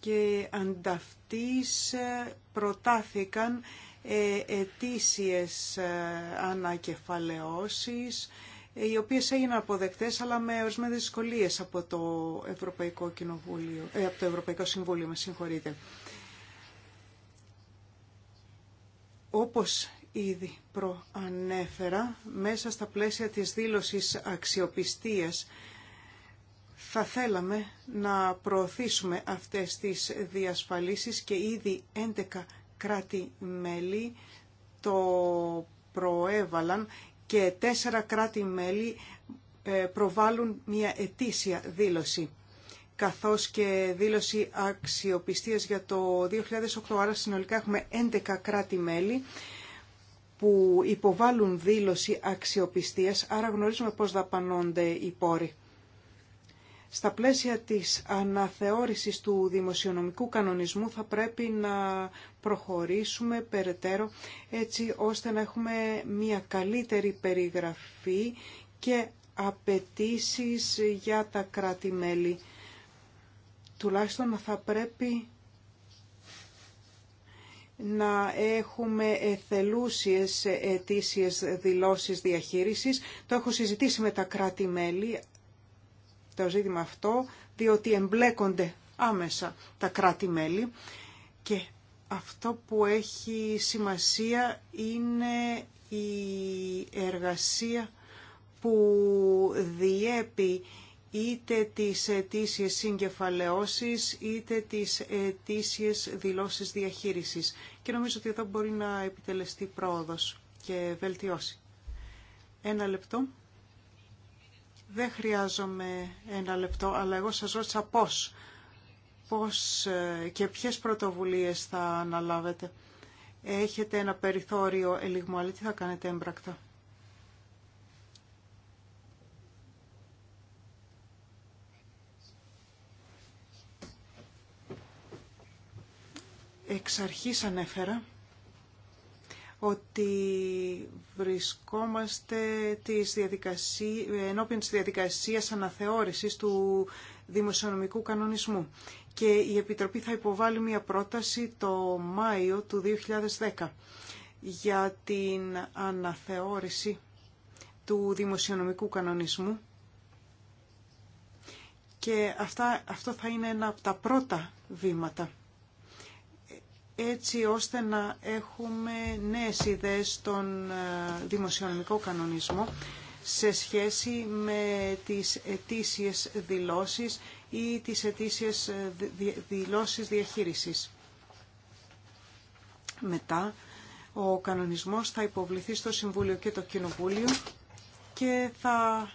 Και ανταυτής ε, προτάθηκαν ε, ετήσιες ε, ανακεφαλαιώσεις ε, οι οποίες έγιναν αποδεκτές αλλά με ορισμένες δυσκολίες από το Ευρωπαϊκό, Κοινοβούλιο, ε, Συμβούλιο. Με συγχωρείτε. Όπως ήδη προανέφερα, μέσα στα πλαίσια της δήλωσης αξιοπιστίας θα θέλαμε να προωθήσουμε αυτές τις διασφαλίσεις και ήδη 11 κράτη-μέλη το προέβαλαν και τέσσερα κράτη-μέλη ε, προβάλλουν μια ετήσια δήλωση καθώς και δήλωση αξιοπιστίας για το 2008. Άρα συνολικά έχουμε 11 κράτη-μέλη που υποβάλλουν δήλωση αξιοπιστίας, άρα γνωρίζουμε πώς δαπανώνται οι πόροι. Στα πλαίσια της αναθεώρησης του δημοσιονομικού κανονισμού θα πρέπει να προχωρήσουμε περαιτέρω έτσι ώστε να έχουμε μια καλύτερη περιγραφή και απαιτήσει για τα κράτη-μέλη. Τουλάχιστον θα πρέπει να έχουμε εθελούσιες ετήσιες δηλώσεις διαχείρισης. Το έχω συζητήσει με τα κράτη-μέλη το ζήτημα αυτό, διότι εμπλέκονται άμεσα τα κράτη-μέλη και αυτό που έχει σημασία είναι η εργασία που διέπει είτε τις αιτήσιε συγκεφαλαιώσεις είτε τις αιτήσιε δηλώσεις διαχείρισης. Και νομίζω ότι εδώ μπορεί να επιτελεστεί πρόοδος και βελτιώσει. Ένα λεπτό. Δεν χρειάζομαι ένα λεπτό, αλλά εγώ σας ρώτησα πώς. Πώς ε, και ποιες πρωτοβουλίες θα αναλάβετε. Έχετε ένα περιθώριο ελιγμό, αλλά τι θα κάνετε έμπρακτα. Εξ αρχής ανέφερα ότι βρισκόμαστε τις ενώπιον της διαδικασίας αναθεώρησης του δημοσιονομικού κανονισμού και η Επιτροπή θα υποβάλει μια πρόταση το Μάιο του 2010 για την αναθεώρηση του δημοσιονομικού κανονισμού και αυτά, αυτό θα είναι ένα από τα πρώτα βήματα έτσι ώστε να έχουμε νέες ιδέες στον ε, δημοσιονομικό κανονισμό σε σχέση με τις ετήσιες δηλώσεις ή τις ετήσιες ε, δηλώσεις διαχείρισης. Μετά, ο κανονισμός θα υποβληθεί στο Συμβούλιο και το Κοινοβούλιο και θα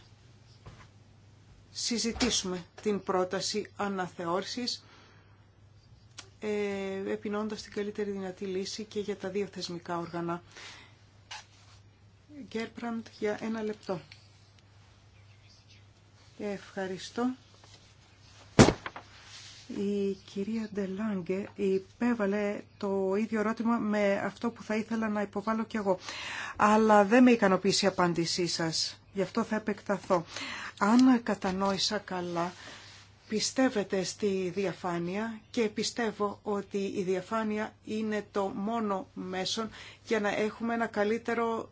συζητήσουμε την πρόταση αναθεώρησης ε, επινώντας την καλύτερη δυνατή λύση και για τα δύο θεσμικά όργανα. Γκέρπραντ, για ένα λεπτό. Ευχαριστώ. Η κυρία Ντελάνγκε υπέβαλε το ίδιο ερώτημα με αυτό που θα ήθελα να υποβάλω κι εγώ. Αλλά δεν με ικανοποίησε η απάντησή σας. Γι' αυτό θα επεκταθώ. Αν κατανόησα καλά, πιστεύετε στη διαφάνεια και πιστεύω ότι η διαφάνεια είναι το μόνο μέσον για να έχουμε ένα καλύτερο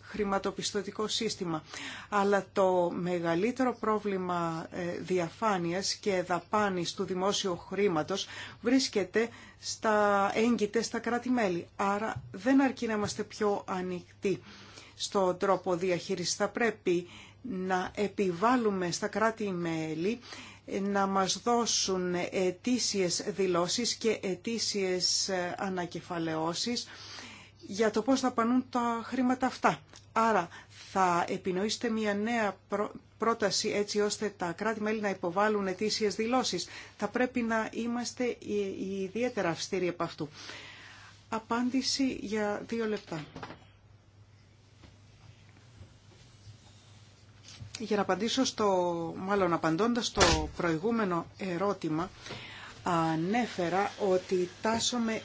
χρηματοπιστωτικό σύστημα. Αλλά το μεγαλύτερο πρόβλημα ε, διαφάνειας και δαπάνης του δημόσιου χρήματος βρίσκεται στα έγκυται στα κράτη-μέλη. Άρα δεν αρκεί να είμαστε πιο ανοιχτοί στον τρόπο διαχείρισης. Θα πρέπει να επιβάλλουμε στα κράτη-μέλη να μας δώσουν ετήσιες δηλώσεις και ετήσιες ανακεφαλαιώσεις για το πώς θα πανούν τα χρήματα αυτά. Άρα θα επινοήσετε μια νέα πρόταση έτσι ώστε τα κράτη-μέλη να υποβάλουν ετήσιες δηλώσεις. Θα πρέπει να είμαστε ιδιαίτερα αυστηροί από αυτού. Απάντηση για δύο λεπτά. για να απαντήσω στο, μάλλον απαντώντας στο προηγούμενο ερώτημα, ανέφερα ότι τάσομαι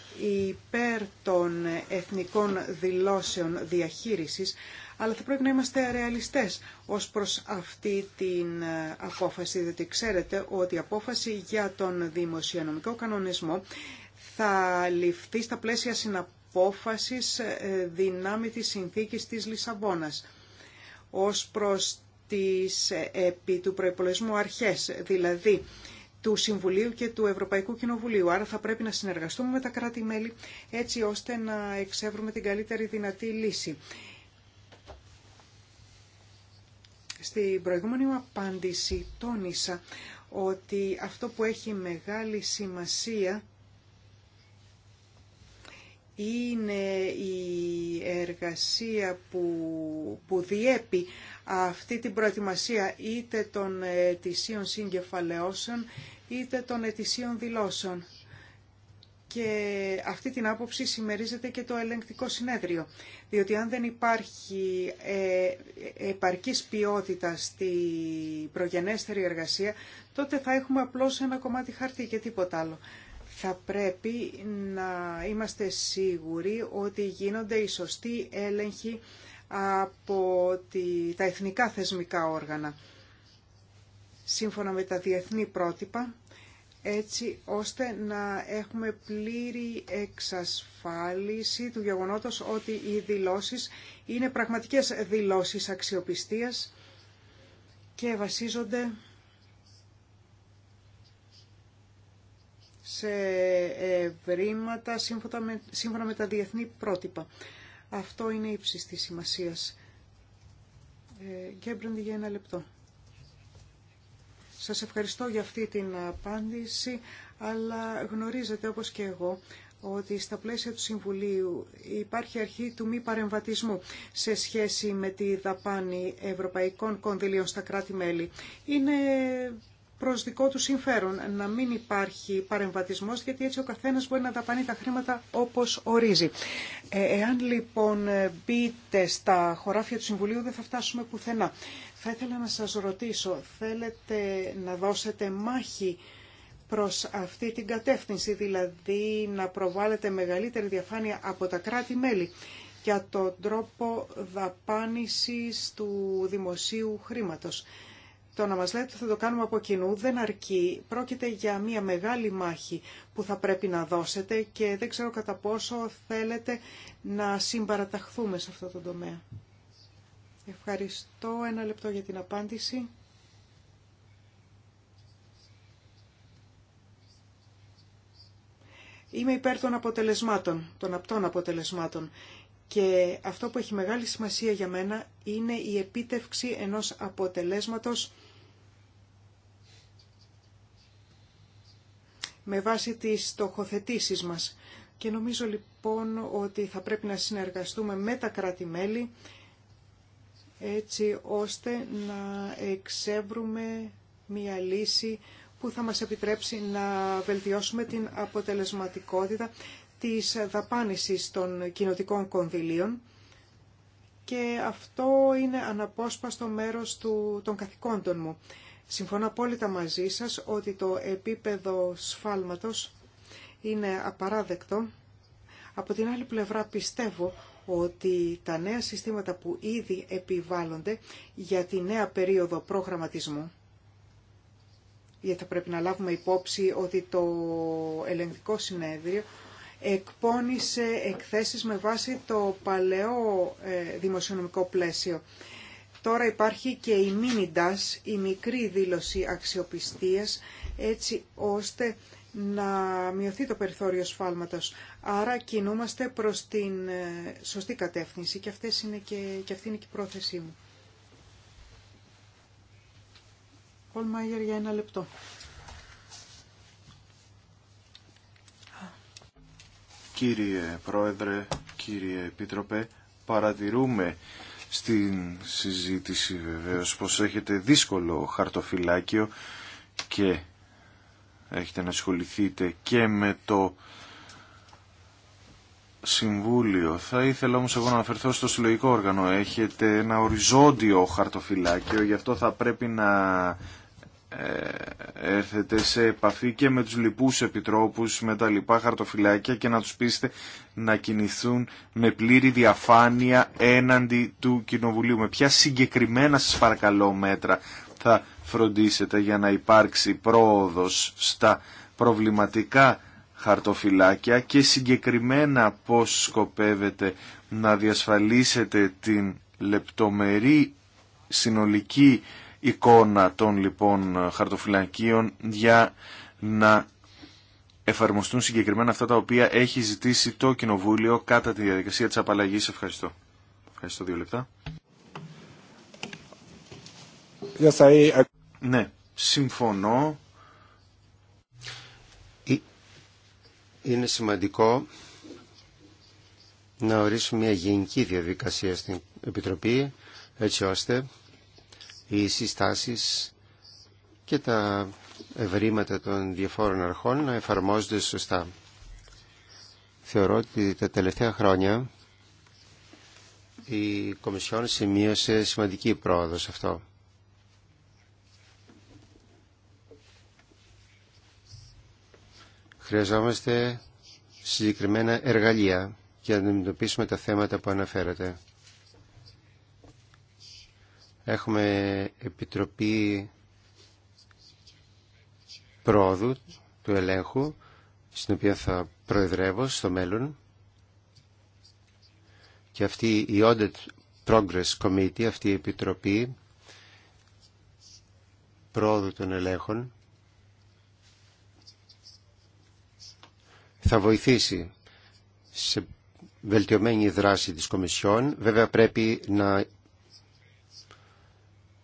υπέρ των εθνικών δηλώσεων διαχείρισης, αλλά θα πρέπει να είμαστε ρεαλιστές ως προς αυτή την απόφαση, διότι ξέρετε ότι η απόφαση για τον δημοσιονομικό κανονισμό θα ληφθεί στα πλαίσια συναπόφασης ε, δυνάμει της συνθήκης της Λισαβόνας. Ως προς τις ε, επί του προϋπολογισμού αρχές, δηλαδή του Συμβουλίου και του Ευρωπαϊκού Κοινοβουλίου. Άρα θα πρέπει να συνεργαστούμε με τα κράτη-μέλη έτσι ώστε να εξεύρουμε την καλύτερη δυνατή λύση. Στην προηγούμενη μου απάντηση τόνισα ότι αυτό που έχει μεγάλη σημασία είναι η εργασία που, που διέπει αυτή την προετοιμασία είτε των ετησίων συγκεφαλαιώσεων είτε των ετησίων δηλώσεων. Και αυτή την άποψη συμμερίζεται και το ελεγκτικό συνέδριο. Διότι αν δεν υπάρχει ε, επαρκής ποιότητα στη προγενέστερη εργασία, τότε θα έχουμε απλώς ένα κομμάτι χαρτί και τίποτα άλλο. Θα πρέπει να είμαστε σίγουροι ότι γίνονται οι σωστοί έλεγχοι από τη, τα εθνικά θεσμικά όργανα σύμφωνα με τα διεθνή πρότυπα έτσι ώστε να έχουμε πλήρη εξασφάλιση του γεγονότος ότι οι δηλώσεις είναι πραγματικές δηλώσεις αξιοπιστίας και βασίζονται σε ευρήματα σύμφωνα με τα διεθνή πρότυπα. Αυτό είναι ύψης της σημασίας. Ε, για ένα λεπτό. Σας ευχαριστώ για αυτή την απάντηση, αλλά γνωρίζετε όπως και εγώ ότι στα πλαίσια του Συμβουλίου υπάρχει αρχή του μη παρεμβατισμού σε σχέση με τη δαπάνη ευρωπαϊκών κονδυλίων στα κράτη-μέλη. Είναι προς δικό του συμφέρον, να μην υπάρχει παρεμβατισμός, γιατί έτσι ο καθένας μπορεί να ταπανεί τα χρήματα όπως ορίζει. Ε, εάν λοιπόν ε, μπείτε στα χωράφια του Συμβουλίου δεν θα φτάσουμε πουθενά. Θα ήθελα να σας ρωτήσω, θέλετε να δώσετε μάχη προς αυτή την κατεύθυνση, δηλαδή να προβάλλετε μεγαλύτερη διαφάνεια από τα κράτη-μέλη για τον τρόπο δαπάνησης του δημοσίου χρήματος. Το να μας λέτε θα το κάνουμε από κοινού δεν αρκεί. Πρόκειται για μια μεγάλη μάχη που θα πρέπει να δώσετε και δεν ξέρω κατά πόσο θέλετε να συμπαραταχθούμε σε αυτό το τομέα. Ευχαριστώ. Ένα λεπτό για την απάντηση. Είμαι υπέρ των αποτελεσμάτων, των απτών αποτελεσμάτων. Και αυτό που έχει μεγάλη σημασία για μένα είναι η επίτευξη ενός αποτελέσματος με βάση τις στοχοθετήσεις μας. Και νομίζω λοιπόν ότι θα πρέπει να συνεργαστούμε με τα κράτη-μέλη έτσι ώστε να εξεύρουμε μια λύση που θα μας επιτρέψει να βελτιώσουμε την αποτελεσματικότητα της δαπάνησης των κοινοτικών κονδυλίων και αυτό είναι αναπόσπαστο μέρος του, των καθηκόντων μου. Συμφωνώ απόλυτα μαζί σας ότι το επίπεδο σφάλματος είναι απαράδεκτο. Από την άλλη πλευρά πιστεύω ότι τα νέα συστήματα που ήδη επιβάλλονται για τη νέα περίοδο προγραμματισμού γιατί θα πρέπει να λάβουμε υπόψη ότι το ελεγκτικό συνέδριο εκπώνησε εκθέσεις με βάση το παλαιό ε, δημοσιονομικό πλαίσιο Τώρα υπάρχει και η μίνιντας, η μικρή δήλωση αξιοπιστίας, έτσι ώστε να μειωθεί το περιθώριο σφάλματος. Άρα κινούμαστε προς την ε, σωστή κατεύθυνση και, αυτές είναι και, αυτή είναι και η πρόθεσή μου. για ένα λεπτό. Κύριε Πρόεδρε, κύριε Επίτροπε, παρατηρούμε στην συζήτηση βεβαίως πως έχετε δύσκολο χαρτοφυλάκιο και έχετε να ασχοληθείτε και με το Συμβούλιο. Θα ήθελα όμως εγώ να αναφερθώ στο συλλογικό όργανο. Έχετε ένα οριζόντιο χαρτοφυλάκιο, γι' αυτό θα πρέπει να ε, έρθετε σε επαφή και με τους λοιπούς επιτρόπους, με τα λοιπά χαρτοφυλάκια και να τους πείστε να κινηθούν με πλήρη διαφάνεια έναντι του Κοινοβουλίου. Με ποια συγκεκριμένα σας παρακαλώ μέτρα θα φροντίσετε για να υπάρξει πρόοδος στα προβληματικά χαρτοφυλάκια και συγκεκριμένα πώς σκοπεύετε να διασφαλίσετε την λεπτομερή συνολική εικόνα των λοιπόν χαρτοφυλακίων για να εφαρμοστούν συγκεκριμένα αυτά τα οποία έχει ζητήσει το Κοινοβούλιο κατά τη διαδικασία της απαλλαγής. Ευχαριστώ. Ευχαριστώ δύο λεπτά. Yes, I... Ναι, συμφωνώ. Ε, είναι σημαντικό να ορίσουμε μια γενική διαδικασία στην Επιτροπή έτσι ώστε οι συστάσεις και τα ευρήματα των διαφόρων αρχών να εφαρμόζονται σωστά. Θεωρώ ότι τα τελευταία χρόνια η Κομισιόν σημείωσε σημαντική πρόοδο σε αυτό. Χρειαζόμαστε συγκεκριμένα εργαλεία για να αντιμετωπίσουμε τα θέματα που αναφέρατε. Έχουμε επιτροπή πρόοδου του ελέγχου, στην οποία θα προεδρεύω στο μέλλον. Και αυτή η Audit Progress Committee, αυτή η επιτροπή πρόοδου των ελέγχων, θα βοηθήσει σε βελτιωμένη δράση της Κομισιόν. Βέβαια πρέπει να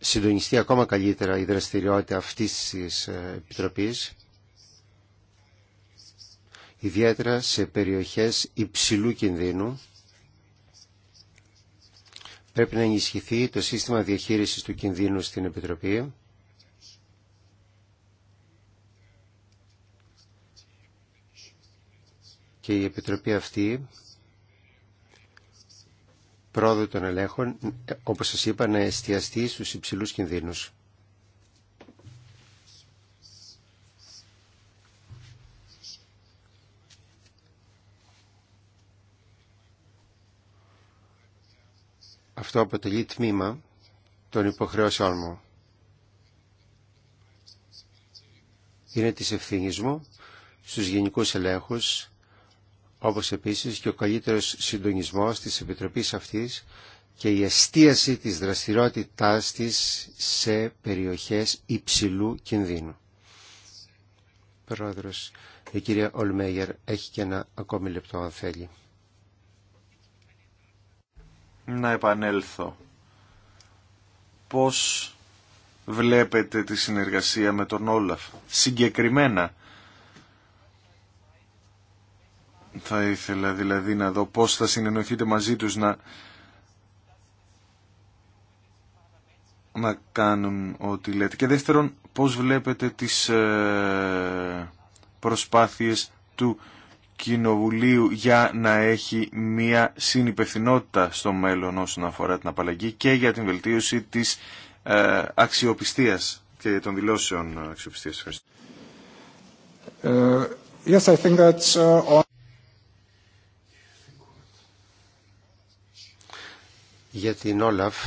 συντονιστεί ακόμα καλύτερα η δραστηριότητα αυτής της ε, Επιτροπής ιδιαίτερα σε περιοχές υψηλού κινδύνου πρέπει να ενισχυθεί το σύστημα διαχείρισης του κινδύνου στην Επιτροπή και η Επιτροπή αυτή πρόοδο των ελέγχων, όπως σας είπα, να εστιαστεί στους υψηλούς κινδύνους. Αυτό αποτελεί τμήμα των υποχρεώσεών μου. Είναι της ευθύνης μου στους γενικούς ελέγχους όπως επίσης και ο καλύτερος συντονισμός της Επιτροπής αυτής και η εστίαση της δραστηριότητάς της σε περιοχές υψηλού κινδύνου. Πρόεδρος, η κυρία Ολμέγερ έχει και ένα ακόμη λεπτό αν θέλει. Να επανέλθω. Πώς βλέπετε τη συνεργασία με τον Όλαφ. Συγκεκριμένα, Θα ήθελα δηλαδή να δω πώς θα συνενοηθείτε μαζί τους να, να κάνουν ό,τι λέτε. Και δεύτερον, πώς βλέπετε τις ε, προσπάθειες του Κοινοβουλίου για να έχει μία συνυπευθυνότητα στο μέλλον όσον αφορά την απαλλαγή και για την βελτίωση της ε, αξιοπιστίας και των δηλώσεων αξιοπιστίας. Uh, Yes, I think that's... Uh, για την Όλαφ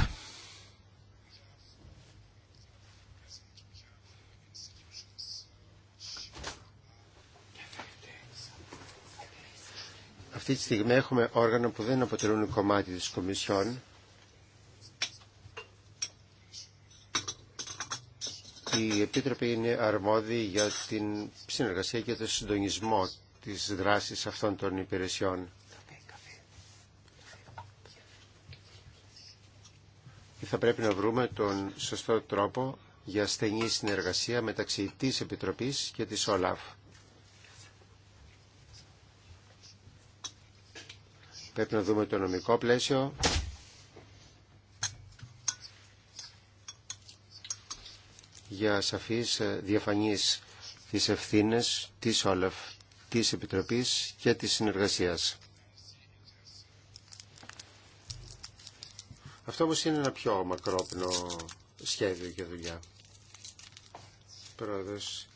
αυτή τη στιγμή έχουμε όργανα που δεν αποτελούν κομμάτι της Κομισιόν Η Επίτροπη είναι αρμόδιοι για την συνεργασία και τον συντονισμό της δράσης αυτών των υπηρεσιών. θα πρέπει να βρούμε τον σωστό τρόπο για στενή συνεργασία μεταξύ της Επιτροπής και της ΟΛΑΦ. Πρέπει να δούμε το νομικό πλαίσιο. για σαφείς ε, διαφανείς τις ευθύνες της ΟΛΕΦ, της Επιτροπής και της συνεργασίας. Αυτό όμως είναι ένα πιο μακρόπνο σχέδιο και δουλειά. Πρόεδρος.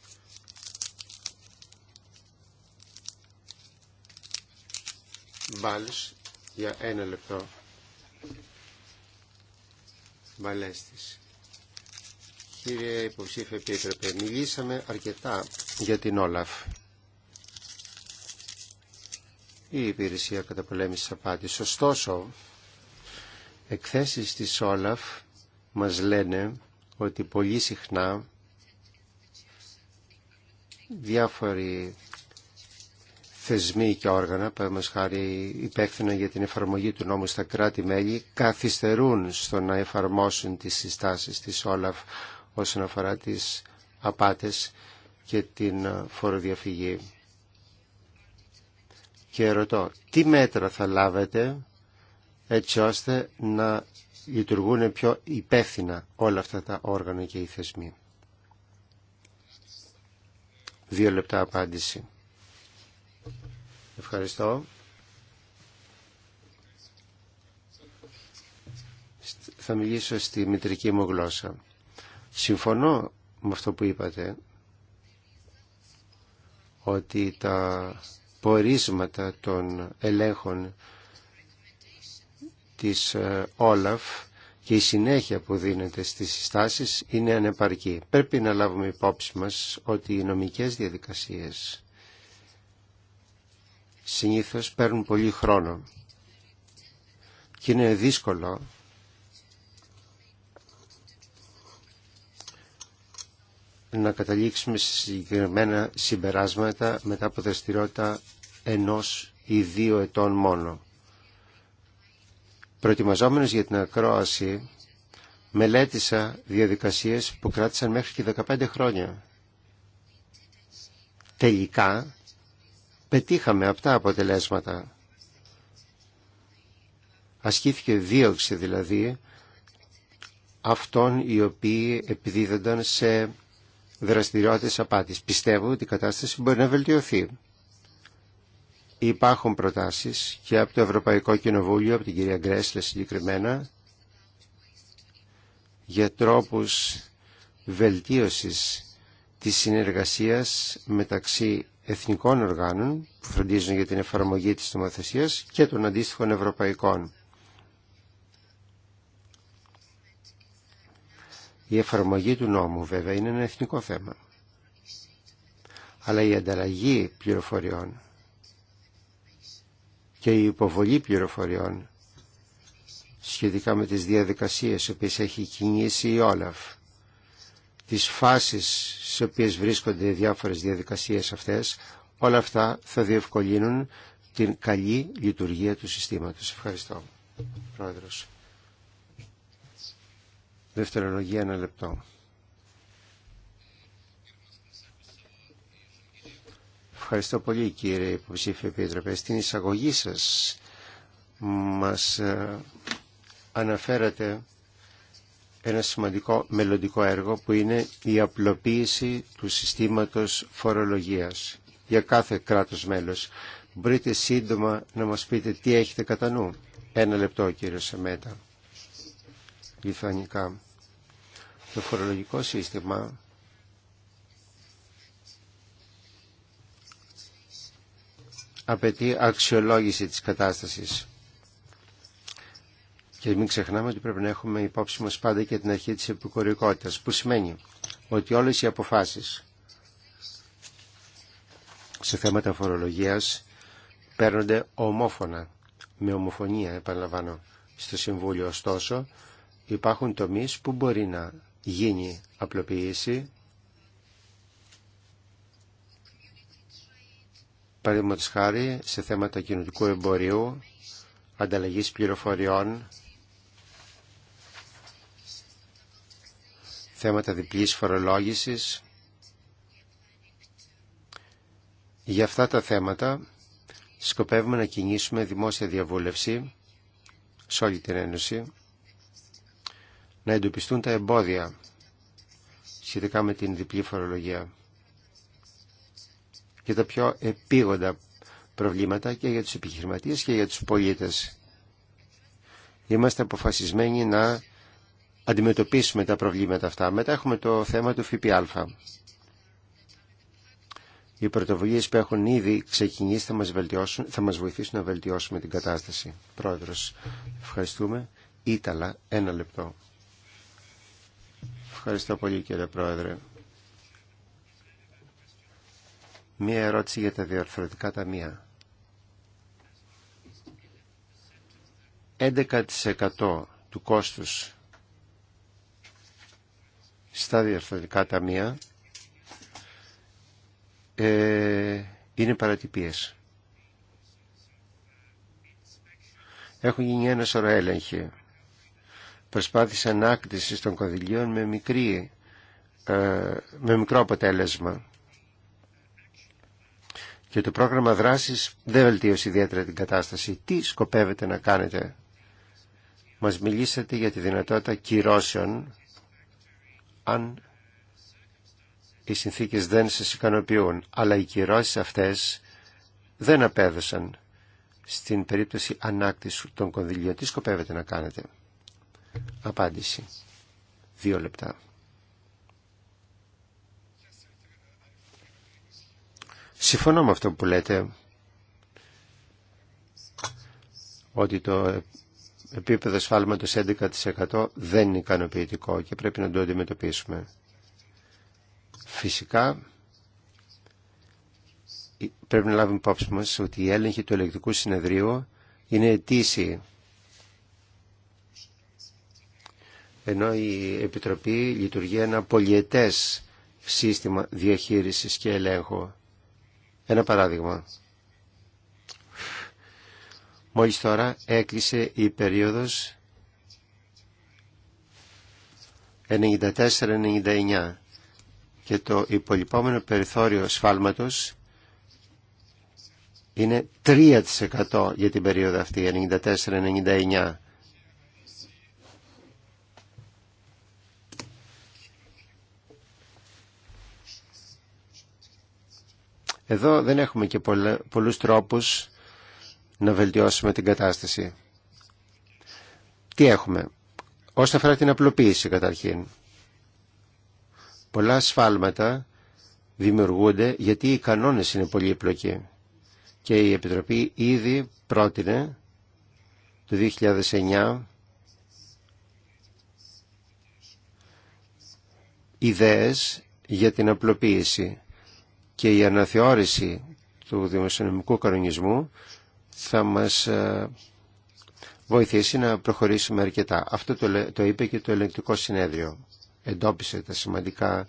Μπάλς για ένα λεπτό. Μπαλέστης. Κύριε υποψήφιο επίτροπε, μιλήσαμε αρκετά για την Όλαφ. Η υπηρεσία καταπολέμησης απάτης. Ωστόσο, εκθέσεις της Όλαφ μας λένε ότι πολύ συχνά διάφοροι θεσμοί και όργανα, που παραδείγματος χάρη υπεύθυνα για την εφαρμογή του νόμου στα κράτη-μέλη, καθυστερούν στο να εφαρμόσουν τις συστάσεις της Όλαφ όσον αφορά τις απάτες και την φοροδιαφυγή. Και ρωτώ, τι μέτρα θα λάβετε έτσι ώστε να λειτουργούν πιο υπεύθυνα όλα αυτά τα όργανα και οι θεσμοί. Δύο λεπτά απάντηση. Ευχαριστώ. Θα μιλήσω στη μητρική μου γλώσσα. Συμφωνώ με αυτό που είπατε ότι τα πορίσματα των ελέγχων της ε, Όλαφ και η συνέχεια που δίνεται στις συστάσεις είναι ανεπαρκή. Πρέπει να λάβουμε υπόψη μας ότι οι νομικές διαδικασίες συνήθως παίρνουν πολύ χρόνο και είναι δύσκολο να καταλήξουμε σε συγκεκριμένα συμπεράσματα μετά από δραστηριότητα ενός ή δύο ετών μόνο. Προετοιμαζόμενος για την ακρόαση, μελέτησα διαδικασίες που κράτησαν μέχρι και 15 χρόνια. Τελικά, πετύχαμε αυτά αποτελέσματα. Ασκήθηκε δίωξη δηλαδή αυτών οι οποίοι επιδίδονταν σε δραστηριότητες απάτης. Πιστεύω ότι η κατάσταση μπορεί να βελτιωθεί. Υπάρχουν προτάσεις και από το Ευρωπαϊκό Κοινοβούλιο, από την κυρία Γκρέσλε συγκεκριμένα, για τρόπους βελτίωσης της συνεργασίας μεταξύ εθνικών οργάνων που φροντίζουν για την εφαρμογή της νομοθεσίας και των αντίστοιχων ευρωπαϊκών. Η εφαρμογή του νόμου βέβαια είναι ένα εθνικό θέμα. Αλλά η ανταλλαγή πληροφοριών και η υποβολή πληροφοριών σχετικά με τις διαδικασίες οι οποίες έχει κινήσει η Όλαφ, τις φάσεις σε οποίες βρίσκονται οι διάφορες διαδικασίες αυτές, όλα αυτά θα διευκολύνουν την καλή λειτουργία του συστήματος. Ευχαριστώ, Πρόεδρος. Δευτερολογία ένα λεπτό. Ευχαριστώ πολύ κύριε υποψήφιο επίτροπε. Στην εισαγωγή σας μας ε, αναφέρατε ένα σημαντικό μελλοντικό έργο που είναι η απλοποίηση του συστήματος φορολογίας για κάθε κράτος μέλος. Μπορείτε σύντομα να μας πείτε τι έχετε κατά νου. Ένα λεπτό κύριε Σεμέτα. Λιθανικά. Το φορολογικό σύστημα απαιτεί αξιολόγηση της κατάστασης. Και μην ξεχνάμε ότι πρέπει να έχουμε υπόψη μας πάντα και την αρχή της επικορικότητας, που σημαίνει ότι όλες οι αποφάσεις σε θέματα φορολογίας παίρνονται ομόφωνα, με ομοφωνία επαναλαμβάνω στο Συμβούλιο. Ωστόσο υπάρχουν τομείς που μπορεί να γίνει απλοποίηση παραδείγματος χάρη σε θέματα κοινωνικού εμπορίου, ανταλλαγής πληροφοριών, θέματα διπλής φορολόγησης. Για αυτά τα θέματα σκοπεύουμε να κινήσουμε δημόσια διαβούλευση σε όλη την Ένωση, να εντοπιστούν τα εμπόδια σχετικά με την διπλή φορολογία και τα πιο επίγοντα προβλήματα και για τους επιχειρηματίες και για τους πολίτες. Είμαστε αποφασισμένοι να αντιμετωπίσουμε τα προβλήματα αυτά. Μετά έχουμε το θέμα του ΦΠΑ. Οι πρωτοβουλίες που έχουν ήδη ξεκινήσει θα μας, βελτιώσουν, θα μας βοηθήσουν να βελτιώσουμε την κατάσταση. Πρόεδρος, ευχαριστούμε. Ήταλα, ένα λεπτό. Ευχαριστώ πολύ κύριε Πρόεδρε. Μία ερώτηση για τα διορθωτικά ταμεία. 11% του κόστους στα διορθωτικά ταμεία ε, είναι παρατυπίες. Έχουν γίνει ένα σωρό έλεγχοι. Προσπάθησαν άκτηση των κονδυλίων με, ε, με μικρό αποτέλεσμα και το πρόγραμμα δράσης δεν βελτίωσε ιδιαίτερα την κατάσταση. Τι σκοπεύετε να κάνετε. Μας μιλήσατε για τη δυνατότητα κυρώσεων αν οι συνθήκες δεν σας ικανοποιούν. Αλλά οι κυρώσεις αυτές δεν απέδωσαν στην περίπτωση ανάκτησης των κονδυλίων. Τι σκοπεύετε να κάνετε. Απάντηση. Δύο λεπτά. Συμφωνώ με αυτό που λέτε ότι το επίπεδο σφάλματος 11% δεν είναι ικανοποιητικό και πρέπει να το αντιμετωπίσουμε. Φυσικά πρέπει να λάβουμε υπόψη μας ότι η έλεγχη του ελεκτικού συνεδρίου είναι αιτήσιοι. Ενώ η Επιτροπή λειτουργεί ένα πολιετές σύστημα διαχείρισης και ελέγχου. Ένα παράδειγμα. Μόλις τώρα έκλεισε η περίοδος 94-99 και το υπολοιπόμενο περιθώριο σφάλματος είναι 3% για την περίοδο αυτή, 94-99. Εδώ δεν έχουμε και πολλούς τρόπους να βελτιώσουμε την κατάσταση. Τι έχουμε. Όσον αφορά την απλοποίηση καταρχήν. Πολλά σφάλματα δημιουργούνται γιατί οι κανόνες είναι πολύ πλοκοί. Και η Επιτροπή ήδη πρότεινε το 2009 ιδέες για την απλοποίηση και η αναθεώρηση του δημοσιονομικού κανονισμού θα μας ε, βοηθήσει να προχωρήσουμε αρκετά. Αυτό το είπε και το ελεγκτικό συνέδριο. Εντόπισε τα σημαντικά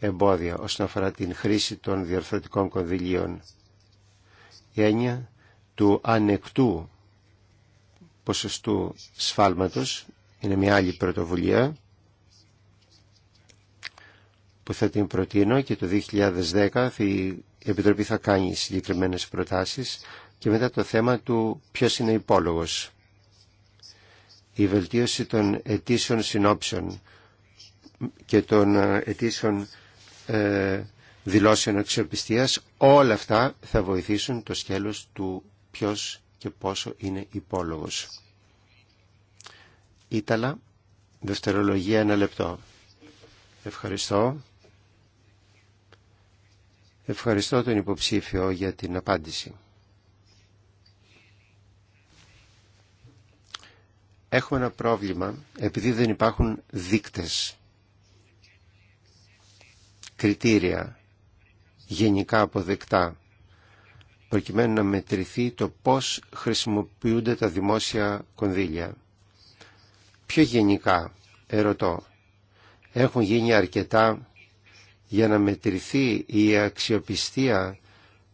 εμπόδια όσον αφορά την χρήση των διαρθρωτικών κονδυλίων. Η έννοια του ανεκτού ποσοστού σφάλματος είναι μια άλλη πρωτοβουλία θα την προτείνω και το 2010 η Επιτροπή θα κάνει συγκεκριμένες προτάσεις και μετά το θέμα του ποιος είναι υπόλογος. Η βελτίωση των αιτήσεων συνόψεων και των ε, αιτήσεων ε, δηλώσεων αξιοπιστίας, όλα αυτά θα βοηθήσουν το σκέλος του ποιος και πόσο είναι υπόλογος. Ήταλα, δευτερολογία ένα λεπτό. Ευχαριστώ. Ευχαριστώ τον υποψήφιο για την απάντηση. Έχουμε ένα πρόβλημα επειδή δεν υπάρχουν δείκτες, κριτήρια γενικά αποδεκτά προκειμένου να μετρηθεί το πώς χρησιμοποιούνται τα δημόσια κονδύλια. Πιο γενικά, ερωτώ, έχουν γίνει αρκετά για να μετρηθεί η αξιοπιστία,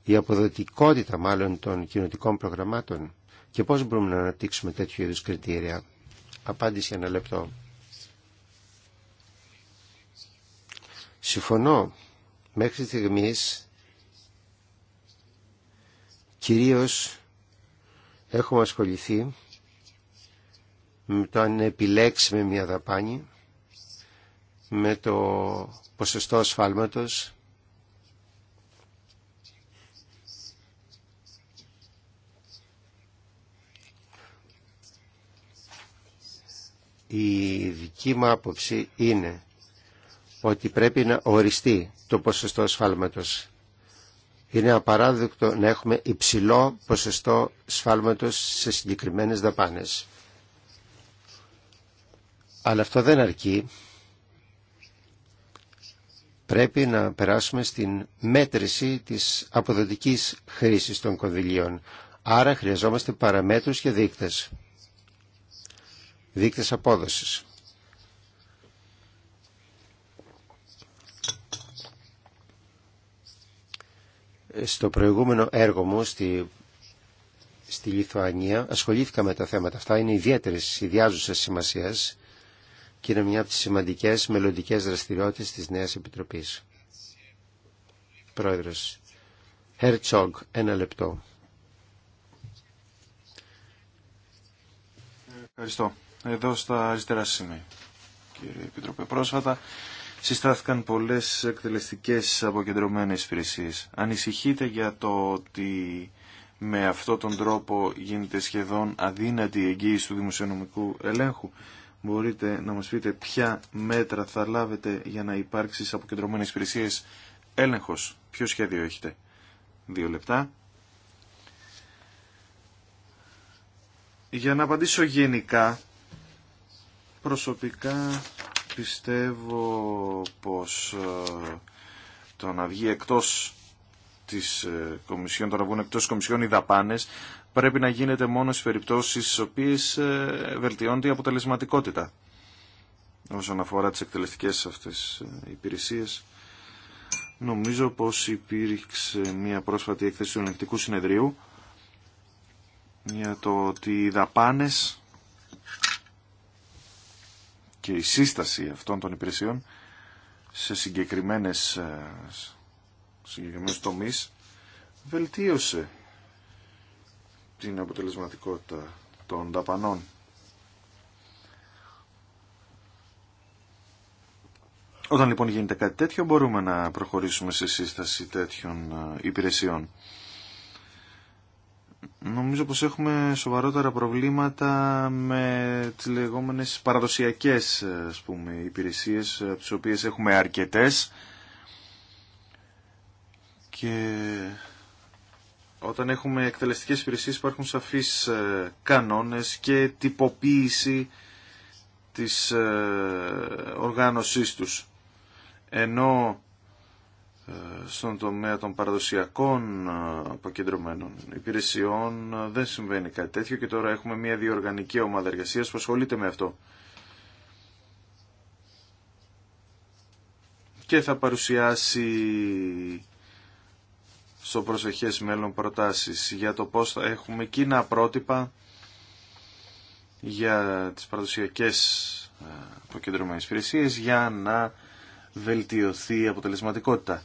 η αποδοτικότητα μάλλον των κοινωτικών προγραμμάτων και πώς μπορούμε να αναπτύξουμε τέτοιου είδους κριτήρια. Απάντηση ένα λεπτό. Συμφωνώ. Μέχρι στιγμής κυρίως έχουμε ασχοληθεί με το αν επιλέξουμε μια δαπάνη με το ποσοστό ασφάλματος η δική μου άποψη είναι ότι πρέπει να οριστεί το ποσοστό σφάλματος. Είναι απαράδεκτο να έχουμε υψηλό ποσοστό σφάλματος σε συγκεκριμένες δαπάνες. Αλλά αυτό δεν αρκεί πρέπει να περάσουμε στην μέτρηση της αποδοτικής χρήσης των κονδυλίων. Άρα χρειαζόμαστε παραμέτρους και δείκτες. Δείκτες απόδοσης. Στο προηγούμενο έργο μου στη, στη Λιθουανία ασχολήθηκα με τα θέματα αυτά. Είναι ιδιαίτερης ιδιάζουσας σημασίας και είναι μια από τις σημαντικές μελλοντικές δραστηριότητες της Νέας Επιτροπής. Πρόεδρος, Herzog, ένα λεπτό. Ευχαριστώ. Εδώ στα αριστερά σημεία, κύριε Επιτροπέ. Πρόσφατα συστάθηκαν πολλές εκτελεστικές αποκεντρωμένες υπηρεσίε. Ανησυχείτε για το ότι με αυτόν τον τρόπο γίνεται σχεδόν αδύνατη η εγγύηση του δημοσιονομικού ελέγχου μπορείτε να μας πείτε ποια μέτρα θα λάβετε για να υπάρξει στις αποκεντρωμένες υπηρεσίες έλεγχος. Ποιο σχέδιο έχετε. Δύο λεπτά. Για να απαντήσω γενικά, προσωπικά πιστεύω πως ε, το να βγει εκτός της ε, Κομισιόν, το να βγουν εκτός της Κομισιόν οι δαπάνες πρέπει να γίνεται μόνο στις περιπτώσεις στις οποίες ε, βελτιώνεται η αποτελεσματικότητα όσον αφορά τις εκτελεστικές αυτές ε, υπηρεσίες. Νομίζω πως υπήρξε μια πρόσφατη έκθεση του Ελεγκτικού Συνεδρίου για το ότι οι δαπάνες και η σύσταση αυτών των υπηρεσιών σε συγκεκριμένες, ε, συγκεκριμένες τομείς βελτίωσε την αποτελεσματικότητα των δαπανών. Όταν λοιπόν γίνεται κάτι τέτοιο μπορούμε να προχωρήσουμε σε σύσταση τέτοιων ε, υπηρεσιών. Νομίζω πως έχουμε σοβαρότερα προβλήματα με τις λεγόμενες παραδοσιακές ε, ας πούμε, υπηρεσίες, ε, τις οποίες έχουμε αρκετές και όταν έχουμε εκτελεστικές υπηρεσίες υπάρχουν σαφείς ε, κανόνες και τυποποίηση της ε, οργάνωσής τους. Ενώ ε, στον τομέα των παραδοσιακών αποκεντρωμένων υπηρεσιών δεν συμβαίνει κάτι τέτοιο και τώρα έχουμε μια διοργανική ομάδα εργασία που ασχολείται με αυτό. Και θα παρουσιάσει στο προσεχές μέλλον προτάσεις για το πώς θα έχουμε κοινά πρότυπα για τις παραδοσιακές ε, αποκεντρωμένες υπηρεσίε για να βελτιωθεί η αποτελεσματικότητα.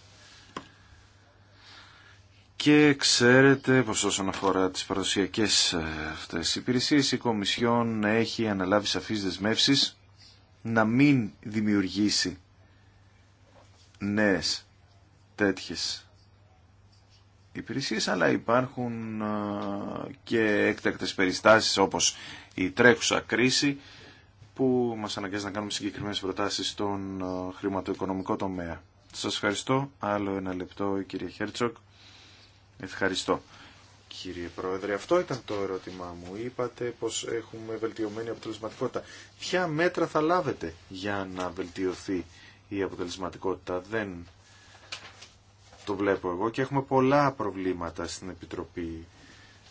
Και ξέρετε πως όσον αφορά τις παραδοσιακές ε, αυτές υπηρεσίες η Κομισιόν έχει αναλάβει σαφείς δεσμεύσεις να μην δημιουργήσει νέες τέτοιες υπηρεσίες, αλλά υπάρχουν ε, και έκτακτες περιστάσεις όπως η τρέχουσα κρίση που μας αναγκάζει να κάνουμε συγκεκριμένες προτάσεις στον ε, χρηματοοικονομικό τομέα. Σας ευχαριστώ. Άλλο ένα λεπτό, κύριε Χέρτσοκ. Ευχαριστώ. Κύριε Πρόεδρε, αυτό ήταν το ερώτημά μου. Είπατε πως έχουμε βελτιωμένη αποτελεσματικότητα. Ποια μέτρα θα λάβετε για να βελτιωθεί η αποτελεσματικότητα. Δεν το βλέπω εγώ και έχουμε πολλά προβλήματα στην Επιτροπή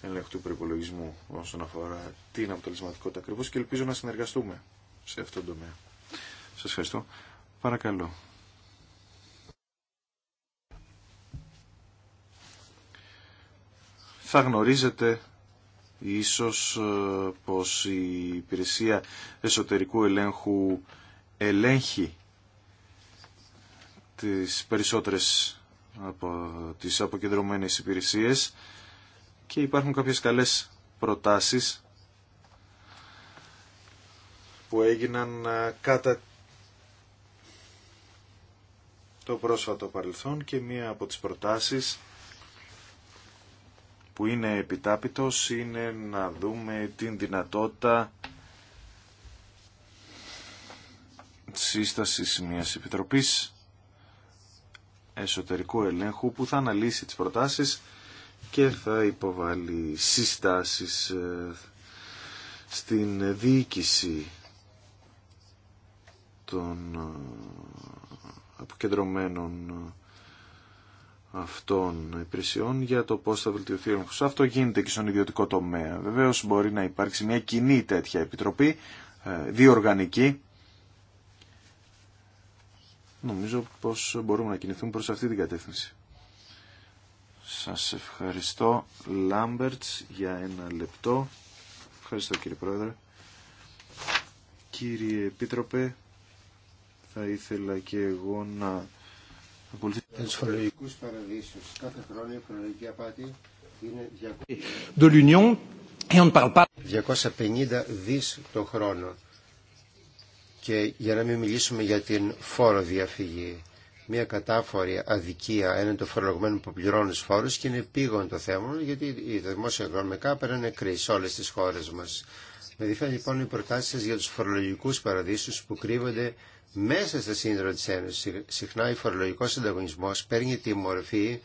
Ελέγχου του Προπολογισμού όσον αφορά την αποτελεσματικότητα ακριβώ και ελπίζω να συνεργαστούμε σε αυτό τον τομέα. Σας ευχαριστώ. Παρακαλώ. Θα γνωρίζετε ίσως ε, πως η υπηρεσία εσωτερικού ελέγχου ελέγχει τις περισσότερες από τις αποκεντρωμένες υπηρεσίες και υπάρχουν κάποιες καλές προτάσεις που έγιναν ε, κατά το πρόσφατο παρελθόν και μία από τις προτάσεις που είναι επιτάπητος είναι να δούμε την δυνατότητα σύστασης μιας επιτροπής εσωτερικού ελέγχου που θα αναλύσει τις προτάσεις και θα υποβάλει συστάσεις ε, στην διοίκηση των ε, αποκεντρωμένων ε, αυτών υπηρεσιών για το πώς θα βελτιωθεί ο Αυτό γίνεται και στον ιδιωτικό τομέα. Βεβαίως μπορεί να υπάρξει μια κοινή τέτοια επιτροπή, διοργανική, νομίζω πως μπορούμε να κινηθούμε προς αυτή την κατεύθυνση. Σας ευχαριστώ Λάμπερτς για ένα λεπτό. Ευχαριστώ κύριε Πρόεδρε. Κύριε Επίτροπε, θα ήθελα και εγώ να ακολουθήσω τους φορολογικούς παραδείσους. Κάθε χρόνο η απάτη 250 δις το χρόνο και για να μην μιλήσουμε για την φόρο διαφυγή. Μια κατάφορη αδικία έναν των φορολογμένων που πληρώνουν του και είναι πήγον το θέμα γιατί η δημόσια οικονομικά είναι κρίση σε όλε τι χώρε μα. Με διαφέρει λοιπόν οι προτάσει σα για του φορολογικού παραδείσου που κρύβονται μέσα στα σύνδρα τη Ένωση. Συχνά ο φορολογικό ανταγωνισμό παίρνει τη μορφή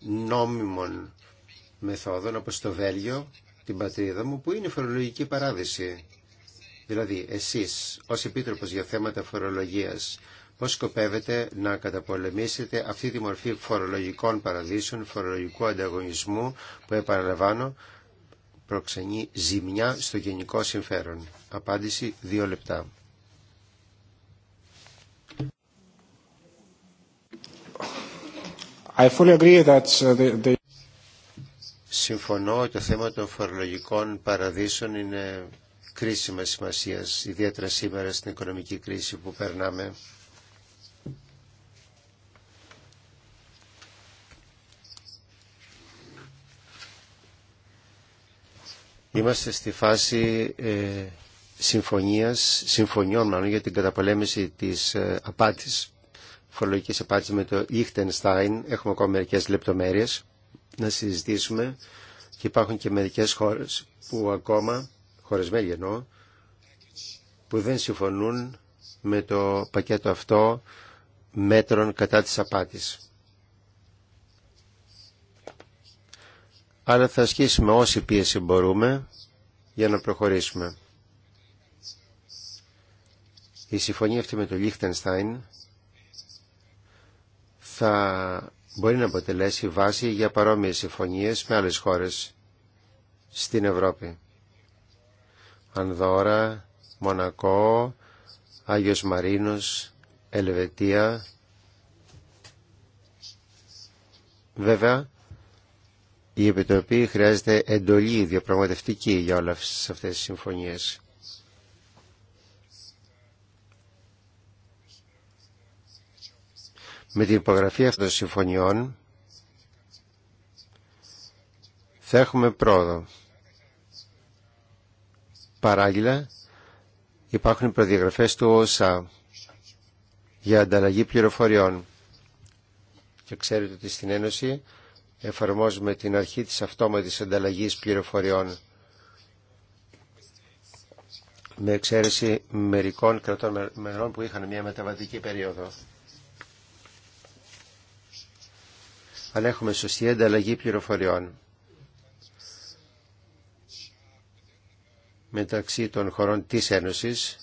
νόμιμων μεθόδων όπω το Βέλγιο, την πατρίδα μου, που είναι φορολογική παράδειση. Δηλαδή, εσείς ως Επίτροπος για θέματα φορολογίας, πώς σκοπεύετε να καταπολεμήσετε αυτή τη μορφή φορολογικών παραδείσεων, φορολογικού ανταγωνισμού που επαναλαμβάνω προξενεί ζημιά στο γενικό συμφέρον. Απάντηση δύο λεπτά. I fully agree that uh, the... Συμφωνώ ότι το θέμα των φορολογικών παραδείσων είναι κρίσιμα σημασίας, ιδιαίτερα σήμερα στην οικονομική κρίση που περνάμε. Είμαστε στη φάση ε, συμφωνίας, συμφωνιών μάλλον για την καταπολέμηση της ε, απάτης, φορολογικής απάτης με το Liechtenstein. Έχουμε ακόμα μερικές λεπτομέρειες να συζητήσουμε και υπάρχουν και μερικές χώρες που ακόμα χωρισμένοι εννοώ, που δεν συμφωνούν με το πακέτο αυτό μέτρων κατά της απάτης. Άρα θα ασκήσουμε όση πίεση μπορούμε για να προχωρήσουμε. Η συμφωνία αυτή με το Λίχτενστάιν θα μπορεί να αποτελέσει βάση για παρόμοιες συμφωνίες με άλλες χώρες στην Ευρώπη. Ανδόρα, Μονακό, Άγιος Μαρίνος, Ελβετία. Βέβαια, η Επιτροπή χρειάζεται εντολή διαπραγματευτική για όλες αυτές τις συμφωνίες. Με την υπογραφή αυτών των συμφωνιών θα έχουμε πρόοδο. Παράλληλα, υπάρχουν προδιαγραφές του ΩΣΑ για ανταλλαγή πληροφοριών. Και ξέρετε ότι στην Ένωση εφαρμόζουμε την αρχή της αυτόματης ανταλλαγής πληροφοριών με εξαίρεση μερικών κρατών μερών που είχαν μια μεταβατική περίοδο. Αλλά έχουμε σωστή ανταλλαγή πληροφοριών. μεταξύ των χωρών της Ένωσης,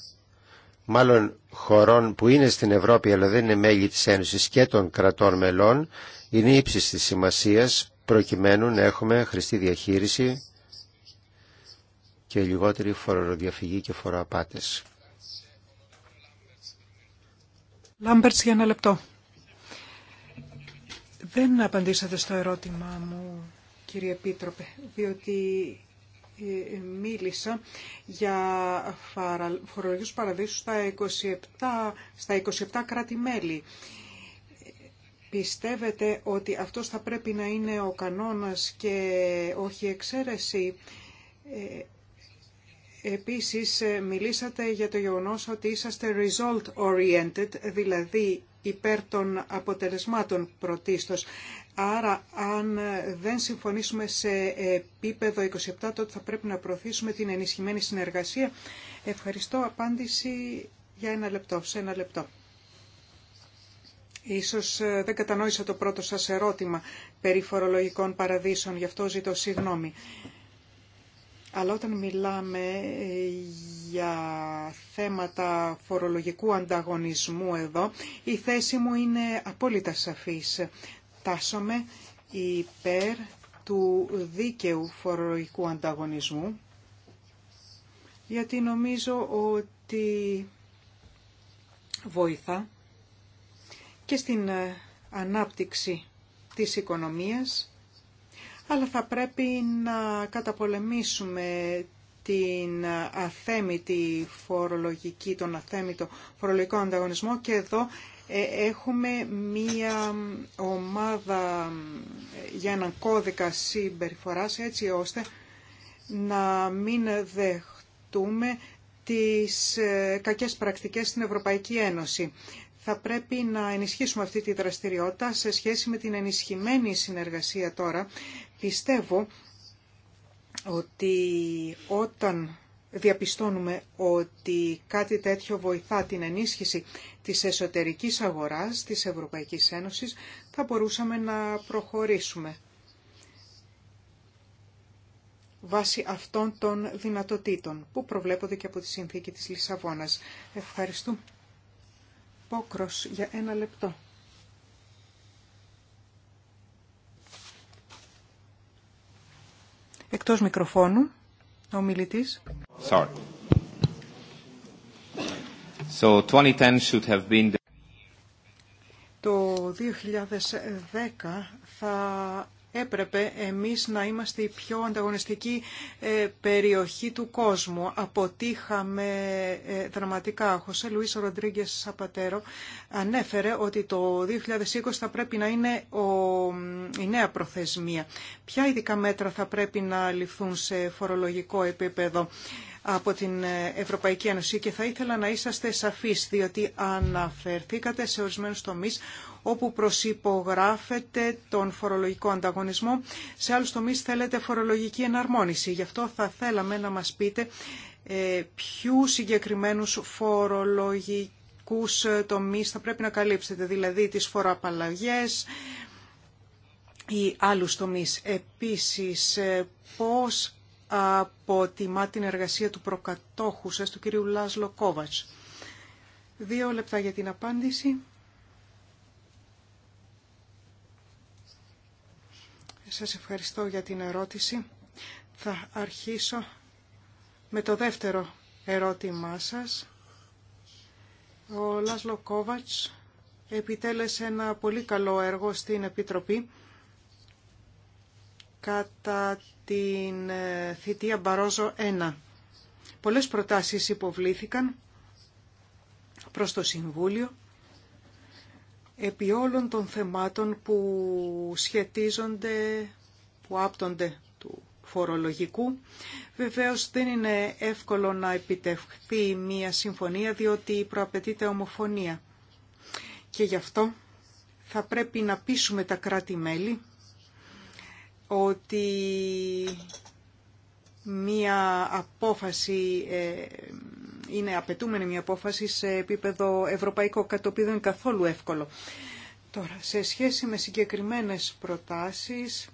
μάλλον χωρών που είναι στην Ευρώπη αλλά δεν είναι μέλη της Ένωσης και των κρατών μελών, είναι ύψης της σημασίας προκειμένου να έχουμε χρηστή διαχείριση και λιγότερη φοροδιαφυγή και φοροαπάτες. Λάμπερτς για ένα λεπτό. Δεν απαντήσατε στο ερώτημά μου, κύριε Επίτροπε, διότι ε, μίλησα για φορολογικούς παραδείσους στα 27, στα 27 κράτη-μέλη. Πιστεύετε ότι αυτό θα πρέπει να είναι ο κανόνας και όχι η εξαίρεση. Ε, επίσης, ε, μιλήσατε για το γεγονός ότι είσαστε result-oriented, δηλαδή υπέρ των αποτελεσμάτων πρωτίστως. Άρα, αν ε, δεν συμφωνήσουμε σε επίπεδο 27, τότε θα πρέπει να προωθήσουμε την ενισχυμένη συνεργασία. Ευχαριστώ. Απάντηση για ένα λεπτό, σε ένα λεπτό. Ίσως ε, δεν κατανόησα το πρώτο σας ερώτημα περί φορολογικών παραδείσων, γι' αυτό ζητώ συγγνώμη. Αλλά όταν μιλάμε ε, για θέματα φορολογικού ανταγωνισμού εδώ, η θέση μου είναι απόλυτα σαφής τάσσομαι υπέρ του δίκαιου φορολογικού ανταγωνισμού, γιατί νομίζω ότι βοηθά και στην ε, ανάπτυξη της οικονομίας, αλλά θα πρέπει να καταπολεμήσουμε την αθέμητη φορολογική, τον αθέμητο φορολογικό ανταγωνισμό και εδώ ε, έχουμε μία ομάδα για έναν κώδικα συμπεριφοράς έτσι ώστε να μην δεχτούμε τις ε, κακές πρακτικές στην Ευρωπαϊκή Ένωση. Θα πρέπει να ενισχύσουμε αυτή τη δραστηριότητα σε σχέση με την ενισχυμένη συνεργασία τώρα. Πιστεύω ότι όταν διαπιστώνουμε ότι κάτι τέτοιο βοηθά την ενίσχυση της εσωτερικής αγοράς της Ευρωπαϊκής Ένωσης, θα μπορούσαμε να προχωρήσουμε βάσει αυτών των δυνατοτήτων που προβλέπονται και από τη Συνθήκη της Λισαβόνας. Ευχαριστούμε. Πόκρος για ένα λεπτό. Εκτός μικροφώνου. Ο μιλητής. Sorry. So 2010 should have been the... Το 2010 θα έπρεπε εμείς να είμαστε η πιο ανταγωνιστική ε, περιοχή του κόσμου. Αποτύχαμε ε, δραματικά. Ο Χωσέ Λουίς Ροντρίγκες Σαπατέρο ανέφερε ότι το 2020 θα πρέπει να είναι η νέα προθεσμία. Ποια ειδικά μέτρα θα πρέπει να ληφθούν σε φορολογικό επίπεδο από την Ευρωπαϊκή Ένωση και θα ήθελα να είσαστε σαφείς, διότι αναφερθήκατε σε ορισμένους τομείς όπου προσυπογράφεται τον φορολογικό ανταγωνισμό. Σε άλλους τομείς θέλετε φορολογική εναρμόνιση. Γι' αυτό θα θέλαμε να μας πείτε ε, ποιου συγκεκριμένους φορολογικούς ε, τομείς θα πρέπει να καλύψετε, δηλαδή τις φοροαπαλλαγές ή άλλους τομείς. Επίσης, ε, πώς αποτιμά την εργασία του προκατόχου σας, του κυρίου Λάσλο Κόβατς. Δύο λεπτά για την απάντηση. Σας ευχαριστώ για την ερώτηση. Θα αρχίσω με το δεύτερο ερώτημά σας. Ο Λάσλο Κόβατς επιτέλεσε ένα πολύ καλό έργο στην Επιτροπή κατά την ε, θητεία Μπαρόζο 1. Πολλές προτάσεις υποβλήθηκαν προς το Συμβούλιο επί όλων των θεμάτων που σχετίζονται, που άπτονται του φορολογικού. Βεβαίως δεν είναι εύκολο να επιτευχθεί μία συμφωνία διότι προαπαιτείται ομοφωνία. Και γι' αυτό θα πρέπει να πείσουμε τα κράτη-μέλη ότι μία απόφαση ε, είναι απαιτούμενη μια απόφαση σε επίπεδο ευρωπαϊκό, κάτι καθόλου εύκολο. Τώρα, σε σχέση με συγκεκριμένες προτάσεις,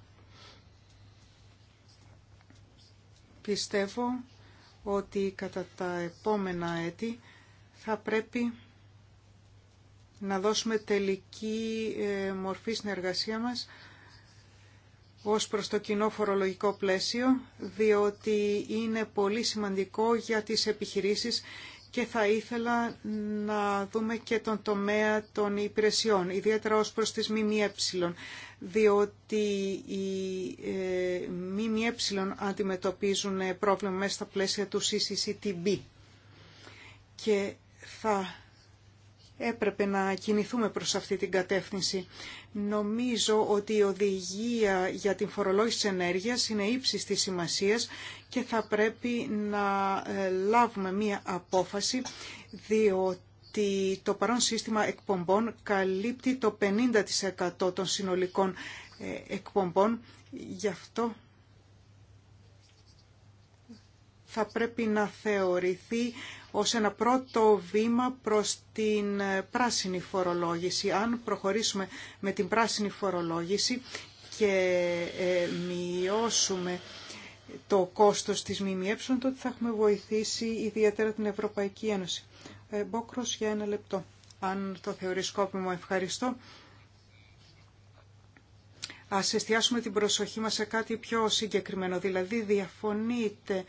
πιστεύω ότι κατά τα επόμενα έτη θα πρέπει να δώσουμε τελική ε, μορφή στην εργασία μας ως προς το κοινό φορολογικό πλαίσιο, διότι είναι πολύ σημαντικό για τις επιχειρήσεις και θα ήθελα να δούμε και τον τομέα των υπηρεσιών, ιδιαίτερα ως προς τις ΜΜΕ, διότι οι ε, ΜΜΕ αντιμετωπίζουν πρόβλημα μέσα στα πλαίσια του CCCTB και θα έπρεπε να κινηθούμε προς αυτή την κατεύθυνση. Νομίζω ότι η οδηγία για την φορολόγηση της ενέργειας είναι ύψης της σημασίας και θα πρέπει να ε, λάβουμε μία απόφαση διότι το παρόν σύστημα εκπομπών καλύπτει το 50% των συνολικών ε, εκπομπών. Γι' αυτό θα πρέπει να θεωρηθεί ως ένα πρώτο βήμα προς την πράσινη φορολόγηση. Αν προχωρήσουμε με την πράσινη φορολόγηση και ε, μειώσουμε το κόστος της ΜΜΕ, τότε θα έχουμε βοηθήσει ιδιαίτερα την Ευρωπαϊκή Ένωση. Ε, Μπόκρος για ένα λεπτό. Αν το θεωρείς σκόπιμο, ευχαριστώ. Ας εστιάσουμε την προσοχή μας σε κάτι πιο συγκεκριμένο. Δηλαδή, διαφωνείτε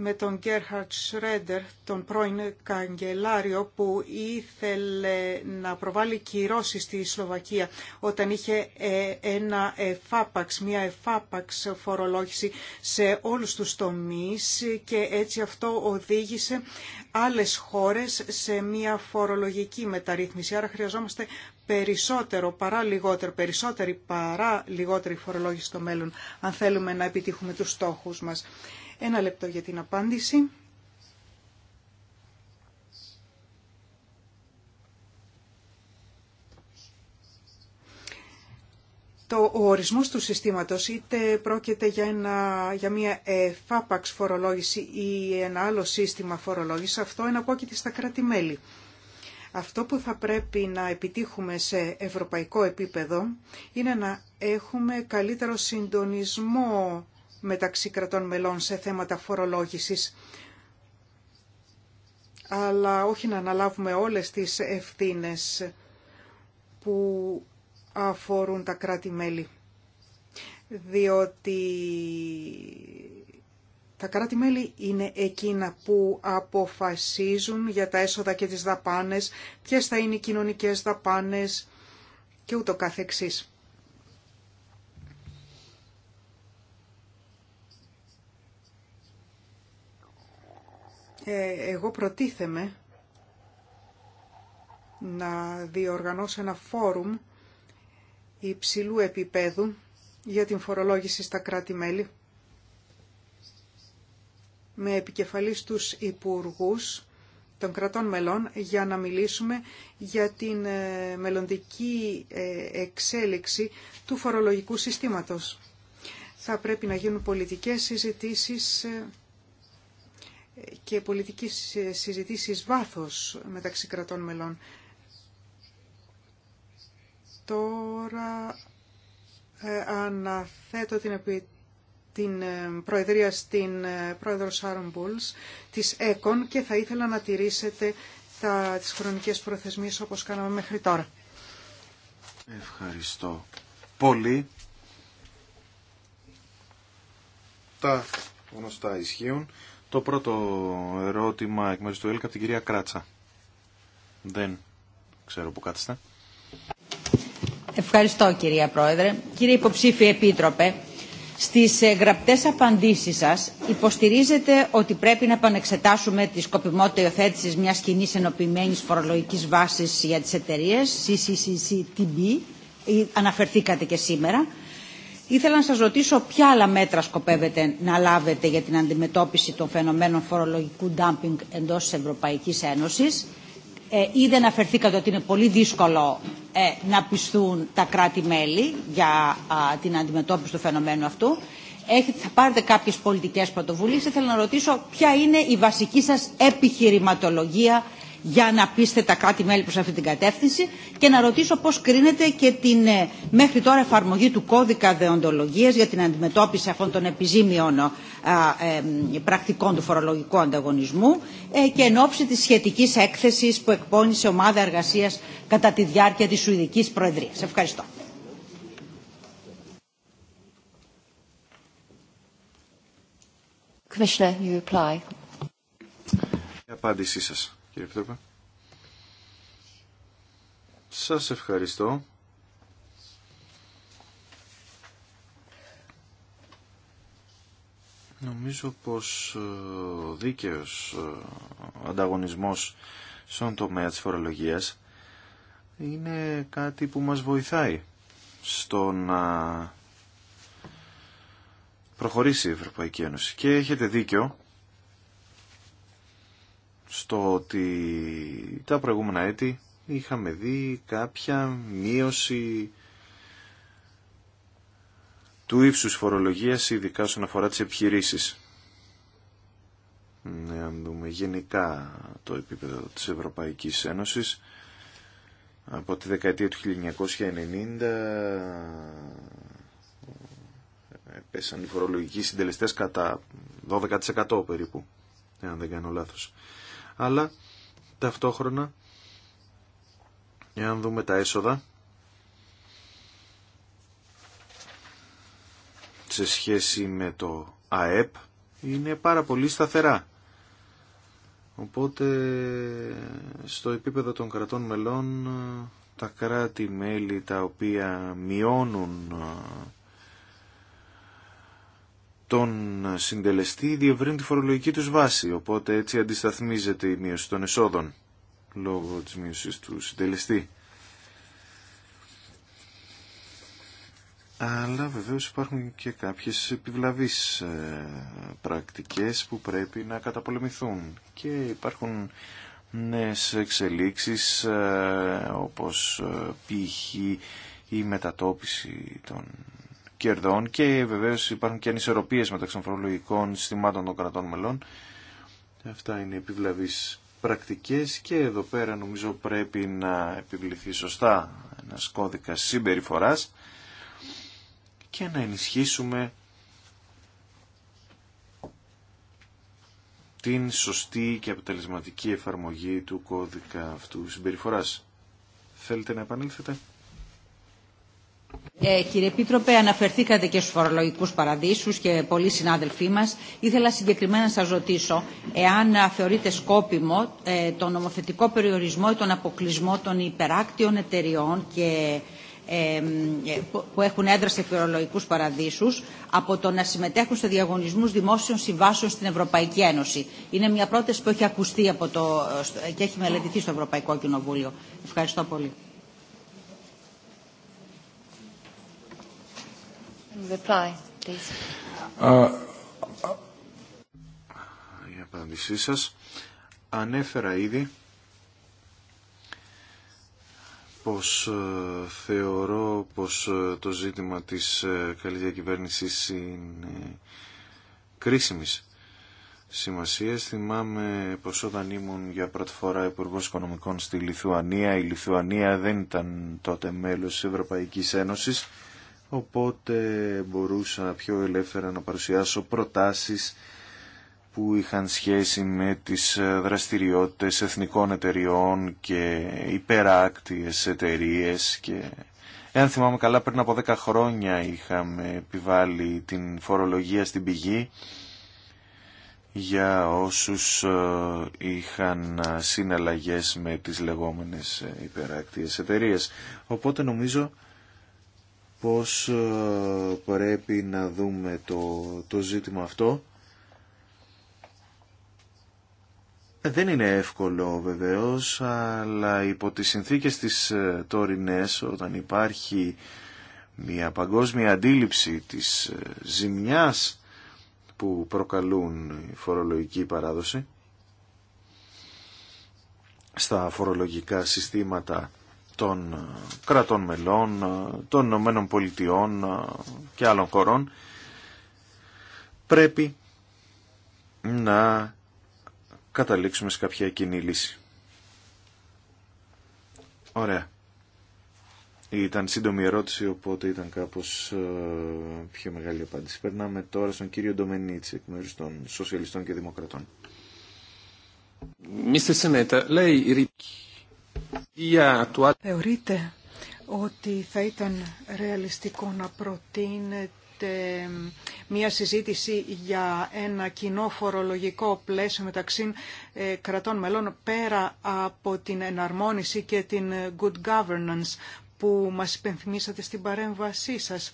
με τον Γκέρχαρτ Σρέντερ, τον πρώην καγκελάριο που ήθελε να προβάλλει κυρώσεις στη Σλοβακία όταν είχε ε, ένα εφάπαξ, μια εφάπαξ φορολόγηση σε όλους τους τομείς και έτσι αυτό οδήγησε άλλες χώρες σε μια φορολογική μεταρρύθμιση. Άρα χρειαζόμαστε περισσότερο παρά λιγότερο, περισσότερη παρά λιγότερη φορολόγηση στο μέλλον αν θέλουμε να επιτύχουμε τους στόχους μας. Ένα λεπτό για την απάντηση. Το, ο ορισμός του συστήματος είτε πρόκειται για, ένα, για μια ε, FAPAX φορολόγηση ή ένα άλλο σύστημα φορολόγηση, αυτό είναι εναπόκειται στα κράτη-μέλη. Αυτό που θα πρέπει να επιτύχουμε σε ευρωπαϊκό επίπεδο είναι να έχουμε καλύτερο συντονισμό μεταξύ κρατών μελών σε θέματα φορολόγησης αλλά όχι να αναλάβουμε όλες τις ευθύνες που αφορούν τα κράτη-μέλη. Διότι τα κράτη-μέλη είναι εκείνα που αποφασίζουν για τα έσοδα και τις δαπάνες, ποιες θα είναι οι κοινωνικές δαπάνες και ούτω καθεξής. Ε, εγώ προτίθεμαι να διοργανώσω ένα φόρουμ υψηλού επίπεδου για την φορολόγηση στα κράτη-μέλη με επικεφαλής τους υπουργούς των κρατών μελών για να μιλήσουμε για την ε, μελλοντική ε, εξέλιξη του φορολογικού συστήματος. Θα πρέπει να γίνουν πολιτικές συζητήσεις και πολιτικής συζητήσεις βάθος μεταξύ κρατών μελών. Τώρα ε, αναθέτω την, την ε, Προεδρία στην ε, Πρόεδρο Σάρον Μπούλς της ΕΚΟΝ και θα ήθελα να τηρήσετε τα, τις χρονικές προθεσμίες όπως κάναμε μέχρι τώρα. Ευχαριστώ πολύ. Τα γνωστά ισχύουν. Το πρώτο ερώτημα εκ μέρους του ΕΛΚΑ από την κυρία Κράτσα. Δεν ξέρω που κάθεστε. Ευχαριστώ κυρία Πρόεδρε. Κύριε Υποψήφιε Επίτροπε, στις ε, γραπτές απαντήσεις σας υποστηρίζετε ότι πρέπει να επανεξετάσουμε τη σκοπιμότητα υιοθέτησης μιας κοινή ενοποιημένης φορολογικής βάσης για τις εταιρείες, CCCTB, αναφερθήκατε και σήμερα, Ήθελα να σας ρωτήσω ποια άλλα μέτρα σκοπεύετε να λάβετε για την αντιμετώπιση των φαινομένων φορολογικού ντάμπινγκ εντός της Ευρωπαϊκής Ένωσης. Ε, ήδη αναφερθήκατε ότι είναι πολύ δύσκολο ε, να πιστούν τα κράτη-μέλη για την αντιμετώπιση του φαινομένου αυτού. Έχετε, θα πάρετε κάποιες πολιτικές πρωτοβουλίες. Ήθελα να ρωτήσω ποια είναι η βασική σας επιχειρηματολογία για να πείστε τα κράτη-μέλη προς αυτή την κατεύθυνση και να ρωτήσω πώς κρίνεται και την ε, μέχρι τώρα εφαρμογή του κώδικα δεοντολογίας για την αντιμετώπιση αυτών των επιζήμιων πρακτικών του φορολογικού ανταγωνισμού ε, και εν ώψη της σχετικής έκθεσης που εκπώνησε ομάδα εργασίας κατά τη διάρκεια της Σουηδικής Προεδρίας. Ευχαριστώ. Η απάντησή σας κύριε Σας ευχαριστώ. Νομίζω πως ε, ο δίκαιος ε, ανταγωνισμός στον τομέα της φορολογίας είναι κάτι που μας βοηθάει στο να προχωρήσει η Ευρωπαϊκή Ένωση. Και έχετε δίκιο στο ότι τα προηγούμενα έτη είχαμε δει κάποια μείωση του ύψους φορολογίας, ειδικά όσον αφορά τις επιχειρήσεις. Ναι, αν δούμε γενικά το επίπεδο της Ευρωπαϊκής Ένωσης, από τη δεκαετία του 1990 πέσαν οι φορολογικοί συντελεστές κατά 12% περίπου, αν δεν κάνω λάθος αλλά ταυτόχρονα, εάν δούμε τα έσοδα, σε σχέση με το ΑΕΠ, είναι πάρα πολύ σταθερά. Οπότε στο επίπεδο των κρατών μελών τα κράτη-μέλη τα οποία μειώνουν τον συντελεστή διευρύνει τη φορολογική τους βάση, οπότε έτσι αντισταθμίζεται η μείωση των εσόδων λόγω της μείωσης του συντελεστή. Αλλά βεβαίως υπάρχουν και κάποιες επιβλαβείς ε, πρακτικές που πρέπει να καταπολεμηθούν και υπάρχουν νέες εξελίξεις ε, όπως ε, π.χ. η μετατόπιση των κερδών και βεβαίως υπάρχουν και ανισορροπίες μεταξύ των φορολογικών συστημάτων των κρατών μελών. Αυτά είναι επιβλαβείς πρακτικές και εδώ πέρα νομίζω πρέπει να επιβληθεί σωστά ένας κώδικας συμπεριφοράς και να ενισχύσουμε την σωστή και αποτελεσματική εφαρμογή του κώδικα αυτού συμπεριφοράς. Θέλετε να επανέλθετε. Ε, κύριε Επίτροπε, αναφερθήκατε και στους φορολογικούς παραδείσους και πολλοί συνάδελφοί μας. Ήθελα συγκεκριμένα να σας ρωτήσω εάν θεωρείτε σκόπιμο ε, τον νομοθετικό περιορισμό ή τον αποκλεισμό των υπεράκτιων εταιριών και ε, ε, που έχουν έδρα σε φορολογικούς παραδείσους από το να συμμετέχουν σε διαγωνισμούς δημόσιων συμβάσεων στην Ευρωπαϊκή Ένωση. Είναι μια πρόταση που έχει ακουστεί από το, ε, και έχει μελετηθεί στο Ευρωπαϊκό Κοινοβούλιο. Ευχαριστώ πολύ. η απάντησή σας ανέφερα ήδη πως ε, θεωρώ πως ε, το ζήτημα της ε, καλής διακυβέρνησης είναι κρίσιμης σημασίας. Θυμάμαι πως όταν ήμουν για πρώτη φορά Υπουργός Οικονομικών στη Λιθουανία, η Λιθουανία δεν ήταν τότε μέλος της Ευρωπαϊκής Ένωσης οπότε μπορούσα πιο ελεύθερα να παρουσιάσω προτάσεις που είχαν σχέση με τις δραστηριότητες εθνικών εταιριών και υπεράκτιες εταιρείε και εάν θυμάμαι καλά πριν από 10 χρόνια είχαμε επιβάλει την φορολογία στην πηγή για όσους ε, είχαν ε, συναλλαγές με τις λεγόμενες ε, υπεράκτιες εταιρείε. Οπότε νομίζω πώς ε, πρέπει να δούμε το, το ζήτημα αυτό. Δεν είναι εύκολο βεβαίως, αλλά υπό τις συνθήκες της ε, τωρινές, όταν υπάρχει μια παγκόσμια αντίληψη της ε, ζημιάς που προκαλούν η φορολογική παράδοση στα φορολογικά συστήματα των ε, κρατών μελών, ε, των Ηνωμένων Πολιτειών ε, και άλλων χωρών πρέπει να καταλήξουμε σε κάποια κοινή λύση. Ωραία. Ήταν σύντομη ερώτηση, οπότε ήταν κάπως πιο μεγάλη απάντηση. Περνάμε τώρα στον κύριο Ντομενίτση, εκ μέρους των Σοσιαλιστών και Δημοκρατών. Mr. Senator, λέει Θεωρείτε ότι θα ήταν ρεαλιστικό να προτείνετε μία συζήτηση για ένα κοινό φορολογικό πλαίσιο μεταξύ ε, κρατών μελών πέρα από την εναρμόνιση και την good governance που μας υπενθυμίσατε στην παρέμβασή σας.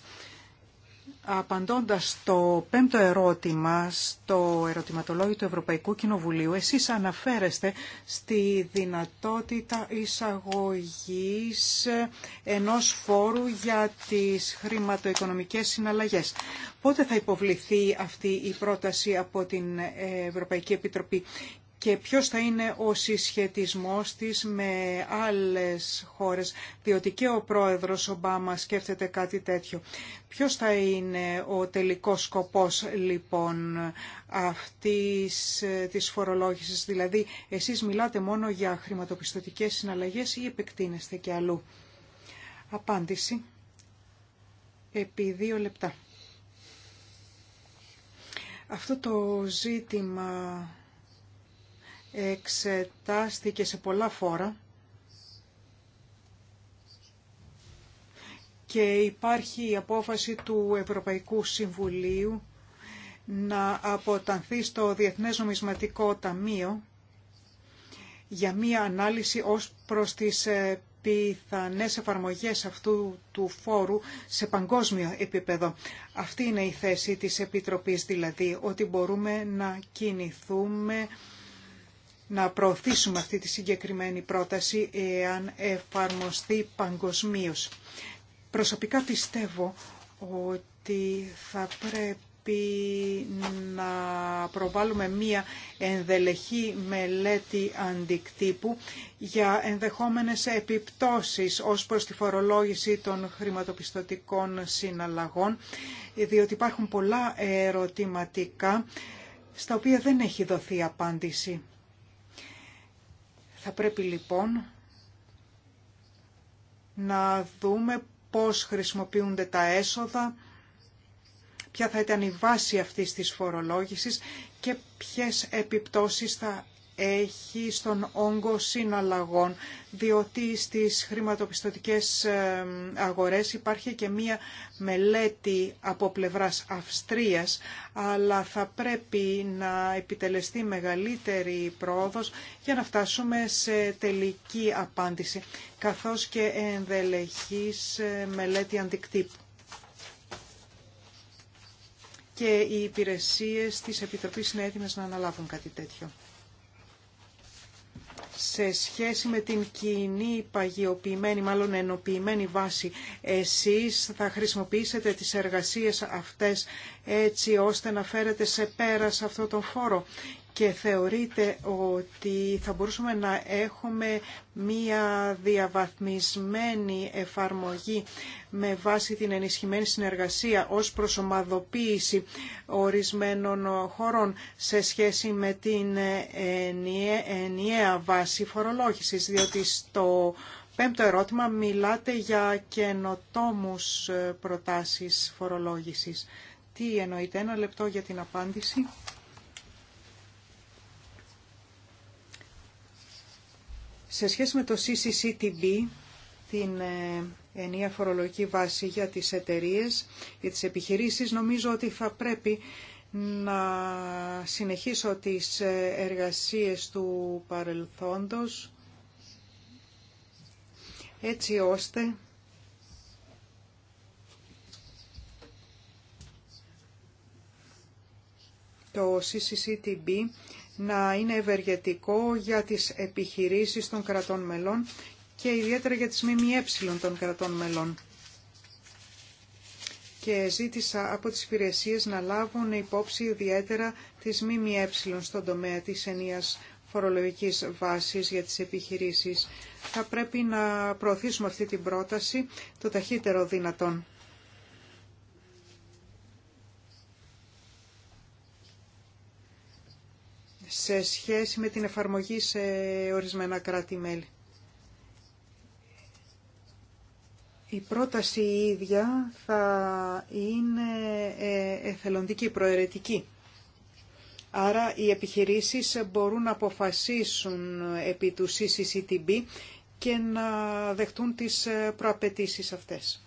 Απαντώντας το πέμπτο ερώτημα στο ερωτηματολόγιο του Ευρωπαϊκού Κοινοβουλίου, εσείς αναφέρεστε στη δυνατότητα εισαγωγής ενός φόρου για τις χρηματοοικονομικές συναλλαγές. Πότε θα υποβληθεί αυτή η πρόταση από την Ευρωπαϊκή Επιτροπή και ποιος θα είναι ο συσχετισμός της με άλλες χώρες, διότι και ο πρόεδρος Ομπάμα σκέφτεται κάτι τέτοιο. Ποιος θα είναι ο τελικός σκοπός λοιπόν αυτής ε, της φορολόγησης, δηλαδή εσείς μιλάτε μόνο για χρηματοπιστωτικές συναλλαγές ή επεκτείνεστε και αλλού. Απάντηση επί δύο λεπτά. Αυτό το ζήτημα εξετάστηκε σε πολλά φόρα και υπάρχει η απόφαση του Ευρωπαϊκού Συμβουλίου να αποτανθεί στο Διεθνές Νομισματικό Ταμείο για μία ανάλυση ως προς τις ε, πιθανές εφαρμογές αυτού του φόρου σε παγκόσμιο επίπεδο. Αυτή είναι η θέση της Επιτροπής δηλαδή, ότι μπορούμε να κινηθούμε να προωθήσουμε αυτή τη συγκεκριμένη πρόταση εάν εφαρμοστεί παγκοσμίω. Προσωπικά πιστεύω ότι θα πρέπει να προβάλλουμε μία ενδελεχή μελέτη αντικτύπου για ενδεχόμενες επιπτώσεις ως προς τη φορολόγηση των χρηματοπιστωτικών συναλλαγών, διότι υπάρχουν πολλά ερωτηματικά στα οποία δεν έχει δοθεί απάντηση. Θα πρέπει λοιπόν να δούμε πώς χρησιμοποιούνται τα έσοδα, ποια θα ήταν η βάση αυτής της φορολόγησης και ποιες επιπτώσεις θα έχει στον όγκο συναλλαγών, διότι στις χρηματοπιστωτικές ε, αγορές υπάρχει και μία μελέτη από πλευράς Αυστρίας, αλλά θα πρέπει να επιτελεστεί μεγαλύτερη πρόοδος για να φτάσουμε σε τελική απάντηση, καθώς και ενδελεχής ε, μελέτη αντικτύπου και οι υπηρεσίες της Επιτροπής είναι έτοιμες να αναλάβουν κάτι τέτοιο σε σχέση με την κοινή παγιοποιημένη, μάλλον ενοποιημένη βάση, εσείς θα χρησιμοποιήσετε τις εργασίες αυτές έτσι ώστε να φέρετε σε πέρας αυτό τον φόρο και θεωρείτε ότι θα μπορούσαμε να έχουμε μία διαβαθμισμένη εφαρμογή με βάση την ενισχυμένη συνεργασία ως προσωμαδοποίηση ορισμένων χωρών σε σχέση με την ενιαία βάση φορολόγησης, διότι στο πέμπτο ερώτημα μιλάτε για καινοτόμους προτάσεις φορολόγησης. Τι εννοείται, ένα λεπτό για την απάντηση. Σε σχέση με το CCCTB, την ε, ενία φορολογική βάση για τις εταιρείες, και τις επιχειρήσεις, νομίζω ότι θα πρέπει να συνεχίσω τις ε, εργασίες του παρελθόντος, έτσι ώστε το CCCTB να είναι ευεργετικό για τις επιχειρήσεις των κρατών μελών και ιδιαίτερα για τις ΜΜΕ των κρατών μελών. Και ζήτησα από τις υπηρεσίες να λάβουν υπόψη ιδιαίτερα τις ΜΜΕ στον τομέα της ενίας φορολογικής βάσης για τις επιχειρήσεις. Θα πρέπει να προωθήσουμε αυτή την πρόταση το ταχύτερο δυνατόν. σε σχέση με την εφαρμογή σε ορισμένα κράτη-μέλη. Η πρόταση η ίδια θα είναι ε, εθελοντική, προαιρετική. Άρα οι επιχειρήσεις μπορούν να αποφασίσουν επί του CCCTB και να δεχτούν τις ε, προαπαιτήσεις αυτές.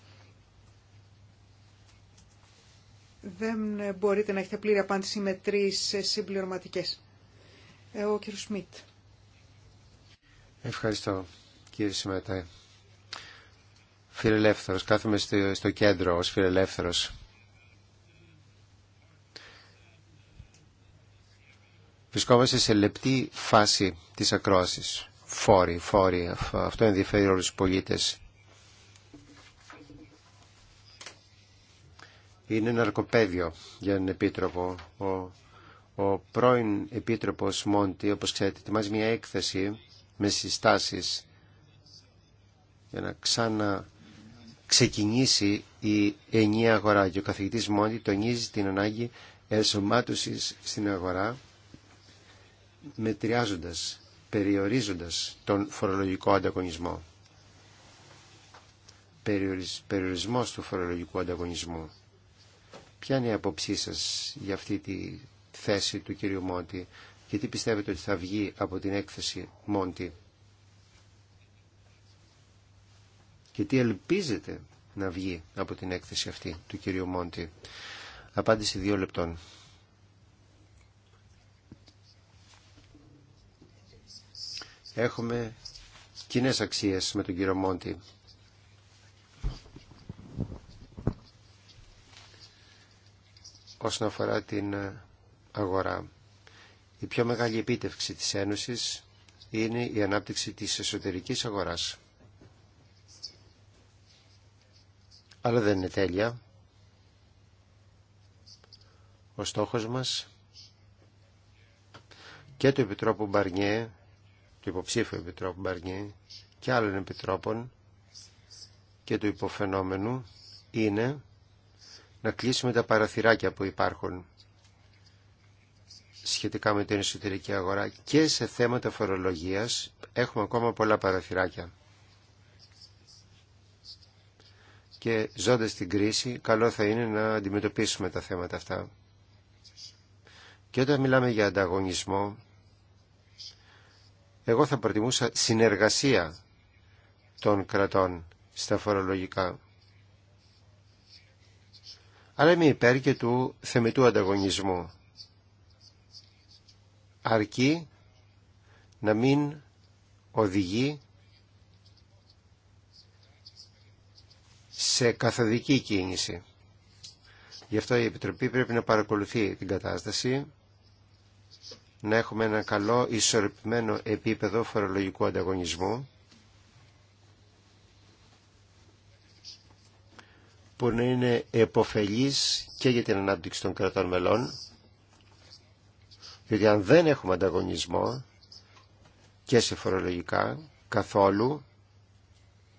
Δεν μπορείτε να έχετε πλήρη απάντηση με τρεις ε, συμπληρωματικές. Ε, ο κύριος Σμιτ. Ευχαριστώ κύριε Σιμέτα. Φιλελεύθερος, κάθομαι στο, κέντρο ως φιλελεύθερος. Βρισκόμαστε σε λεπτή φάση της ακρόασης. Φόροι, φόροι. Αυτό ενδιαφέρει όλους τους πολίτες. Είναι ένα αρκοπέδιο για έναν επίτροπο ο ο πρώην Επίτροπος Μόντι, όπως ξέρετε, ετοιμάζει μια έκθεση με συστάσεις για να ξανά ξεκινήσει η ενιαία αγορά και ο καθηγητής Μόντι τονίζει την ανάγκη ενσωμάτωσης στην αγορά μετριάζοντας, περιορίζοντας τον φορολογικό ανταγωνισμό. Περιορισμός του φορολογικού ανταγωνισμού. Ποια είναι η απόψή σας για αυτή τη θέση του κύριου Μόντι και τι πιστεύετε ότι θα βγει από την έκθεση Μόντι και τι ελπίζετε να βγει από την έκθεση αυτή του κυρίου Μόντι. Απάντηση δύο λεπτών. Έχουμε κοινέ αξίες με τον κύριο Μόντι. Όσον αφορά την αγορά. Η πιο μεγάλη επίτευξη της Ένωσης είναι η ανάπτυξη της εσωτερικής αγοράς. Αλλά δεν είναι τέλεια. Ο στόχος μας και του Επιτρόπου Μπαρνιέ, του υποψήφου Επιτρόπου Μπαρνιέ και άλλων Επιτρόπων και του υποφαινόμενου είναι να κλείσουμε τα παραθυράκια που υπάρχουν σχετικά με την εσωτερική αγορά και σε θέματα φορολογίας έχουμε ακόμα πολλά παραθυράκια. Και ζώντας την κρίση, καλό θα είναι να αντιμετωπίσουμε τα θέματα αυτά. Και όταν μιλάμε για ανταγωνισμό, εγώ θα προτιμούσα συνεργασία των κρατών στα φορολογικά. Αλλά είμαι υπέρ και του θεμητού ανταγωνισμού αρκεί να μην οδηγεί σε καθοδική κίνηση. Γι' αυτό η Επιτροπή πρέπει να παρακολουθεί την κατάσταση, να έχουμε ένα καλό ισορροπημένο επίπεδο φορολογικού ανταγωνισμού, που να είναι εποφελής και για την ανάπτυξη των κρατών μελών διότι αν δεν έχουμε ανταγωνισμό και σε φορολογικά καθόλου,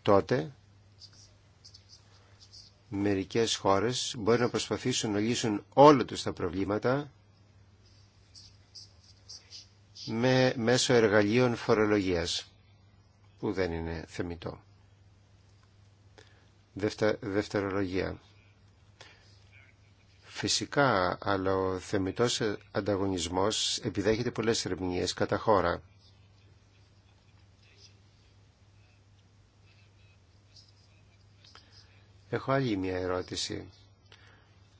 τότε μερικές χώρες μπορεί να προσπαθήσουν να λύσουν όλα τους τα προβλήματα με, μέσω εργαλείων φορολογίας, που δεν είναι θεμητό. Δευτε, δευτερολογία. Φυσικά, αλλά ο θεμητός ανταγωνισμός επιδέχεται πολλές ερμηνείες κατά χώρα. Έχω άλλη μια ερώτηση.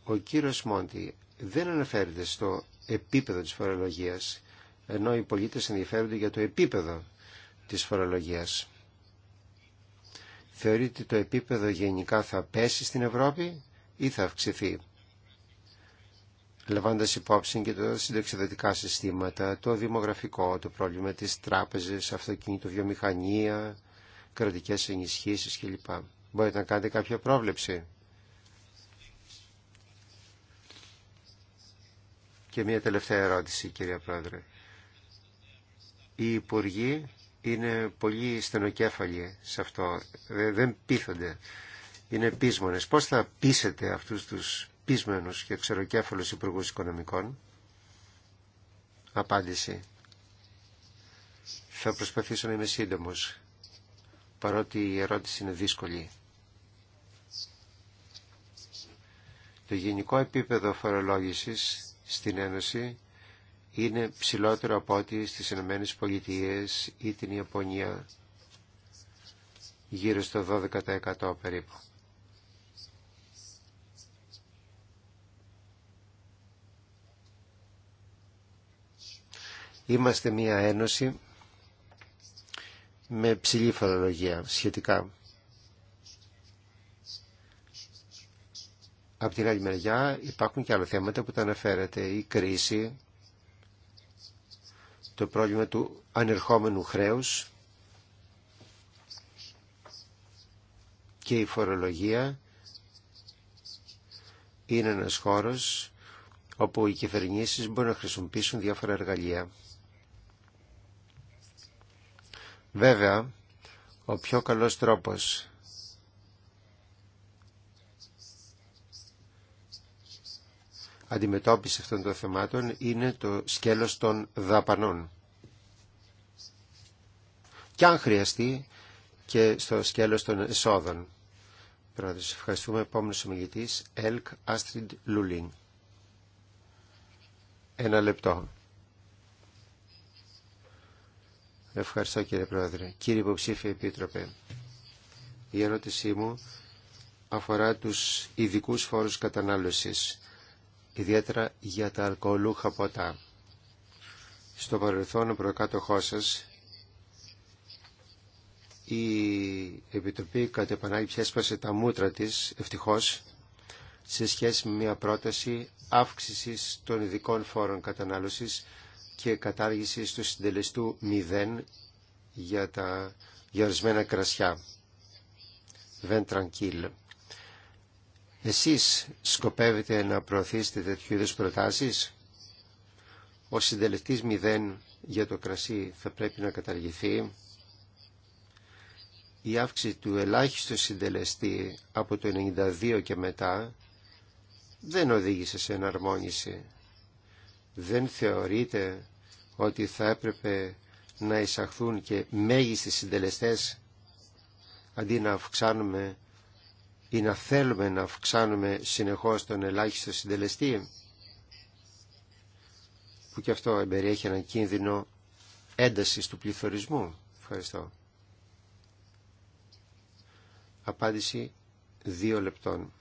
Ο κύριος Μόντι δεν αναφέρεται στο επίπεδο της φορολογίας, ενώ οι πολίτες ενδιαφέρονται για το επίπεδο της φορολογίας. Θεωρείτε το επίπεδο γενικά θα πέσει στην Ευρώπη ή θα αυξηθεί λαμβάνοντα υπόψη και τα συνταξιδετικά συστήματα, το δημογραφικό, το πρόβλημα της αυτοκίνητο βιομηχανία, κρατικές ενισχύσεις κλπ. Μπορείτε να κάνετε κάποια πρόβλεψη. Και μια τελευταία ερώτηση, κυρία Πρόεδρε. Οι υπουργοί είναι πολύ στενοκέφαλοι σε αυτό. Δεν πείθονται. Είναι πείσμονες. Πώς θα πείσετε αυτούς τους πείσμενος και ξεροκέφαλος υπουργού οικονομικών. Απάντηση. Θα προσπαθήσω να είμαι σύντομος, παρότι η ερώτηση είναι δύσκολη. Το γενικό επίπεδο φορολόγησης στην Ένωση είναι ψηλότερο από ό,τι στις Ηνωμένες Πολιτείες ή την Ιαπωνία, γύρω στο 12% περίπου. Είμαστε μια ένωση με ψηλή φορολογία σχετικά. Από την άλλη μεριά υπάρχουν και άλλα θέματα που τα αναφέρατε. Η κρίση, το πρόβλημα του ανερχόμενου χρέους και η φορολογία είναι ένας χώρος όπου οι κυβερνήσεις μπορούν να χρησιμοποιήσουν διάφορα εργαλεία. Βέβαια, ο πιο καλός τρόπος αντιμετώπιση αυτών των θεμάτων είναι το σκέλος των δαπανών. Και αν χρειαστεί και στο σκέλος των εσόδων. σας ευχαριστούμε. Επόμενος ομιλητής, Ελκ Astrid Λουλίν. Ένα λεπτό. Ευχαριστώ κύριε Πρόεδρε. Κύριε Υποψήφιε Επίτροπε, η ερώτησή μου αφορά τους ειδικού φόρους κατανάλωσης, ιδιαίτερα για τα αλκοολούχα ποτά. Στο παρελθόν ο προκάτοχός σας, η Επιτροπή κατ' επανάληψη έσπασε τα μούτρα της, ευτυχώς, σε σχέση με μια πρόταση αύξησης των ειδικών φόρων κατανάλωσης και κατάργηση του συντελεστού 0 για τα για κρασιά. Δεν τρανκίλ. Εσείς σκοπεύετε να προωθήσετε τέτοιου είδους προτάσεις. Ο συντελεστής 0 για το κρασί θα πρέπει να καταργηθεί. Η αύξηση του ελάχιστου συντελεστή από το 92 και μετά δεν οδήγησε σε εναρμόνιση δεν θεωρείτε ότι θα έπρεπε να εισαχθούν και μέγιστοι συντελεστές αντί να αυξάνουμε ή να θέλουμε να αυξάνουμε συνεχώς τον ελάχιστο συντελεστή που και αυτό εμπεριέχει έναν κίνδυνο έντασης του πληθωρισμού. Ευχαριστώ. Απάντηση δύο λεπτών.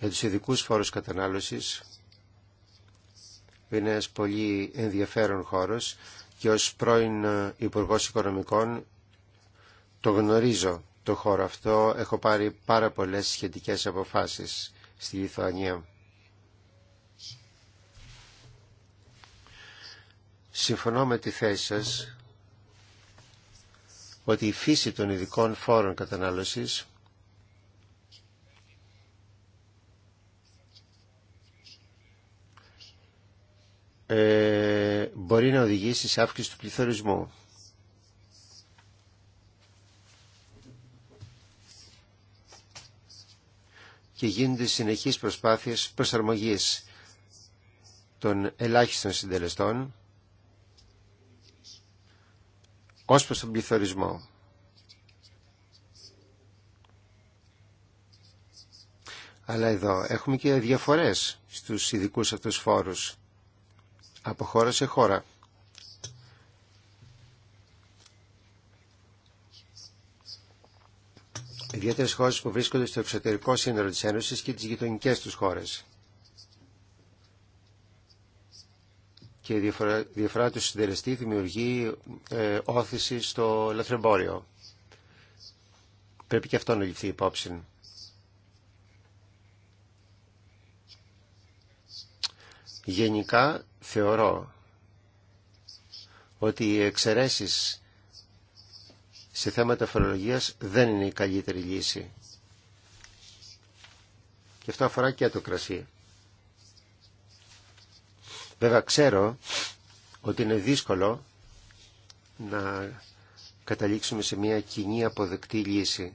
για τους ειδικού φόρους κατανάλωσης είναι ένας πολύ ενδιαφέρον χώρος και ως πρώην ε, υπουργό Οικονομικών το γνωρίζω το χώρο αυτό. Έχω πάρει πάρα πολλές σχετικές αποφάσεις στη Λιθουανία. Συμφωνώ με τη θέση σας ότι η φύση των ειδικών φόρων κατανάλωσης ε, μπορεί να οδηγήσει σε αύξηση του πληθωρισμού. Και γίνονται συνεχείς προσπάθειες προσαρμογής των ελάχιστων συντελεστών ως προς τον πληθωρισμό. Αλλά εδώ έχουμε και διαφορές στους ειδικούς αυτούς φόρους από χώρα σε χώρα. Ιδιαίτερε χώρε που βρίσκονται στο εξωτερικό σύνορο τη Ένωση και τι γειτονικέ του χώρε. Και η διαφορά, του συντελεστή δημιουργεί ε, όθηση στο λαθρεμπόριο. Πρέπει και αυτό να ληφθεί υπόψη. Γενικά θεωρώ ότι οι εξαιρεσει σε θέματα φορολογίας δεν είναι η καλύτερη λύση. Και αυτό αφορά και κρασί. Βέβαια ξέρω ότι είναι δύσκολο να καταλήξουμε σε μια κοινή αποδεκτή λύση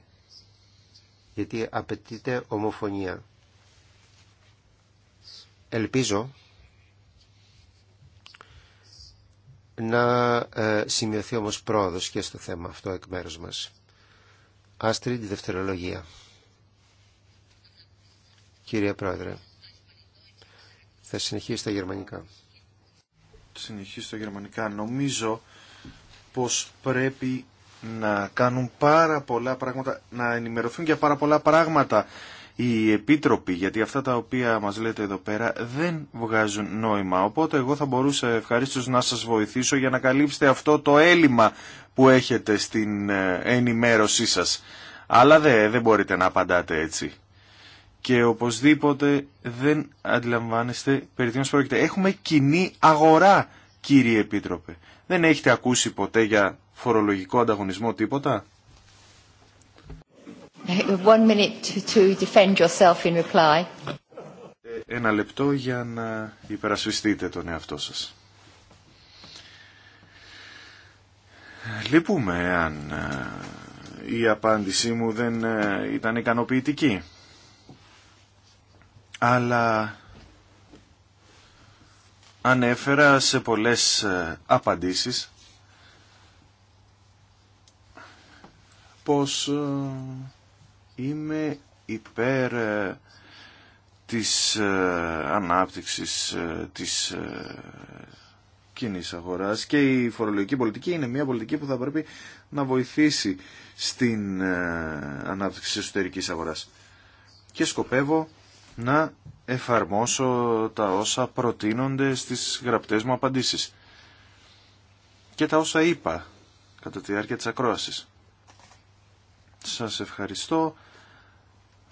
γιατί απαιτείται ομοφωνία. Ελπίζω να ε, σημειωθεί όμως πρόοδος και στο θέμα αυτό εκ μέρους μας. τη δευτερολογία. Κύριε Πρόεδρε, θα συνεχίσει στα γερμανικά. συνεχίσει στα γερμανικά. Νομίζω πως πρέπει να κάνουν πάρα πολλά πράγματα, να ενημερωθούν για πάρα πολλά πράγματα οι επίτροποι, γιατί αυτά τα οποία μας λέτε εδώ πέρα δεν βγάζουν νόημα. Οπότε εγώ θα μπορούσα ευχαρίστως να σας βοηθήσω για να καλύψετε αυτό το έλλειμμα που έχετε στην ε, ενημέρωσή σας. Αλλά δε, δεν μπορείτε να απαντάτε έτσι. Και οπωσδήποτε δεν αντιλαμβάνεστε περί πρόκειται. Έχουμε κοινή αγορά, κύριε Επίτροπε. Δεν έχετε ακούσει ποτέ για φορολογικό ανταγωνισμό τίποτα. One to defend yourself in Ένα λεπτό για να υπερασπιστείτε τον εαυτό σας. Λυπούμε αν ε, η απάντησή μου δεν ε, ήταν ικανοποιητική. Αλλά ανέφερα σε πολλές ε, απαντήσεις πως Είμαι υπέρ ε, της ε, ανάπτυξης ε, της κοινή αγοράς και η φορολογική πολιτική είναι μια πολιτική που θα πρέπει να βοηθήσει στην ανάπτυξη της εσωτερικής αγοράς. Και σκοπεύω να εφαρμόσω τα όσα προτείνονται στις γραπτές μου απαντήσεις. Και τα όσα είπα κατά τη διάρκεια της ακρόασης. Σας ευχαριστώ.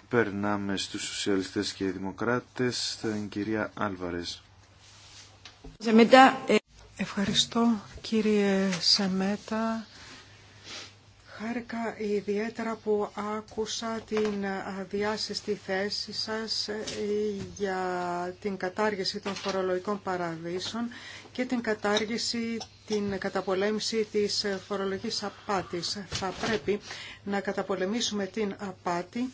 Περνάμε στους σοσιαλιστές και δημοκράτες, την κυρία Άλβαρες. Ε, ευχαριστώ κύριε Σεμέτα. Χάρηκα ιδιαίτερα που άκουσα την αδιάσυστη θέση σας ε, για την κατάργηση των φορολογικών παραδείσων και την κατάργηση, την καταπολέμηση της φορολογικής απάτης. Θα πρέπει να καταπολεμήσουμε την απάτη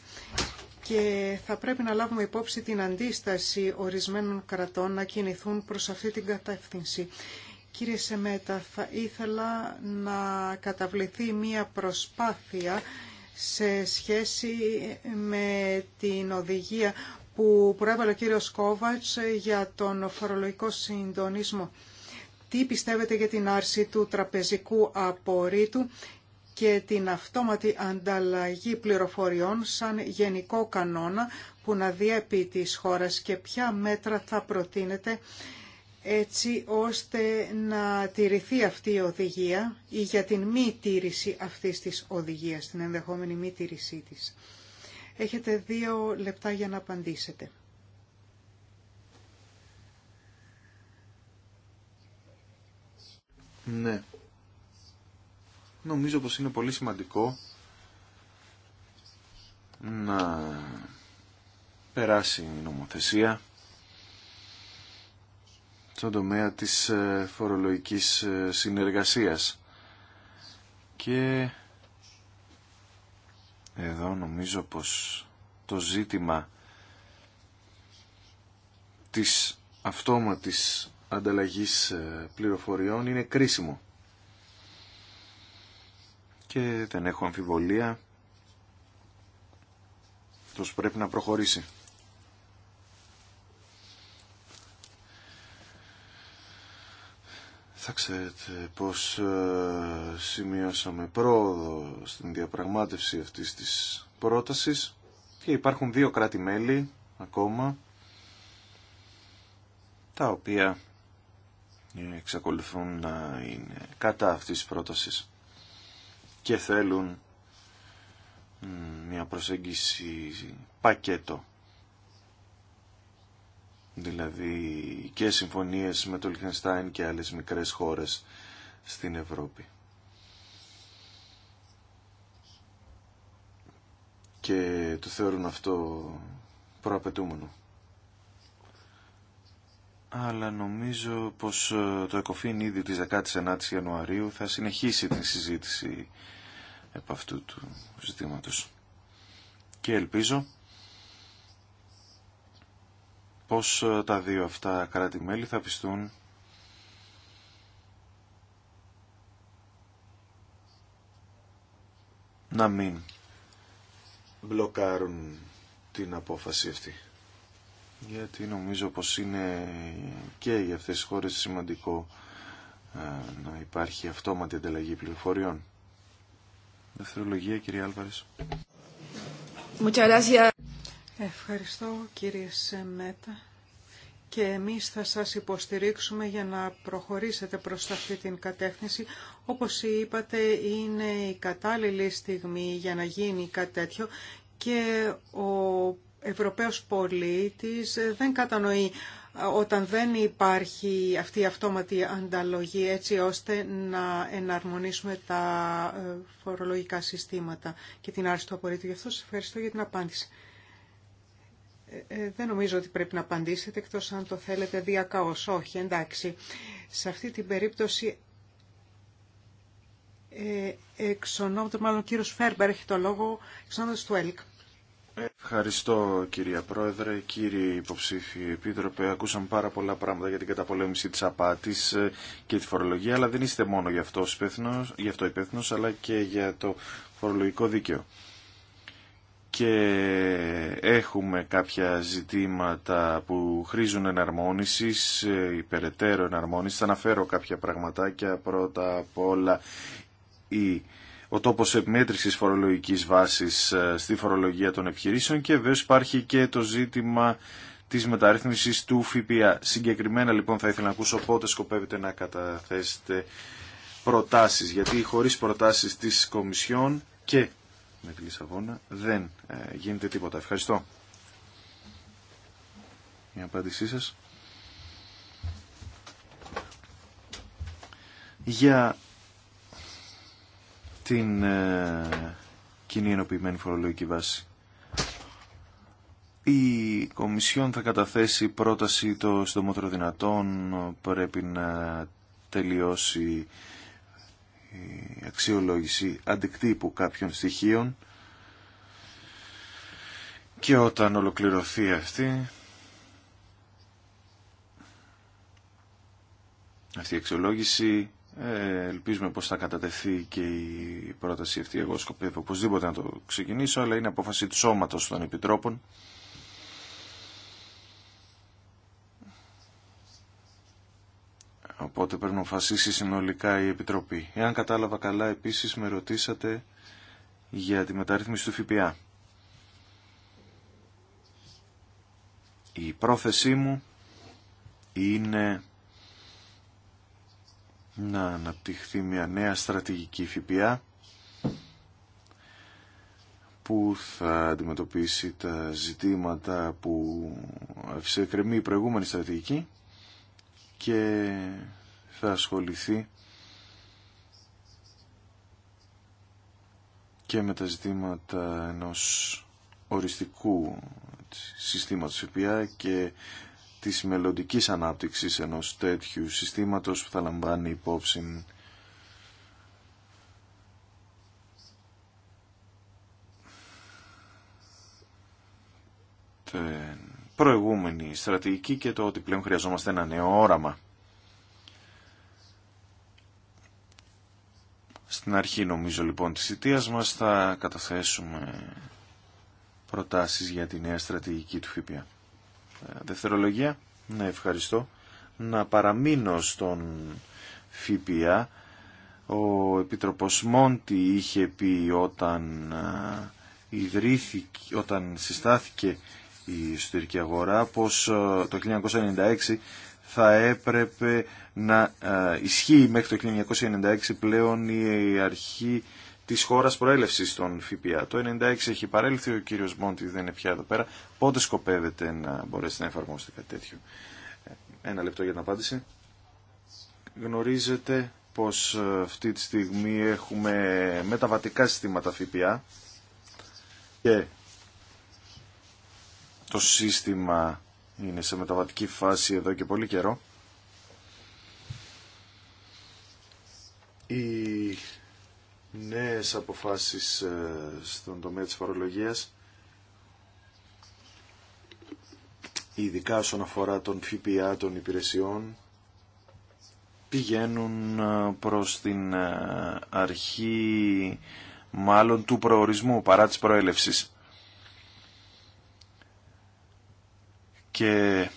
και θα πρέπει να λάβουμε υπόψη την αντίσταση ορισμένων κρατών να κινηθούν προς αυτή την κατεύθυνση. Κύριε Σεμέτα, θα ήθελα να καταβληθεί μία προσπάθεια σε σχέση με την οδηγία που προέβαλε ο κύριος Κόβατς για τον φορολογικό συντονισμό. Τι πιστεύετε για την άρση του τραπεζικού απορρίτου και την αυτόματη ανταλλαγή πληροφοριών σαν γενικό κανόνα που να διέπει της χώρας και ποια μέτρα θα προτείνετε έτσι ώστε να τηρηθεί αυτή η οδηγία ή για την μη τήρηση αυτής της οδηγίας, την ενδεχόμενη μη τήρησή της. Έχετε δύο λεπτά για να απαντήσετε. Ναι. Νομίζω πως είναι πολύ σημαντικό να περάσει η νομοθεσία στον τομέα της ε, φορολογικής ε, συνεργασίας. Και εδώ νομίζω πως το ζήτημα της αυτόματης ανταλλαγής ε, πληροφοριών είναι κρίσιμο. Και δεν έχω αμφιβολία, τους πρέπει να προχωρήσει. Θα ξέρετε πως ε, σημειώσαμε πρόοδο στην διαπραγμάτευση αυτής της πρότασης και υπάρχουν δύο κράτη-μέλη ακόμα τα οποία εξακολουθούν να είναι κατά αυτής της πρότασης και θέλουν μια προσέγγιση πακέτο δηλαδή και συμφωνίες με το Λιχνεστάιν και άλλες μικρές χώρες στην Ευρώπη. Και το θεωρούν αυτό προαπαιτούμενο αλλά νομίζω πως ε, το ΕΚΟΦΗΝ ήδη της 19ης Ιανουαρίου θα συνεχίσει την συζήτηση επ' αυτού του ζητήματος. Και ελπίζω πως ε, τα δύο αυτά κράτη-μέλη θα πιστούν να μην μπλοκάρουν την απόφαση αυτή γιατί νομίζω πως είναι και για αυτές τις χώρες σημαντικό ε, να υπάρχει αυτόματη ανταλλαγή πληροφοριών. Δευτερολογία, κύριε Άλβαρης. Ευχαριστώ, κύριε Σεμέτα. Και εμείς θα σας υποστηρίξουμε για να προχωρήσετε προς αυτή την κατεύθυνση. Όπως είπατε, είναι η κατάλληλη στιγμή για να γίνει κάτι τέτοιο και ο Ευρωπαίος πολίτης δεν κατανοεί όταν δεν υπάρχει αυτή η αυτόματη ανταλλογή έτσι ώστε να εναρμονίσουμε τα ε, φορολογικά συστήματα και την άρση του απορρίτου. Γι' αυτό σας ευχαριστώ για την απάντηση. Ε, ε, δεν νομίζω ότι πρέπει να απαντήσετε εκτός αν το θέλετε διακαώς. Όχι, εντάξει. Σε αυτή την περίπτωση ε, εξ μάλλον ο κύριος Φέρμπερ έχει το λόγο εξ του ΕΛΚ. Ευχαριστώ κυρία Πρόεδρε, κύριε υποψήφιοι επίτροπε. Ακούσαμε πάρα πολλά πράγματα για την καταπολέμηση της απάτης ε, και τη φορολογία, αλλά δεν είστε μόνο γι' αυτό υπεύθυνος, γι αυτό υπεύθυνος αλλά και για το φορολογικό δίκαιο. Και έχουμε κάποια ζητήματα που χρήζουν εναρμόνισης, ε, υπεραιτέρω εναρμόνιση. Θα αναφέρω κάποια πραγματάκια πρώτα απ' όλα η ο τόπο επιμέτρησης φορολογικής βάσης ε, στη φορολογία των επιχειρήσεων και βέβαια υπάρχει και το ζήτημα της μεταρρύθμισης του ΦΠΑ. Συγκεκριμένα λοιπόν θα ήθελα να ακούσω πότε σκοπεύετε να καταθέσετε προτάσεις, γιατί χωρίς προτάσεις τη Κομισιόν και με τη Λισαβόνα δεν ε, γίνεται τίποτα. Ευχαριστώ. Η απάντησή σας. Για την ε, κοινή ενοποιημένη φορολογική βάση. Η Κομισιόν θα καταθέσει πρόταση το συντομότερο δυνατόν. Πρέπει να τελειώσει η αξιολόγηση αντικτύπου κάποιων στοιχείων και όταν ολοκληρωθεί αυτή αυτή η αξιολόγηση ε, ελπίζουμε πως θα κατατεθεί και η πρόταση αυτή. Εγώ σκοπεύω οπωσδήποτε να το ξεκινήσω, αλλά είναι απόφαση του σώματος των επιτρόπων. Οπότε πρέπει να αποφασίσει συνολικά η Επιτροπή. Εάν κατάλαβα καλά, επίσης με ρωτήσατε για τη μεταρρύθμιση του ΦΠΑ. Η πρόθεσή μου είναι να αναπτυχθεί μια νέα στρατηγική ΦΠΑ που θα αντιμετωπίσει τα ζητήματα που ευσεκρεμεί η προηγούμενη στρατηγική και θα ασχοληθεί και με τα ζητήματα ενός οριστικού συστήματος ΦΠΑ και της μελλοντικής ανάπτυξης ενός τέτοιου συστήματος που θα λαμβάνει υπόψη την προηγούμενη στρατηγική και το ότι πλέον χρειαζόμαστε ένα νέο όραμα. Στην αρχή νομίζω λοιπόν της ιτίας μας θα καταθέσουμε προτάσεις για τη νέα στρατηγική του ΦΠΑ δευτερολογία. Ναι, ευχαριστώ. Να παραμείνω στον ΦΠΑ. Ο Επίτροπος Μόντι είχε πει όταν, ιδρύθηκε, όταν συστάθηκε η εσωτερική αγορά πως το 1996 θα έπρεπε να ισχύει μέχρι το 1996 πλέον η αρχή Τη χώρα προέλευση των ΦΠΑ. Το 96 έχει παρέλθει, ο κύριο Μόντι δεν είναι πια εδώ πέρα. Πότε σκοπεύετε να μπορέσετε να εφαρμόσετε κάτι τέτοιο. Ε, ένα λεπτό για την απάντηση. Γνωρίζετε πως ε, αυτή τη στιγμή έχουμε μεταβατικά συστήματα ΦΠΑ και το σύστημα είναι σε μεταβατική φάση εδώ και πολύ καιρό. Η νέες αποφάσεις ε, στον τομέα της φορολογίας ειδικά όσον αφορά τον ΦΠΑ των υπηρεσιών πηγαίνουν ε, προς την ε, αρχή μάλλον του προορισμού παρά της προέλευσης. Και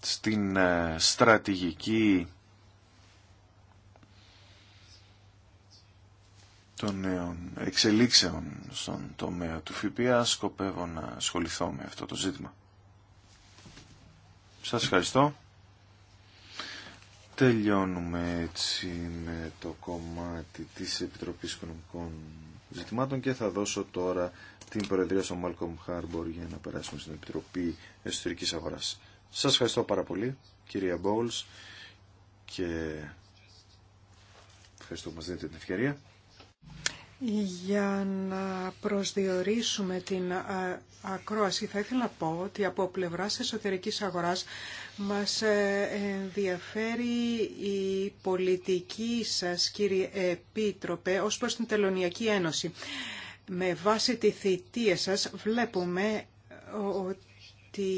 στην στρατηγική των νέων εξελίξεων στον τομέα του ΦΠΑ σκοπεύω να ασχοληθώ με αυτό το ζήτημα. Σας ευχαριστώ. Τελειώνουμε έτσι με το κομμάτι της Επιτροπής Οικονομικών Ζητημάτων και θα δώσω τώρα την Προεδρία στον Μάλκομ Χάρμπορ για να περάσουμε στην Επιτροπή Εσωτερικής Αγοράς. Σας ευχαριστώ πάρα πολύ κυρία Μπόλς και ευχαριστώ που μας δίνετε την ευκαιρία. Για να προσδιορίσουμε την ακρόαση θα ήθελα να πω ότι από πλευράς εσωτερικής αγοράς μας ε, ενδιαφέρει η πολιτική σας κύριε Επίτροπε ως προς την Τελωνιακή Ένωση. Με βάση τη θητεία σας βλέπουμε ότι ε, ότι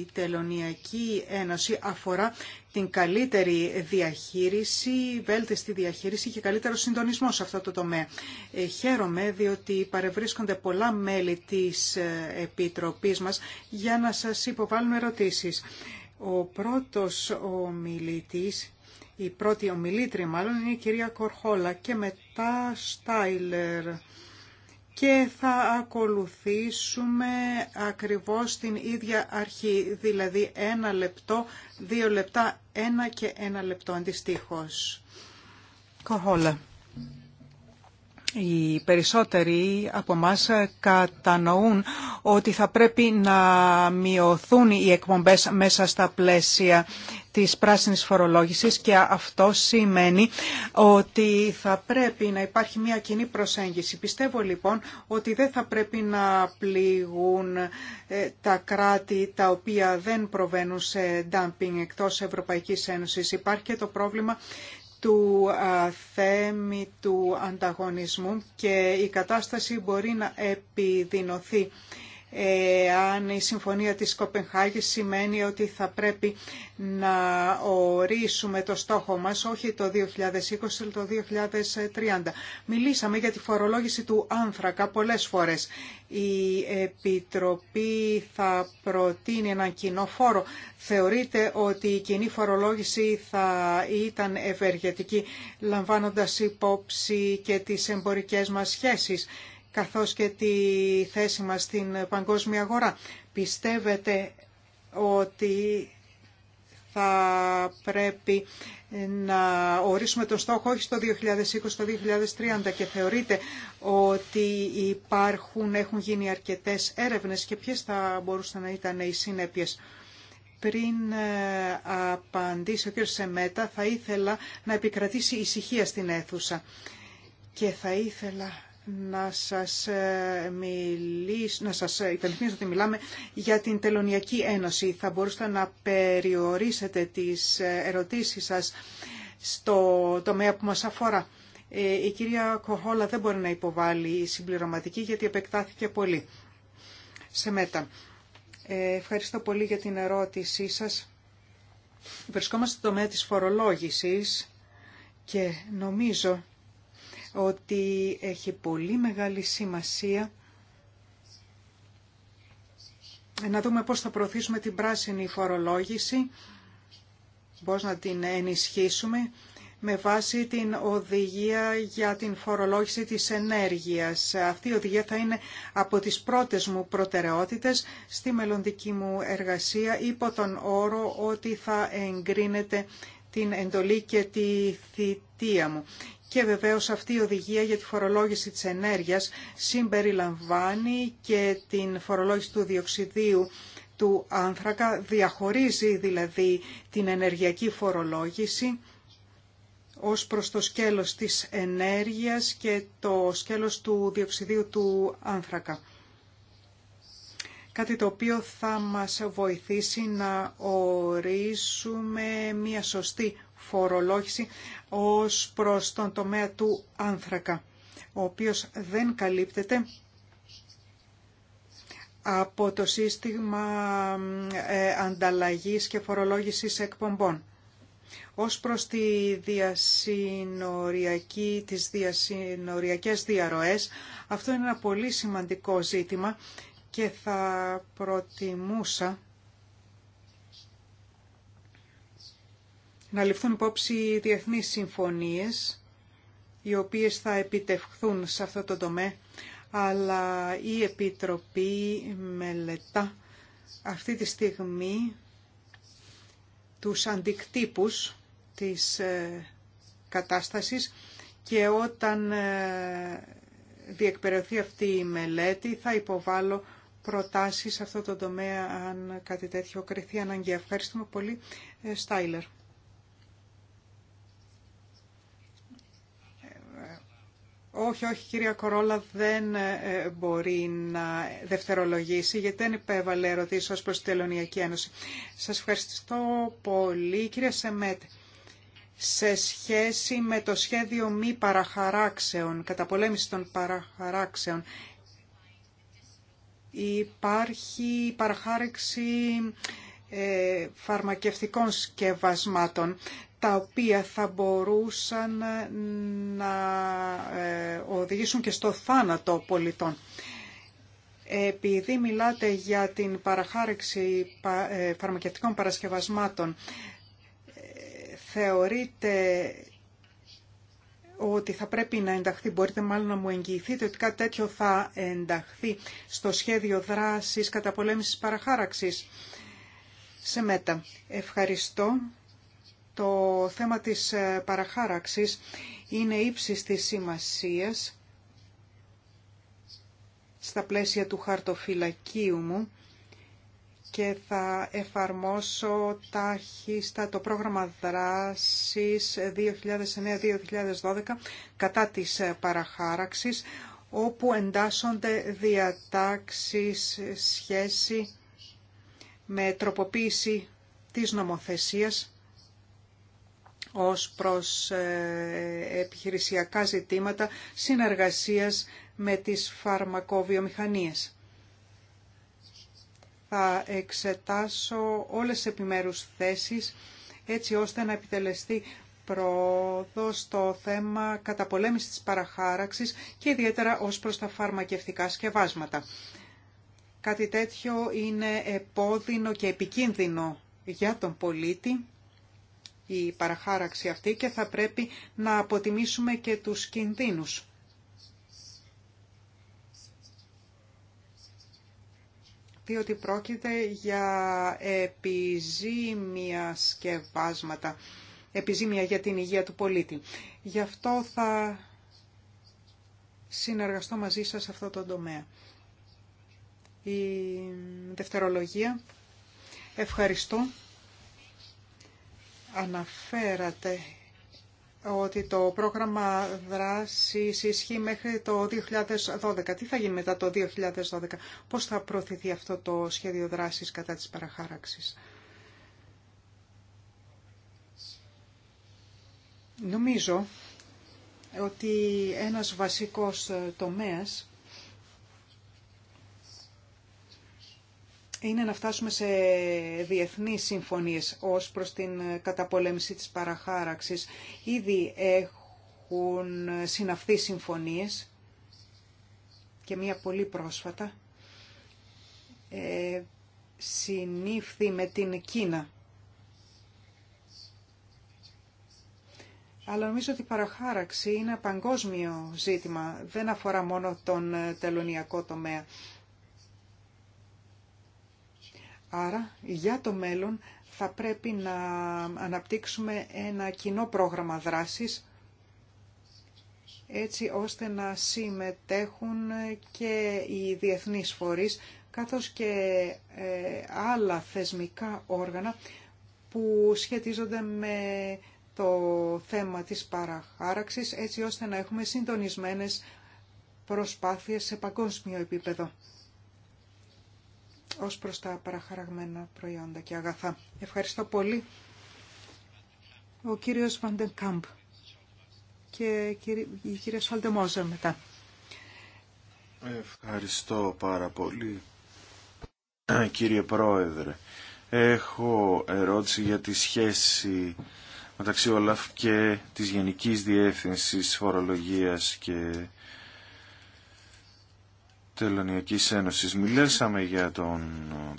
η Τελωνιακή Ένωση αφορά την καλύτερη διαχείριση, βέλτιστη διαχείριση και καλύτερο συντονισμό σε αυτό το τομέα. Ε, χαίρομαι διότι παρευρίσκονται πολλά μέλη της ε, Επιτροπής μας για να σας υποβάλουν ερωτήσεις. Ο πρώτος ομιλητής, η πρώτη ομιλήτρια μάλλον είναι η κυρία Κορχόλα και μετά Στάιλερ και θα ακολουθήσουμε ακριβώς την ίδια αρχή, δηλαδή ένα λεπτό, δύο λεπτά, ένα και ένα λεπτό αντιστοίχως. Κοχόλα. Οι περισσότεροι από εμά κατανοούν ότι θα πρέπει να μειωθούν οι εκπομπές μέσα στα πλαίσια της πράσινης φορολόγησης και αυτό σημαίνει ότι θα πρέπει να υπάρχει μια κοινή προσέγγιση. Πιστεύω λοιπόν ότι δεν θα πρέπει να πληγούν ε, τα κράτη τα οποία δεν προβαίνουν σε dumping εκτός Ευρωπαϊκής Ένωσης. Υπάρχει και το πρόβλημα του θέμη του ανταγωνισμού και η κατάσταση μπορεί να επιδεινωθεί αν η Συμφωνία της Κοπενχάγης σημαίνει ότι θα πρέπει να ορίσουμε το στόχο μας όχι το 2020 αλλά το 2030. Μιλήσαμε για τη φορολόγηση του άνθρακα πολλές φορές. Η Επιτροπή θα προτείνει έναν κοινό φόρο. Θεωρείτε ότι η κοινή φορολόγηση θα ήταν ευεργετική λαμβάνοντας υπόψη και τις εμπορικές μας σχέσεις καθώς και τη θέση μας στην παγκόσμια αγορά. Πιστεύετε ότι θα πρέπει να ορίσουμε τον στόχο όχι στο 2020, στο 2030 και θεωρείτε ότι υπάρχουν, έχουν γίνει αρκετές έρευνες και ποιες θα μπορούσαν να ήταν οι συνέπειες. Πριν ε, απαντήσει ο κ. Σεμέτα θα ήθελα να επικρατήσει ησυχία στην αίθουσα και θα ήθελα να σας, ε, μιλήσω, να σας ε, υπενθυμίσω ότι μιλάμε για την Τελωνιακή Ένωση. Θα μπορούσατε να περιορίσετε τις ε, ερωτήσεις σας στο τομέα που μας αφορά. Η κυρία Κοχόλα δεν μπορεί να υποβάλει συμπληρωματική γιατί επεκτάθηκε πολύ. Σε μέτα. Ευχαριστώ πολύ για την ερώτησή σας. Βρισκόμαστε στο τομέα της φορολόγησης και νομίζω ότι έχει πολύ μεγάλη σημασία να δούμε πώς θα προωθήσουμε την πράσινη φορολόγηση, πώς να την ενισχύσουμε με βάση την οδηγία για την φορολόγηση της ενέργειας. Αυτή η οδηγία θα είναι από τις πρώτες μου προτεραιότητες στη μελλοντική μου εργασία υπό τον όρο ότι θα εγκρίνεται την εντολή και τη θητεία μου. Και βεβαίως αυτή η οδηγία για τη φορολόγηση της ενέργειας συμπεριλαμβάνει και την φορολόγηση του διοξιδίου του άνθρακα, διαχωρίζει δηλαδή την ενεργειακή φορολόγηση ως προς το σκέλος της ενέργειας και το σκέλος του διοξιδίου του άνθρακα. Κάτι το οποίο θα μας βοηθήσει να ορίσουμε μια σωστή φορολόγηση ως προς τον τομέα του άνθρακα, ο οποίος δεν καλύπτεται από το σύστημα ε, ανταλλαγής και φορολόγησης εκπομπών. Ως προς τη διασυνοριακή, τις διασυνοριακές διαρροές, αυτό είναι ένα πολύ σημαντικό ζήτημα και θα προτιμούσα να ληφθούν υπόψη διεθνείς συμφωνίες οι οποίες θα επιτευχθούν σε αυτό το τομέα, αλλά η Επιτροπή μελετά αυτή τη στιγμή τους αντικτύπους της ε, κατάστασης και όταν ε, διεκπαιρεωθεί αυτή η μελέτη θα υποβάλω προτάσεις σε αυτό το τομέα αν κάτι τέτοιο κρυθεί αναγκαία. Ευχαριστούμε πολύ, ε, Στάιλερ. Όχι, όχι, κυρία Κορόλα δεν ε, μπορεί να δευτερολογήσει, γιατί δεν υπέβαλε ερωτήσει ω προ την Τελωνιακή Ένωση. Σας ευχαριστώ πολύ, κύριε Σεμέτ. Σε σχέση με το σχέδιο μη παραχαράξεων, καταπολέμηση των παραχαράξεων, υπάρχει παραχάρηξη ε, φαρμακευτικών σκευασμάτων τα οποία θα μπορούσαν να ε, οδηγήσουν και στο θάνατο πολιτών. Επειδή μιλάτε για την παραχάρεξη ε, φαρμακευτικών παρασκευασμάτων, ε, θεωρείτε ότι θα πρέπει να ενταχθεί, μπορείτε μάλλον να μου εγγυηθείτε ότι κάτι τέτοιο θα ενταχθεί στο σχέδιο δράσης καταπολέμησης παραχάραξης. Σε μέτα. Ευχαριστώ το θέμα της ε, παραχάραξης είναι ύψης της σημασίας στα πλαίσια του χαρτοφυλακίου μου και θα εφαρμόσω τάχιστα το πρόγραμμα δράσης 2009-2012 κατά της ε, παραχάραξης όπου εντάσσονται διατάξεις ε, σχέση με τροποποίηση της νομοθεσίας ως προς ε, επιχειρησιακά ζητήματα συνεργασίας με τις φαρμακοβιομηχανίες. Θα εξετάσω όλες τις επιμέρους θέσεις έτσι ώστε να επιτελεστεί πρόοδο στο θέμα καταπολέμησης της παραχάραξης και ιδιαίτερα ως προς τα φαρμακευτικά σκευάσματα. Κάτι τέτοιο είναι επώδυνο και επικίνδυνο για τον πολίτη η παραχάραξη αυτή και θα πρέπει να αποτιμήσουμε και τους κινδύνους. διότι πρόκειται για επιζήμια σκευάσματα, επιζήμια για την υγεία του πολίτη. Γι' αυτό θα συνεργαστώ μαζί σας σε αυτό το τομέα. Η δευτερολογία. Ευχαριστώ. Αναφέρατε ότι το πρόγραμμα δράσης ισχύει μέχρι το 2012. Τι θα γίνει μετά το 2012, πώς θα προωθηθεί αυτό το σχέδιο δράσης κατά της παραχάραξης. Νομίζω ότι ένας βασικός τομέας είναι να φτάσουμε σε διεθνείς συμφωνίες ως προς την καταπολέμηση της παραχάραξης. Ήδη έχουν συναυθεί συμφωνίες και μία πολύ πρόσφατα ε, συνήφθη με την Κίνα. Αλλά νομίζω ότι η παραχάραξη είναι παγκόσμιο ζήτημα, δεν αφορά μόνο τον τελωνιακό τομέα. Άρα, για το μέλλον θα πρέπει να αναπτύξουμε ένα κοινό πρόγραμμα δράσης έτσι ώστε να συμμετέχουν και οι διεθνείς φορείς καθώς και ε, άλλα θεσμικά όργανα που σχετίζονται με το θέμα της παραχάραξης έτσι ώστε να έχουμε συντονισμένες προσπάθειες σε παγκόσμιο επίπεδο ως προς τα παραχαραγμένα προϊόντα και αγαθά. Ευχαριστώ πολύ ο κύριος Κάμπ και η κυρία Σαλτεμόζα μετά. Ευχαριστώ πάρα πολύ. Κύριε Πρόεδρε, έχω ερώτηση για τη σχέση μεταξύ ΟΛΑΦ και της Γενικής Διεύθυνσης Φορολογίας και Τελωνιακής Ένωσης. Μιλήσαμε για τον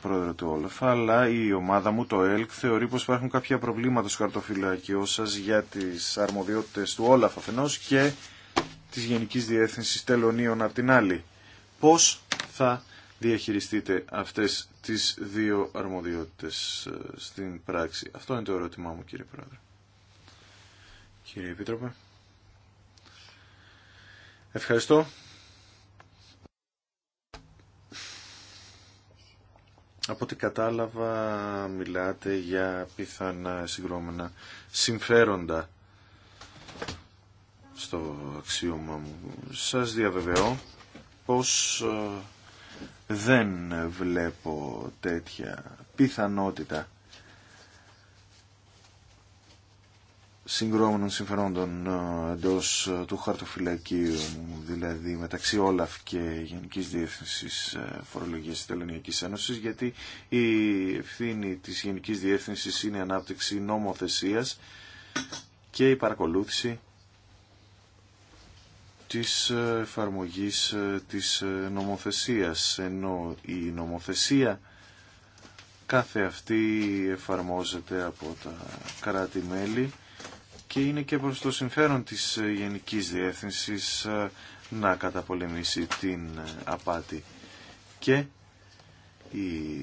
πρόεδρο του Όλαφ, αλλά η ομάδα μου, το ΕΛΚ, θεωρεί πως υπάρχουν κάποια προβλήματα στο χαρτοφυλακείο σας για τις αρμοδιότητες του Όλαφ αφενός και της Γενικής Διεύθυνσης Τελωνίων απ' την άλλη. Πώς θα διαχειριστείτε αυτές τις δύο αρμοδιότητες ε, στην πράξη. Αυτό είναι το ερώτημά μου κύριε Πρόεδρε. Κύριε Επίτροπε. Ευχαριστώ. Από ό,τι κατάλαβα μιλάτε για πιθανά συγκρόμενα συμφέροντα στο αξίωμα μου. Σας διαβεβαιώ πως ε, δεν βλέπω τέτοια πιθανότητα συγκρόμενων συμφερόντων ε, εντό ε, του χαρτοφυλακίου δηλαδή μεταξύ Όλαφ και Γενική Διεύθυνση ε, Φορολογία τη Τελωνιακή Ένωση, γιατί η ευθύνη τη Γενική Διεύθυνση είναι η ανάπτυξη νομοθεσία και η παρακολούθηση της εφαρμογής της νομοθεσίας, ενώ η νομοθεσία κάθε αυτή εφαρμόζεται από τα κράτη-μέλη και είναι και προς το συμφέρον της ε, Γενικής Διεύθυνσης ε, να καταπολεμήσει την ε, απάτη και η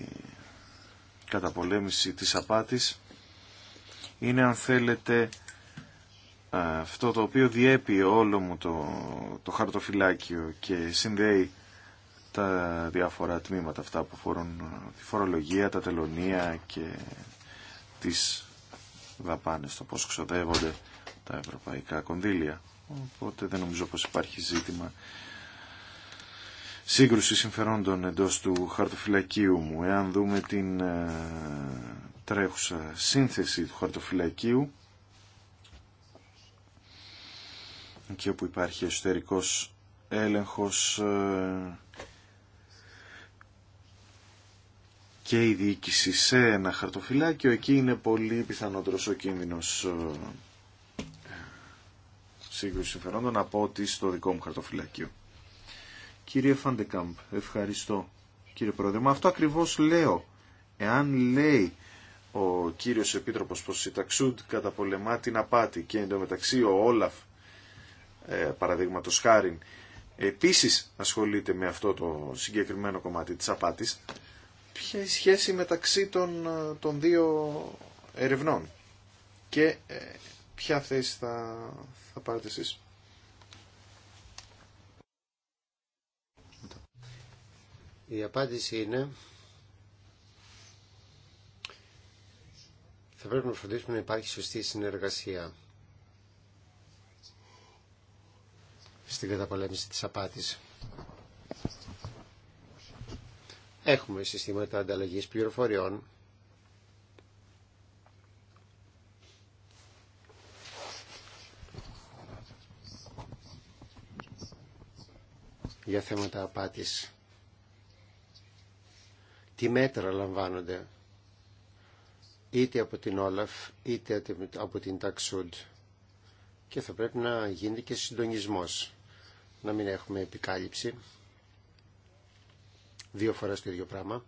καταπολέμηση της απάτης είναι αν θέλετε αυτό το οποίο διέπει όλο μου το, το χαρτοφυλάκιο και συνδέει τα διάφορα τμήματα αυτά που φορούν τη φορολογία, τα τελωνία και τις πάνε το πώς ξοδεύονται τα ευρωπαϊκά κονδύλια. Οπότε δεν νομίζω πω υπάρχει ζήτημα σύγκρουση συμφερόντων συμφεροντων εντο του χαρτοφυλακίου μου. Εάν δούμε την ε, τρέχουσα σύνθεση του χαρτοφυλακίου, εκεί όπου υπάρχει εσωτερικός έλεγχος ε, και η διοίκηση σε ένα χαρτοφυλάκιο, εκεί είναι πολύ πιθανότερος ο κίνδυνος ε, σύγκρουση συμφερόντων από ότι στο δικό μου χαρτοφυλάκιο. Κύριε Φαντεκάμπ, ευχαριστώ. Κύριε Πρόεδρε, με αυτό ακριβώς λέω. Εάν λέει ο κύριος Επίτροπος πως η Ταξούντ καταπολεμά την απάτη και εντωμεταξύ ο Όλαφ, ε, παραδείγματος χάριν, επίσης ασχολείται με αυτό το συγκεκριμένο κομμάτι της απάτης, ποια η σχέση μεταξύ των, ε, των δύο ερευνών και ε, ποια θέση θα, θα πάρετε εσείς. Η απάντηση είναι θα πρέπει να φροντίσουμε να υπάρχει σωστή συνεργασία στην καταπολέμηση της απάτης. Έχουμε συστήματα ανταλλαγής πληροφοριών για θέματα απάτης. Τι μέτρα λαμβάνονται είτε από την Όλαφ είτε από την Ταξούντ και θα πρέπει να γίνει και συντονισμός να μην έχουμε επικάλυψη δύο φορές το ίδιο πράγμα.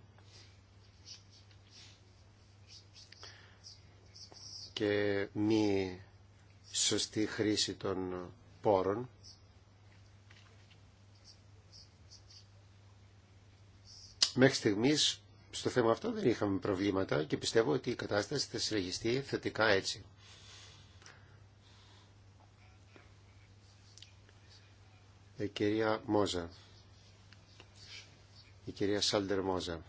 και μη σωστή χρήση των πόρων. Μέχρι στιγμής στο θέμα αυτό δεν είχαμε προβλήματα και πιστεύω ότι η κατάσταση θα συλλογιστεί θετικά έτσι. Ε, κυρία Μόζα η κυρία Σάλντερ Μόζα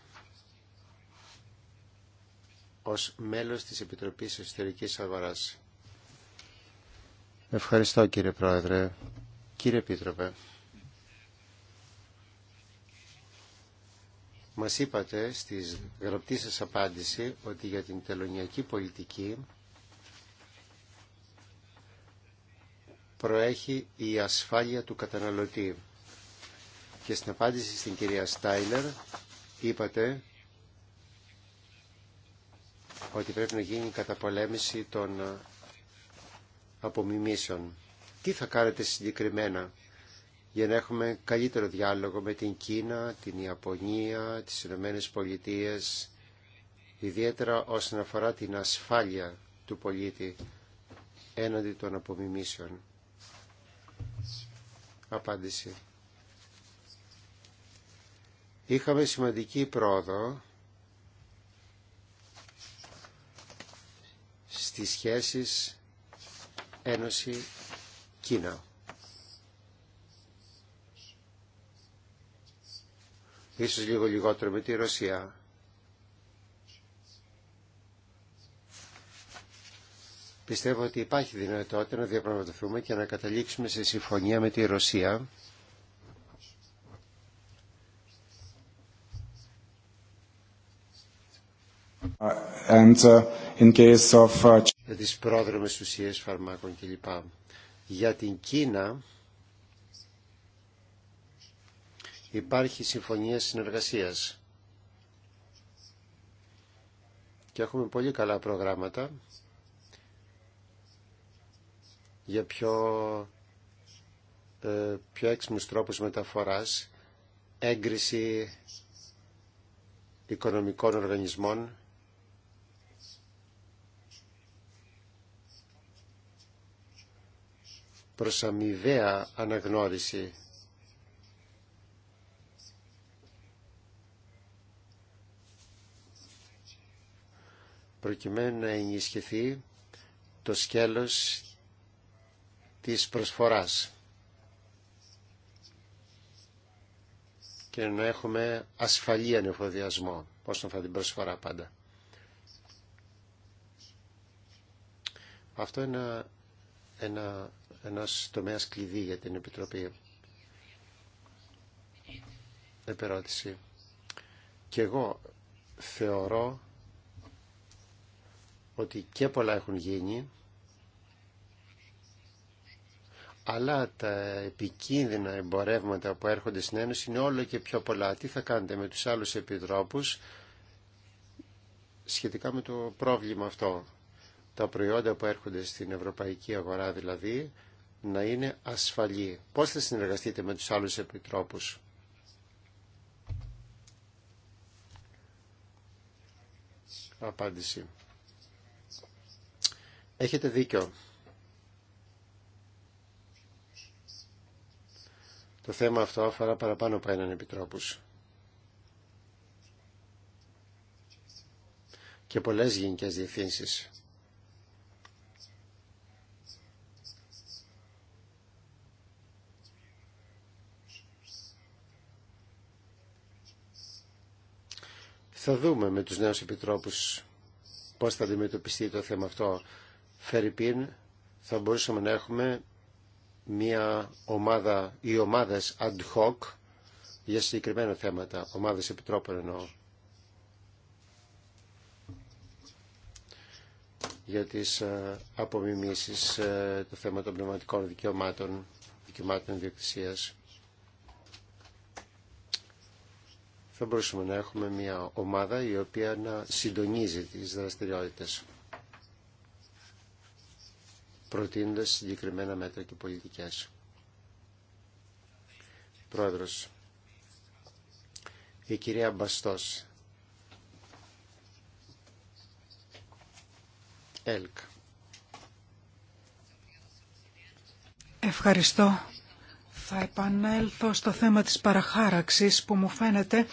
ως μέλος της Επιτροπής Εσωτερικής Αγοράς. Ευχαριστώ κύριε Πρόεδρε. Κύριε Επίτροπε, μας είπατε στη γραπτή σας απάντηση ότι για την τελωνιακή πολιτική προέχει η ασφάλεια του καταναλωτή. Και στην απάντηση στην κυρία Στάιλερ είπατε ότι πρέπει να γίνει η καταπολέμηση των απομιμήσεων. Τι θα κάνετε συγκεκριμένα για να έχουμε καλύτερο διάλογο με την Κίνα, την Ιαπωνία, τις Ηνωμένε πολιτειε ιδιαίτερα όσον αφορά την ασφάλεια του πολίτη έναντι των απομιμήσεων. Απάντηση. Είχαμε σημαντική πρόοδο στις σχέσεις Ένωση-Κίνα. Ίσως λίγο λιγότερο με τη Ρωσία. Πιστεύω ότι υπάρχει δυνατότητα να διαπραγματευτούμε και να καταλήξουμε σε συμφωνία με τη Ρωσία Για uh, uh, τις πρόδρομες ουσίες φαρμάκων κλπ. Για την Κίνα υπάρχει συμφωνία συνεργασίας και έχουμε πολύ καλά προγράμματα για πιο, ε, πιο έξυπνους τρόπους μεταφοράς, έγκριση οικονομικών οργανισμών προς αμοιβαία αναγνώριση. προκειμένου να ενισχυθεί το σκέλος της προσφοράς και να έχουμε ασφαλή ανεφοδιασμό όσον αφορά την προσφορά πάντα. Αυτό είναι ένα, ένα ένας τομέας κλειδί για την Επιτροπή. Επερώτηση. Και εγώ θεωρώ ότι και πολλά έχουν γίνει, αλλά τα επικίνδυνα εμπορεύματα που έρχονται στην Ένωση είναι όλο και πιο πολλά. Τι θα κάνετε με τους άλλους επιτρόπους σχετικά με το πρόβλημα αυτό. Τα προϊόντα που έρχονται στην ευρωπαϊκή αγορά δηλαδή να είναι ασφαλή. Πώς θα συνεργαστείτε με τους άλλους επιτρόπους. Απάντηση. Έχετε δίκιο. Το θέμα αυτό αφορά παραπάνω από έναν επιτρόπους. Και πολλές γενικές διευθύνσεις. Θα δούμε με τους νέους επιτρόπους πώς θα αντιμετωπιστεί το θέμα αυτό. Φερρυπίν θα μπορούσαμε να έχουμε μια ομάδα ή ομάδες ad hoc για συγκεκριμένα θέματα, ομάδες επιτρόπων εννοώ. για τις ε, απομιμήσεις ε, το θέμα των πνευματικών δικαιωμάτων, δικαιωμάτων ιδιοκτησίας. θα μπορούσαμε να έχουμε μια ομάδα η οποία να συντονίζει τις δραστηριότητες προτείνοντας συγκεκριμένα μέτρα και πολιτικές. Πρόεδρος, η κυρία Μπαστός, ΕΛΚ. Ευχαριστώ θα επανέλθω στο θέμα της παραχάραξης που μου φαίνεται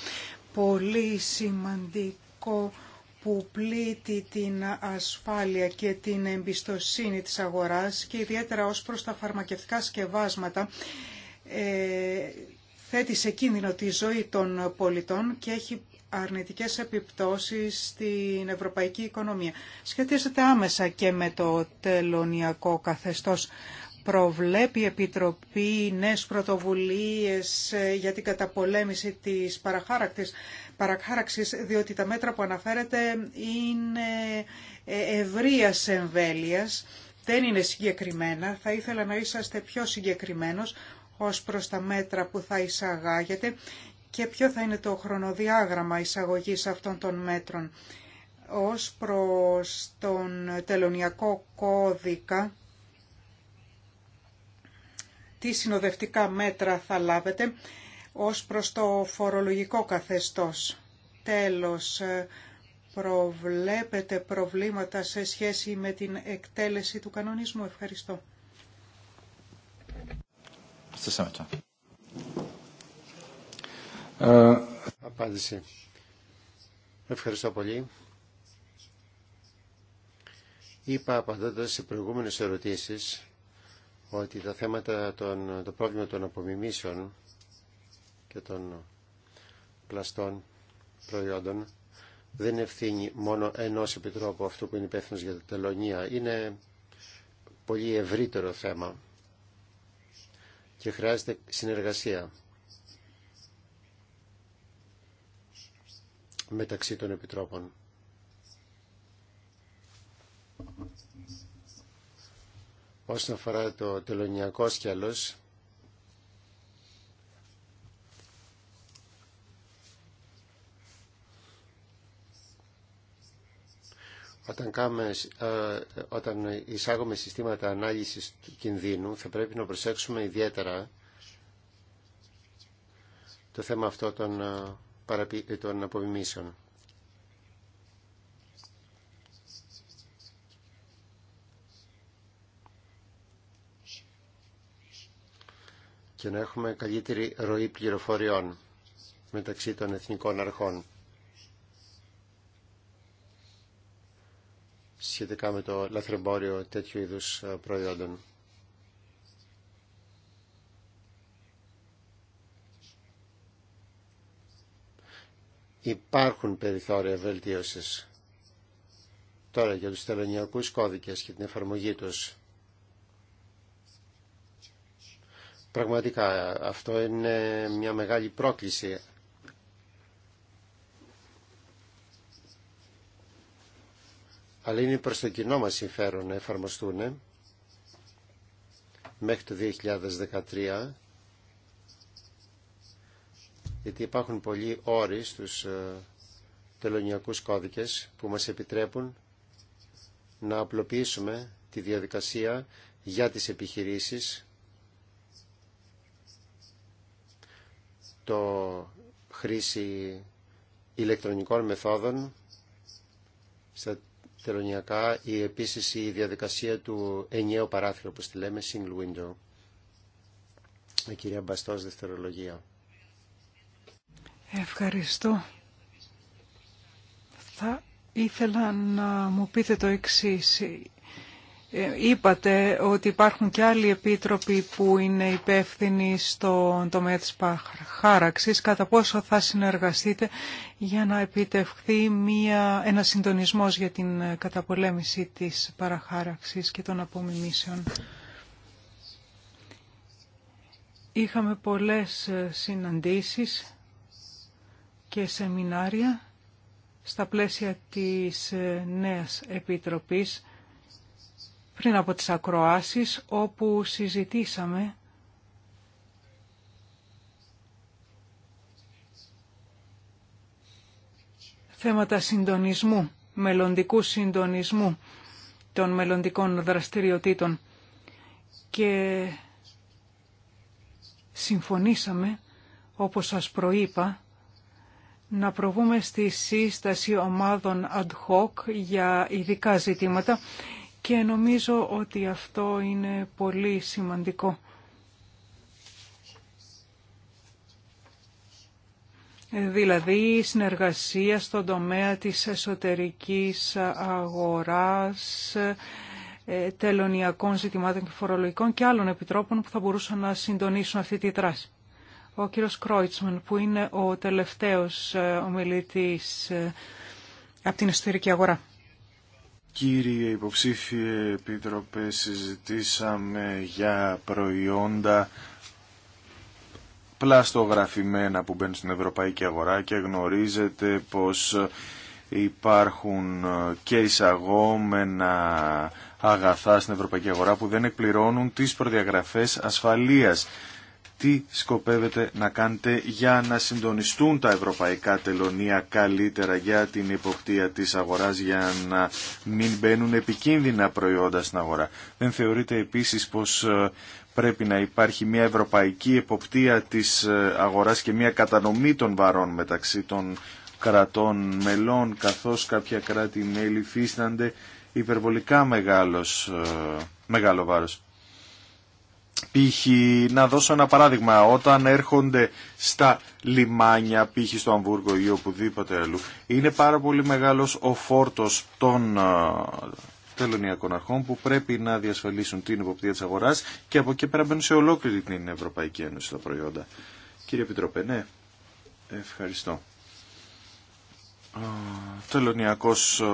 πολύ σημαντικό που πλήττει την ασφάλεια και την εμπιστοσύνη της αγοράς και ιδιαίτερα ως προς τα φαρμακευτικά σκευάσματα ε, θέτει σε κίνδυνο τη ζωή των πολιτών και έχει αρνητικές επιπτώσεις στην ευρωπαϊκή οικονομία. Σχετίζεται άμεσα και με το τελωνιακό καθεστώς προβλέπει η Επιτροπή νέες πρωτοβουλίες ε, για την καταπολέμηση της παραχάραξη, παραχάραξης, διότι τα μέτρα που αναφέρεται είναι ε, ευρεία εμβέλειας, δεν είναι συγκεκριμένα. Θα ήθελα να είσαστε πιο συγκεκριμένος ως προς τα μέτρα που θα εισαγάγετε και ποιο θα είναι το χρονοδιάγραμμα εισαγωγής αυτών των μέτρων ως προς τον τελωνιακό κώδικα τι συνοδευτικά μέτρα θα λάβετε ως προς το φορολογικό καθεστώς. Τέλος, ε, προβλέπετε προβλήματα σε σχέση με την εκτέλεση του κανονισμού. Ευχαριστώ. Ε, απάντηση. Ευχαριστώ πολύ. Είπα απαντώντας σε προηγούμενες ερωτήσεις ότι τα θέματα, των, το πρόβλημα των απομιμήσεων και των πλαστών προϊόντων δεν ευθύνει μόνο ενός επιτρόπου αυτού που είναι υπεύθυνο για τα τελωνία. Είναι πολύ ευρύτερο θέμα και χρειάζεται συνεργασία μεταξύ των επιτρόπων. Όσον αφορά το τελωνιακό σκέλος, όταν, κάνουμε, ε, όταν εισάγουμε συστήματα ανάλυσης του κινδύνου θα πρέπει να προσέξουμε ιδιαίτερα το θέμα αυτό των, ε, των απομιμήσεων. και να έχουμε καλύτερη ροή πληροφοριών μεταξύ των εθνικών αρχών. σχετικά με το λαθρεμπόριο τέτοιου είδους ε, προϊόντων. Υπάρχουν περιθώρια βελτίωσης. Τώρα για τους τελωνιακούς κώδικες και την εφαρμογή τους. Πραγματικά αυτό είναι μια μεγάλη πρόκληση. Αλλά είναι προς το κοινό μας συμφέρον να εφαρμοστούν μέχρι το 2013 γιατί υπάρχουν πολλοί όροι στους ε, τελωνιακούς κώδικες που μας επιτρέπουν να απλοποιήσουμε τη διαδικασία για τις επιχειρήσεις το χρήση ηλεκτρονικών μεθόδων στα τελωνιακά ή επίσης η διαδικασία του ενιαίου παράθυρου που τη λέμε single window. Η κυρία Μπαστός δευτερολογία. Ευχαριστώ. Θα ήθελα να μου πείτε το εξής. Ε, είπατε ότι υπάρχουν και άλλοι επίτροποι που είναι υπεύθυνοι στον τομέα της χάραξης. Κατά πόσο θα συνεργαστείτε για να επιτευχθεί μια, ένα συντονισμός για την καταπολέμηση της παραχάραξης και των απομιμήσεων. Είχαμε πολλές ε, συναντήσεις και σεμινάρια στα πλαίσια της ε, νέας Επιτροπής πριν από τις ακροάσεις όπου συζητήσαμε θέματα συντονισμού, μελλοντικού συντονισμού των μελλοντικών δραστηριοτήτων και συμφωνήσαμε, όπως σας προείπα, να προβούμε στη σύσταση ομάδων ad hoc για ειδικά ζητήματα και νομίζω ότι αυτό είναι πολύ σημαντικό. δηλαδή η συνεργασία στον τομέα της εσωτερικής αγοράς, ε, τελωνιακών ζητημάτων και φορολογικών και άλλων επιτρόπων που θα μπορούσαν να συντονίσουν αυτή τη δράση. Ο κύριος Κρόιτσμαν, που είναι ο τελευταίος ε, ομιλητής ε, από την εσωτερική αγορά. Κύριε Υποψήφιε Επίτροπε, συζητήσαμε για προϊόντα πλαστογραφημένα που μπαίνουν στην ευρωπαϊκή αγορά και γνωρίζετε πως υπάρχουν και εισαγόμενα αγαθά στην ευρωπαϊκή αγορά που δεν εκπληρώνουν τις προδιαγραφές ασφαλείας τι σκοπεύετε να κάνετε για να συντονιστούν τα ευρωπαϊκά τελωνία καλύτερα για την υποκτία της αγοράς για να μην μπαίνουν επικίνδυνα προϊόντα στην αγορά. Δεν θεωρείτε επίσης πως ε, πρέπει να υπάρχει μια ευρωπαϊκή εποπτεία της ε, αγοράς και μια κατανομή των βαρών μεταξύ των κρατών μελών καθώς κάποια κράτη-μέλη φύστανται υπερβολικά μεγάλος, ε, μεγάλο βάρος. Π.χ. να δώσω ένα παράδειγμα, όταν έρχονται στα λιμάνια, π.χ. στο Αμβούργο ή οπουδήποτε αλλού, είναι πάρα πολύ μεγάλος ο φόρτος των ε, τελωνιακών αρχών που πρέπει να διασφαλίσουν την υποπτία της αγοράς και από εκεί πέρα μπαίνουν σε ολόκληρη την Ευρωπαϊκή Ένωση τα προϊόντα. Κύριε Επιτροπέ, ναι, ευχαριστώ. Ο τελωνιακός ε,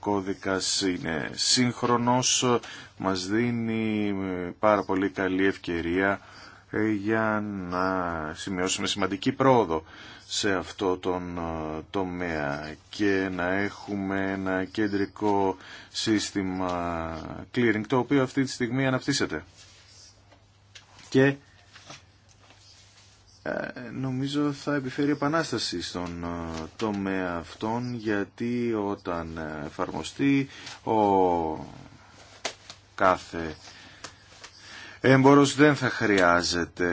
κώδικας είναι σύγχρονος, μας δίνει ε, πάρα πολύ καλή ευκαιρία ε, για να σημειώσουμε σημαντική πρόοδο σε αυτό τον τομέα και να έχουμε ένα κεντρικό σύστημα clearing το οποίο αυτή τη στιγμή αναπτύσσεται. Και ε, νομίζω θα επιφέρει επανάσταση στον ε, τομέα αυτόν γιατί όταν εφαρμοστεί ο κάθε έμπορος δεν θα χρειάζεται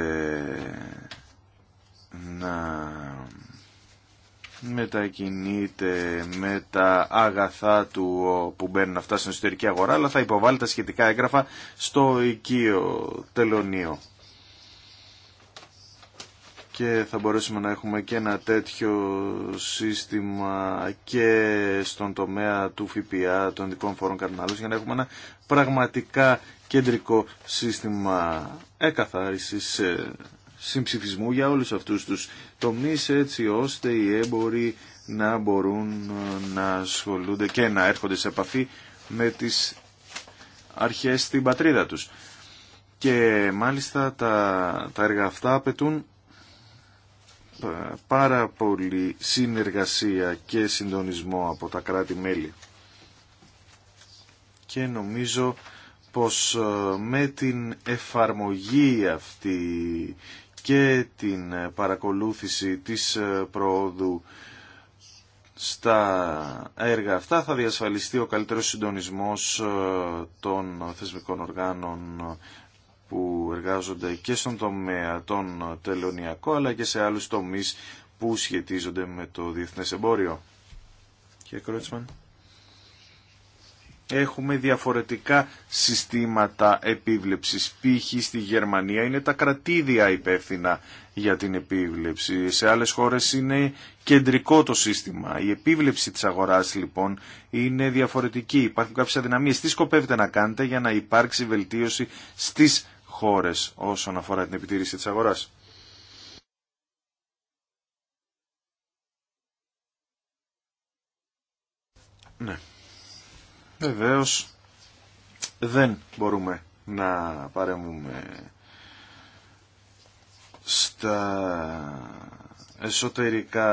να μετακινείται με τα αγαθά του που μπαίνουν αυτά στην εσωτερική αγορά αλλά θα υποβάλει τα σχετικά έγγραφα στο οικείο τελωνίο και θα μπορέσουμε να έχουμε και ένα τέτοιο σύστημα και στον τομέα του ΦΠΑ, των δικών φόρων κατανάλωσης, για να έχουμε ένα πραγματικά κεντρικό σύστημα εκαθάρισης ε, συμψηφισμού για όλους αυτούς τους τομείς, έτσι ώστε οι έμποροι να μπορούν ε, να ασχολούνται και να έρχονται σε επαφή με τις αρχές στην πατρίδα τους. Και μάλιστα τα, τα έργα αυτά απαιτούν πάρα πολύ συνεργασία και συντονισμό από τα κράτη-μέλη. Και νομίζω πως ε, με την εφαρμογή αυτή και την παρακολούθηση της ε, προόδου στα έργα αυτά θα διασφαλιστεί ο καλύτερος συντονισμός ε, των θεσμικών οργάνων που εργάζονται και στον τομέα των τελωνιακών, αλλά και σε άλλους τομείς που σχετίζονται με το διεθνές εμπόριο. Κύριε Έχουμε διαφορετικά συστήματα επίβλεψης. Π.χ. στη Γερμανία είναι τα κρατήδια υπεύθυνα για την επίβλεψη. Σε άλλες χώρες είναι κεντρικό το σύστημα. Η επίβλεψη της αγοράς λοιπόν είναι διαφορετική. Υπάρχουν κάποιες αδυναμίες. Τι σκοπεύετε να κάνετε για να υπάρξει βελτίωση στις χώρες όσον αφορά την επιτήρηση της αγοράς. Ναι. Βεβαίως δεν μπορούμε να παρέμβουμε στα εσωτερικά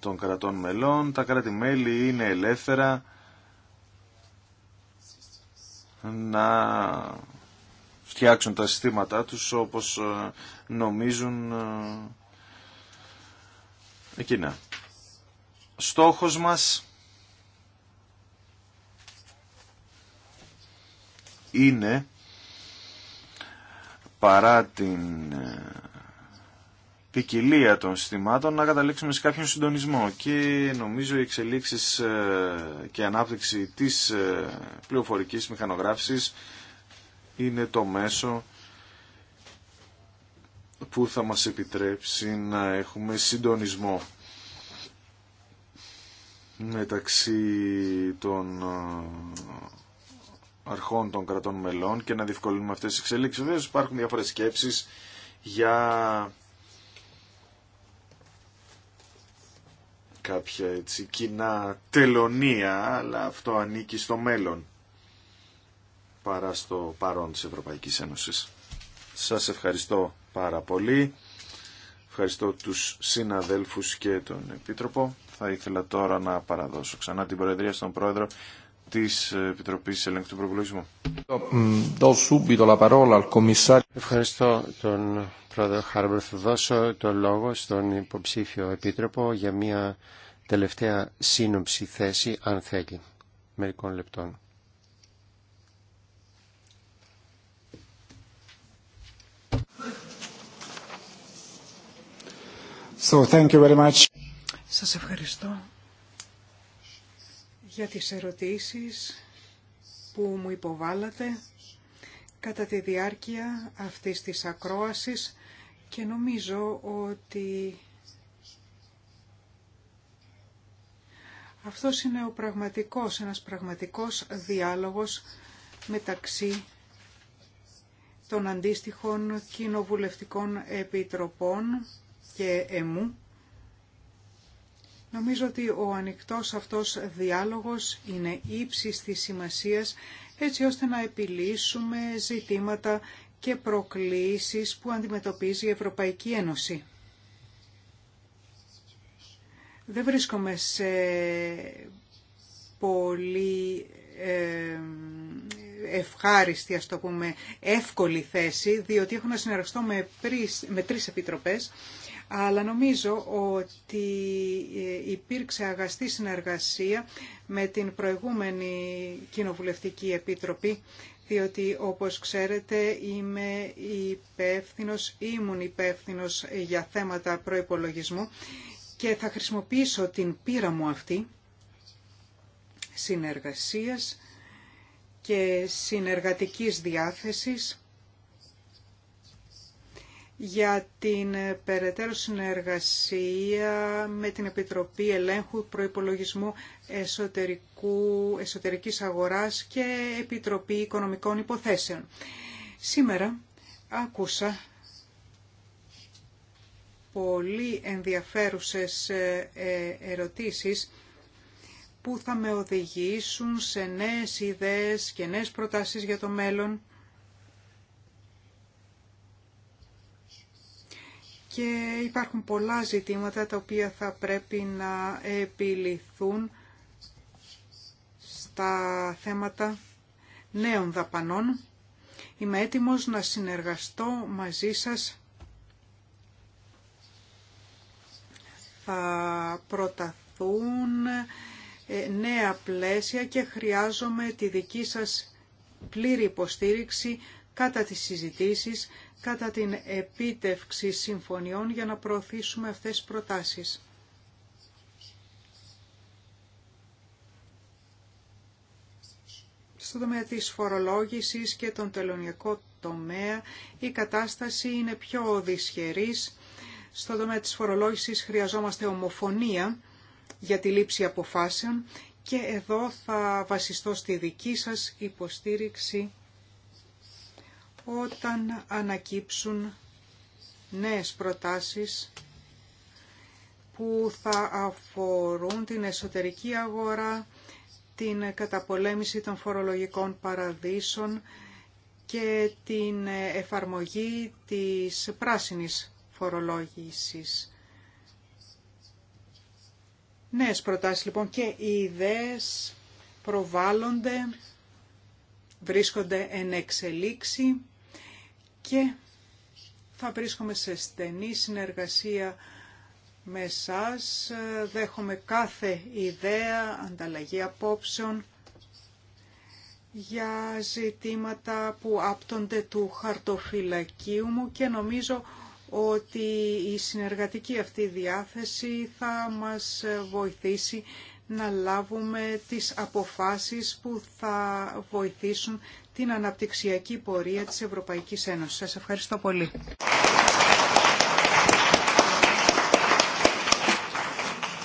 των κρατών μελών. Τα κράτη-μέλη είναι ελεύθερα να φτιάξουν τα συστήματά τους όπως ε, νομίζουν ε, εκείνα. Στόχος μας είναι παρά την ε, ποικιλία των συστημάτων να καταλήξουμε σε κάποιον συντονισμό και νομίζω οι εξελίξεις και η ανάπτυξη της πληροφορικής μηχανογράφησης είναι το μέσο που θα μας επιτρέψει να έχουμε συντονισμό μεταξύ των αρχών των κρατών μελών και να διευκολύνουμε αυτές τις εξελίξεις. Βέβαια υπάρχουν διάφορες σκέψεις για κάποια έτσι, κοινά τελωνία, αλλά αυτό ανήκει στο μέλλον παρά στο παρόν της Ευρωπαϊκής Ένωσης. Σας ευχαριστώ πάρα πολύ. Ευχαριστώ τους συναδέλφους και τον Επίτροπο. Θα ήθελα τώρα να παραδώσω ξανά την Προεδρία στον Πρόεδρο της Επιτροπής Ελέγχου του Προπολογισμού. Ευχαριστώ τον Πρόεδρο Χάρμπερ. Θα δώσω το λόγο στον υποψήφιο Επίτροπο για μια τελευταία σύνοψη θέση, αν θέλει, μερικών λεπτών. So, thank you very Σας ευχαριστώ για τις ερωτήσεις που μου υποβάλατε κατά τη διάρκεια αυτής της ακρόασης και νομίζω ότι αυτό είναι ο πραγματικός, ένας πραγματικός διάλογος μεταξύ των αντίστοιχων κοινοβουλευτικών επιτροπών και εμού. Νομίζω ότι ο ανοιχτός αυτός διάλογος είναι ύψης της σημασίας έτσι ώστε να επιλύσουμε ζητήματα και προκλήσεις που αντιμετωπίζει η Ευρωπαϊκή Ένωση. Δεν βρίσκομαι σε πολύ ευχάριστη, ας το πούμε, εύκολη θέση, διότι έχω να συνεργαστώ με τρεις επιτροπές αλλά νομίζω ότι ε, υπήρξε αγαστή συνεργασία με την προηγούμενη Κοινοβουλευτική Επίτροπη, διότι όπως ξέρετε είμαι υπεύθυνο ήμουν υπεύθυνο για θέματα προϋπολογισμού και θα χρησιμοποιήσω την πείρα μου αυτή συνεργασίας και συνεργατικής διάθεσης για την ε, περαιτέρω συνεργασία με την Επιτροπή Ελέγχου Προϋπολογισμού Εσωτερικού, Εσωτερικής Αγοράς και Επιτροπή Οικονομικών Υποθέσεων. Σήμερα άκουσα πολύ ενδιαφέρουσες ε, ε, ερωτήσεις που θα με οδηγήσουν σε νέες ιδέες και νέες προτάσεις για το μέλλον και υπάρχουν πολλά ζητήματα τα οποία θα πρέπει να επιληθούν στα θέματα νέων δαπανών. Είμαι έτοιμος να συνεργαστώ μαζί σας. Θα προταθούν ε, νέα πλαίσια και χρειάζομαι τη δική σας πλήρη υποστήριξη κατά τις συζητήσεις κατά την επίτευξη συμφωνιών για να προωθήσουμε αυτές τις προτάσεις. Στο τομέα της φορολόγησης και τον τελωνιακό τομέα η κατάσταση είναι πιο δυσχερής. Στο τομέα της φορολόγησης χρειαζόμαστε ομοφωνία για τη λήψη αποφάσεων και εδώ θα βασιστώ στη δική σας υποστήριξη όταν ανακύψουν νέες προτάσεις που θα αφορούν την εσωτερική αγορά, την καταπολέμηση των φορολογικών παραδείσων και την εφαρμογή της πράσινης φορολόγησης. Νέες προτάσεις λοιπόν και οι ιδέες προβάλλονται, βρίσκονται εν εξελίξη και θα βρίσκομαι σε στενή συνεργασία με σας, δέχομαι κάθε ιδέα, ανταλλαγή απόψεων για ζητήματα που άπτονται του χαρτοφυλακίου μου και νομίζω ότι η συνεργατική αυτή διάθεση θα μας βοηθήσει να λάβουμε τις αποφάσεις που θα βοηθήσουν την αναπτυξιακή πορεία της Ευρωπαϊκής Ένωσης. Σας ευχαριστώ πολύ.